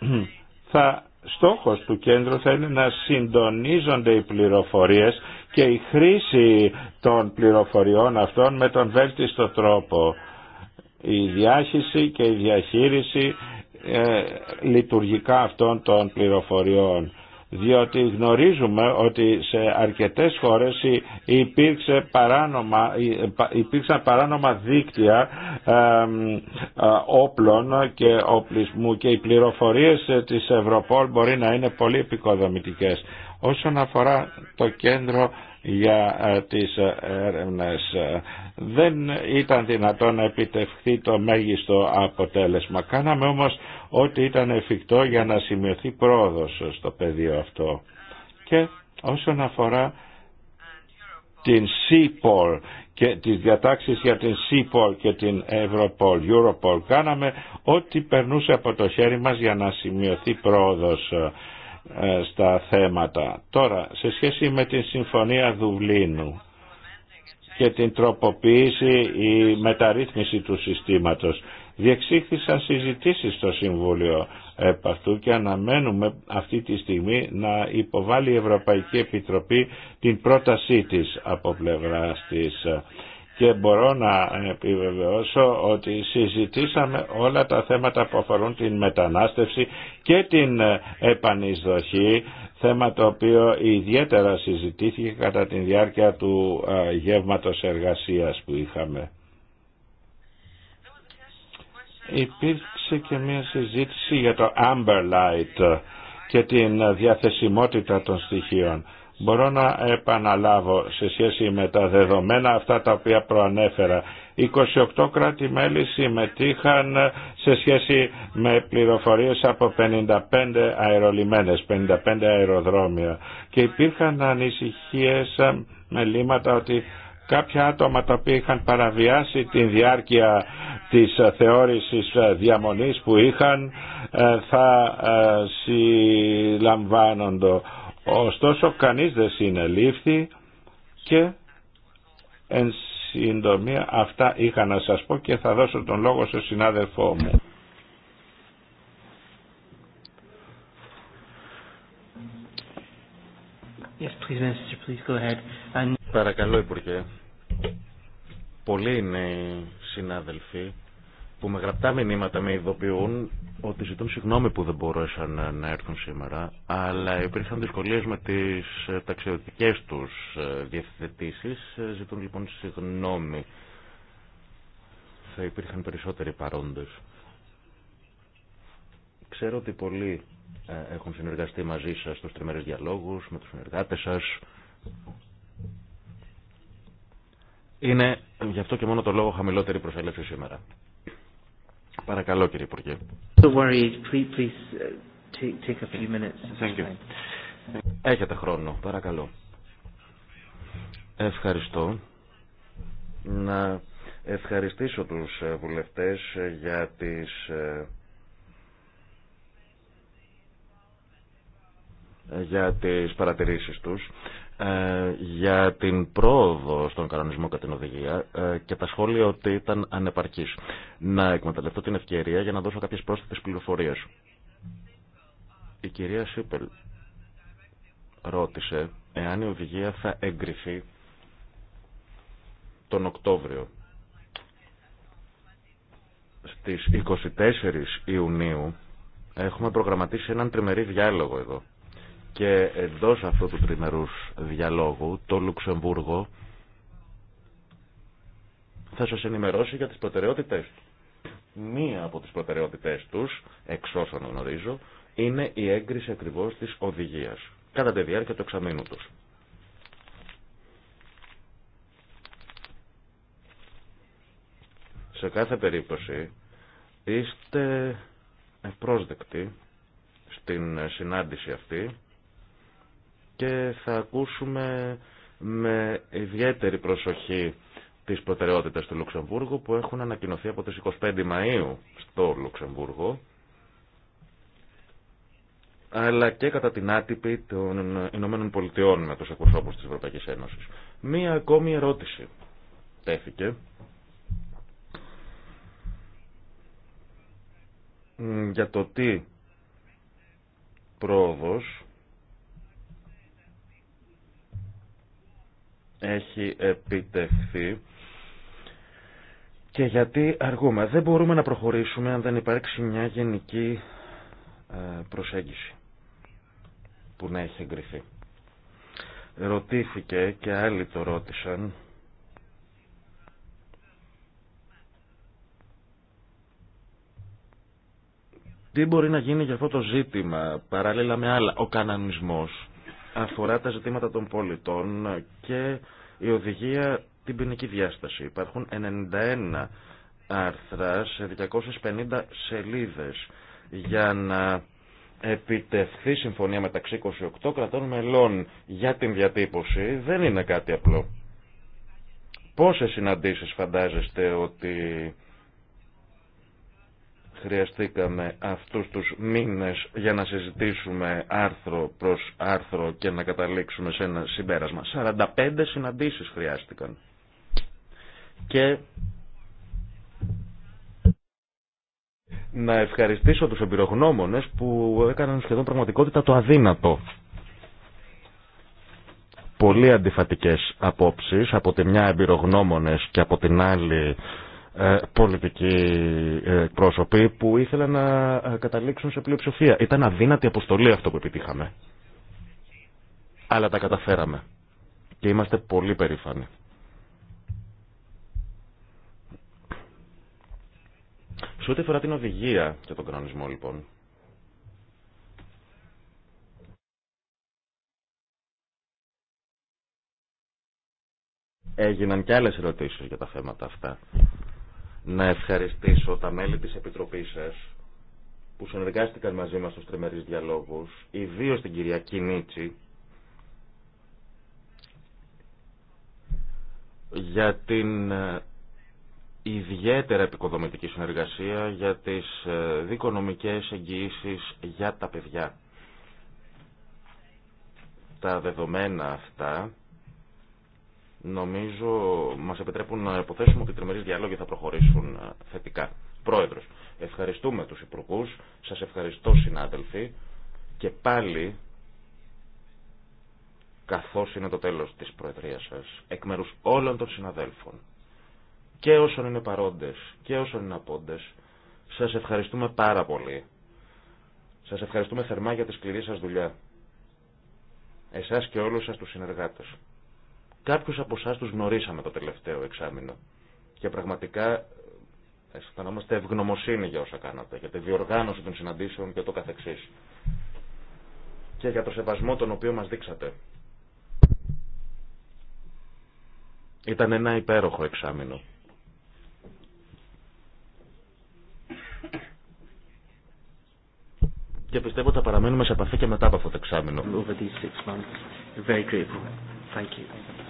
θα στόχος του κέντρου θα είναι να συντονίζονται οι πληροφορίες και η χρήση των πληροφοριών αυτών με τον βέλτιστο τρόπο. Η διάχυση και η διαχείριση ε, λειτουργικά αυτών των πληροφοριών διότι γνωρίζουμε ότι σε αρκετές χώρες υπήρξε παράνομα, υπήρξαν παράνομα δίκτυα ε, όπλων και οπλισμού και οι πληροφορίες ε, της Ευρωπόλ μπορεί να είναι πολύ επικοδομητικές. Όσον αφορά το κέντρο για ε, τις έρευνες δεν ήταν δυνατόν να επιτευχθεί το μέγιστο αποτέλεσμα. Κάναμε όμως ό,τι ήταν εφικτό για να σημειωθεί πρόοδος στο πεδίο αυτό. Και όσον αφορά την ΣΥΠΟΛ και τις διατάξεις για την ΣΥΠΟΛ και την Europol, κάναμε ό,τι περνούσε από το χέρι μας για να σημειωθεί πρόοδος ε, στα θέματα. Τώρα, σε σχέση με την Συμφωνία Δουβλίνου και την τροποποίηση ή μεταρρύθμιση του συστήματος. Διεξήχθησαν συζητήσεις στο Συμβούλιο επ' αυτού και αναμένουμε αυτή τη στιγμή να υποβάλει η Ευρωπαϊκή Επιτροπή την πρότασή της από πλευράς της και μπορώ να επιβεβαιώσω ότι συζητήσαμε όλα τα θέματα που αφορούν την μετανάστευση και την επανεισδοχή, θέμα το οποίο ιδιαίτερα συζητήθηκε κατά τη διάρκεια του γεύματος εργασίας που είχαμε υπήρξε και μια συζήτηση για το Amber Light και την διαθεσιμότητα των στοιχείων. Μπορώ να επαναλάβω σε σχέση με τα δεδομένα αυτά τα οποία προανέφερα. 28 κράτη-μέλη συμμετείχαν σε σχέση με πληροφορίες από 55 αερολιμένες, 55 αεροδρόμια και υπήρχαν ανησυχίες λύματα ότι κάποια άτομα τα οποία είχαν παραβιάσει την διάρκεια της ε, θεώρησης ε, διαμονής που είχαν ε, θα συλλαμβάνονται. Ωστόσο κανείς δεν συνελήφθη και εν συντομία αυτά είχα να σας πω και θα δώσω τον λόγο στον συνάδελφό μου. Yes, please go ahead. Παρακαλώ, Υπουργέ. Πολλοί είναι συνάδελφοι που με γραπτά μηνύματα με ειδοποιούν ότι ζητούν συγγνώμη που δεν μπορούσαν να έρθουν σήμερα, αλλά υπήρχαν δυσκολίες με τις ε, ταξιδιωτικέ τους ε, διευθετήσεις. Ε, ζητούν λοιπόν συγγνώμη. Θα υπήρχαν περισσότεροι παρόντες. Ξέρω ότι πολλοί έχουν συνεργαστεί μαζί σας στους τριμερές διαλόγους, με τους συνεργάτες σας είναι γι' αυτό και μόνο το λόγο χαμηλότερη προσέλευση σήμερα. Παρακαλώ κύριε Υπουργέ. Έχετε χρόνο, παρακαλώ. Ευχαριστώ. Να ευχαριστήσω τους ε, βουλευτές ε, για τις ε, για τις παρατηρήσεις τους. Ε, για την πρόοδο στον κανονισμό κατά την οδηγία ε, και τα σχόλια ότι ήταν ανεπαρκής. Να εκμεταλλευτώ την ευκαιρία για να δώσω κάποιες πρόσθετες πληροφορίες. Η κυρία Σίπελ ρώτησε εάν η οδηγία θα εγκριθεί τον Οκτώβριο. Στις 24 Ιουνίου έχουμε προγραμματίσει έναν τριμερή διάλογο εδώ και εντός αυτού του τριμερούς διαλόγου, το Λουξεμβούργο θα σας ενημερώσει για τις προτεραιότητές του. Μία από τις προτεραιότητές τους, εξ όσων γνωρίζω, είναι η έγκριση ακριβώς της οδηγίας, κατά τη διάρκεια του εξαμήνου τους. Σε κάθε περίπτωση, είστε πρόσδεκτοι στην συνάντηση αυτή και θα ακούσουμε με ιδιαίτερη προσοχή τις προτεραιότητες του Λουξεμβούργου που έχουν ανακοινωθεί από τις 25 Μαΐου στο Λουξεμβούργο αλλά και κατά την άτυπη των Ηνωμένων Πολιτειών με τους εκπροσώπους της Ευρωπαϊκής Ένωσης. Μία ακόμη ερώτηση τέθηκε για το τι πρόοδος έχει επιτευχθεί και γιατί αργούμε. Δεν μπορούμε να προχωρήσουμε αν δεν υπάρξει μια γενική ε, προσέγγιση που να έχει εγκριθεί. Ρωτήθηκε και άλλοι το ρώτησαν Τι μπορεί να γίνει για αυτό το ζήτημα παράλληλα με άλλα. Ο κανανισμός αφορά τα ζητήματα των πολιτών και η οδηγία την ποινική διάσταση. Υπάρχουν 91 άρθρα σε 250 σελίδες για να επιτευχθεί συμφωνία μεταξύ 28 κρατών μελών για την διατύπωση δεν είναι κάτι απλό. Πόσες συναντήσεις φαντάζεστε ότι χρειαστήκαμε αυτούς τους μήνες για να συζητήσουμε άρθρο προς άρθρο και να καταλήξουμε σε ένα συμπέρασμα. 45 συναντήσεις χρειάστηκαν. Και να ευχαριστήσω τους εμπειρογνώμονες που έκαναν σχεδόν πραγματικότητα το αδύνατο. Πολύ αντιφατικές απόψεις, από τη μια εμπειρογνώμονες και από την άλλη ε, πολιτικοί ε, πρόσωποι που ήθελαν να ε, καταλήξουν σε πλειοψηφία. Ήταν αδύνατη αποστολή αυτό που επιτύχαμε. Αλλά τα καταφέραμε. Και είμαστε πολύ περήφανοι. Σε ό,τι αφορά την οδηγία και τον κανονισμό λοιπόν, έγιναν και άλλες ερωτήσεις για τα θέματα αυτά να ευχαριστήσω τα μέλη της Επιτροπής σας που συνεργάστηκαν μαζί μας στους τριμερείς διαλόγους, ιδίως την κυρία Κινίτσι, για την ε, ιδιαίτερα επικοδομητική συνεργασία για τις ε, δικονομικές εγγυήσεις για τα παιδιά. Τα δεδομένα αυτά νομίζω μας επιτρέπουν να υποθέσουμε ότι οι τριμερείς διάλογοι θα προχωρήσουν ε, θετικά. Πρόεδρος, ευχαριστούμε τους υπουργού, σας ευχαριστώ συνάδελφοι και πάλι καθώς είναι το τέλος της προεδρίας σας, εκ μέρους όλων των συναδέλφων και όσων είναι παρόντες και όσων είναι απόντες, σας ευχαριστούμε πάρα πολύ. Σας ευχαριστούμε θερμά για τη σκληρή σας δουλειά. Εσάς και όλους σας τους συνεργάτες. Κάποιους από εσά τους γνωρίσαμε το τελευταίο εξάμεινο και πραγματικά ε, αισθανόμαστε ευγνωμοσύνη για όσα κάνατε, για τη διοργάνωση των συναντήσεων και το καθεξής και για το σεβασμό τον οποίο μας δείξατε. Ήταν ένα υπέροχο εξάμεινο. Και πιστεύω ότι θα παραμένουμε σε επαφή και μετά από αυτό το εξάμεινο. Thank you.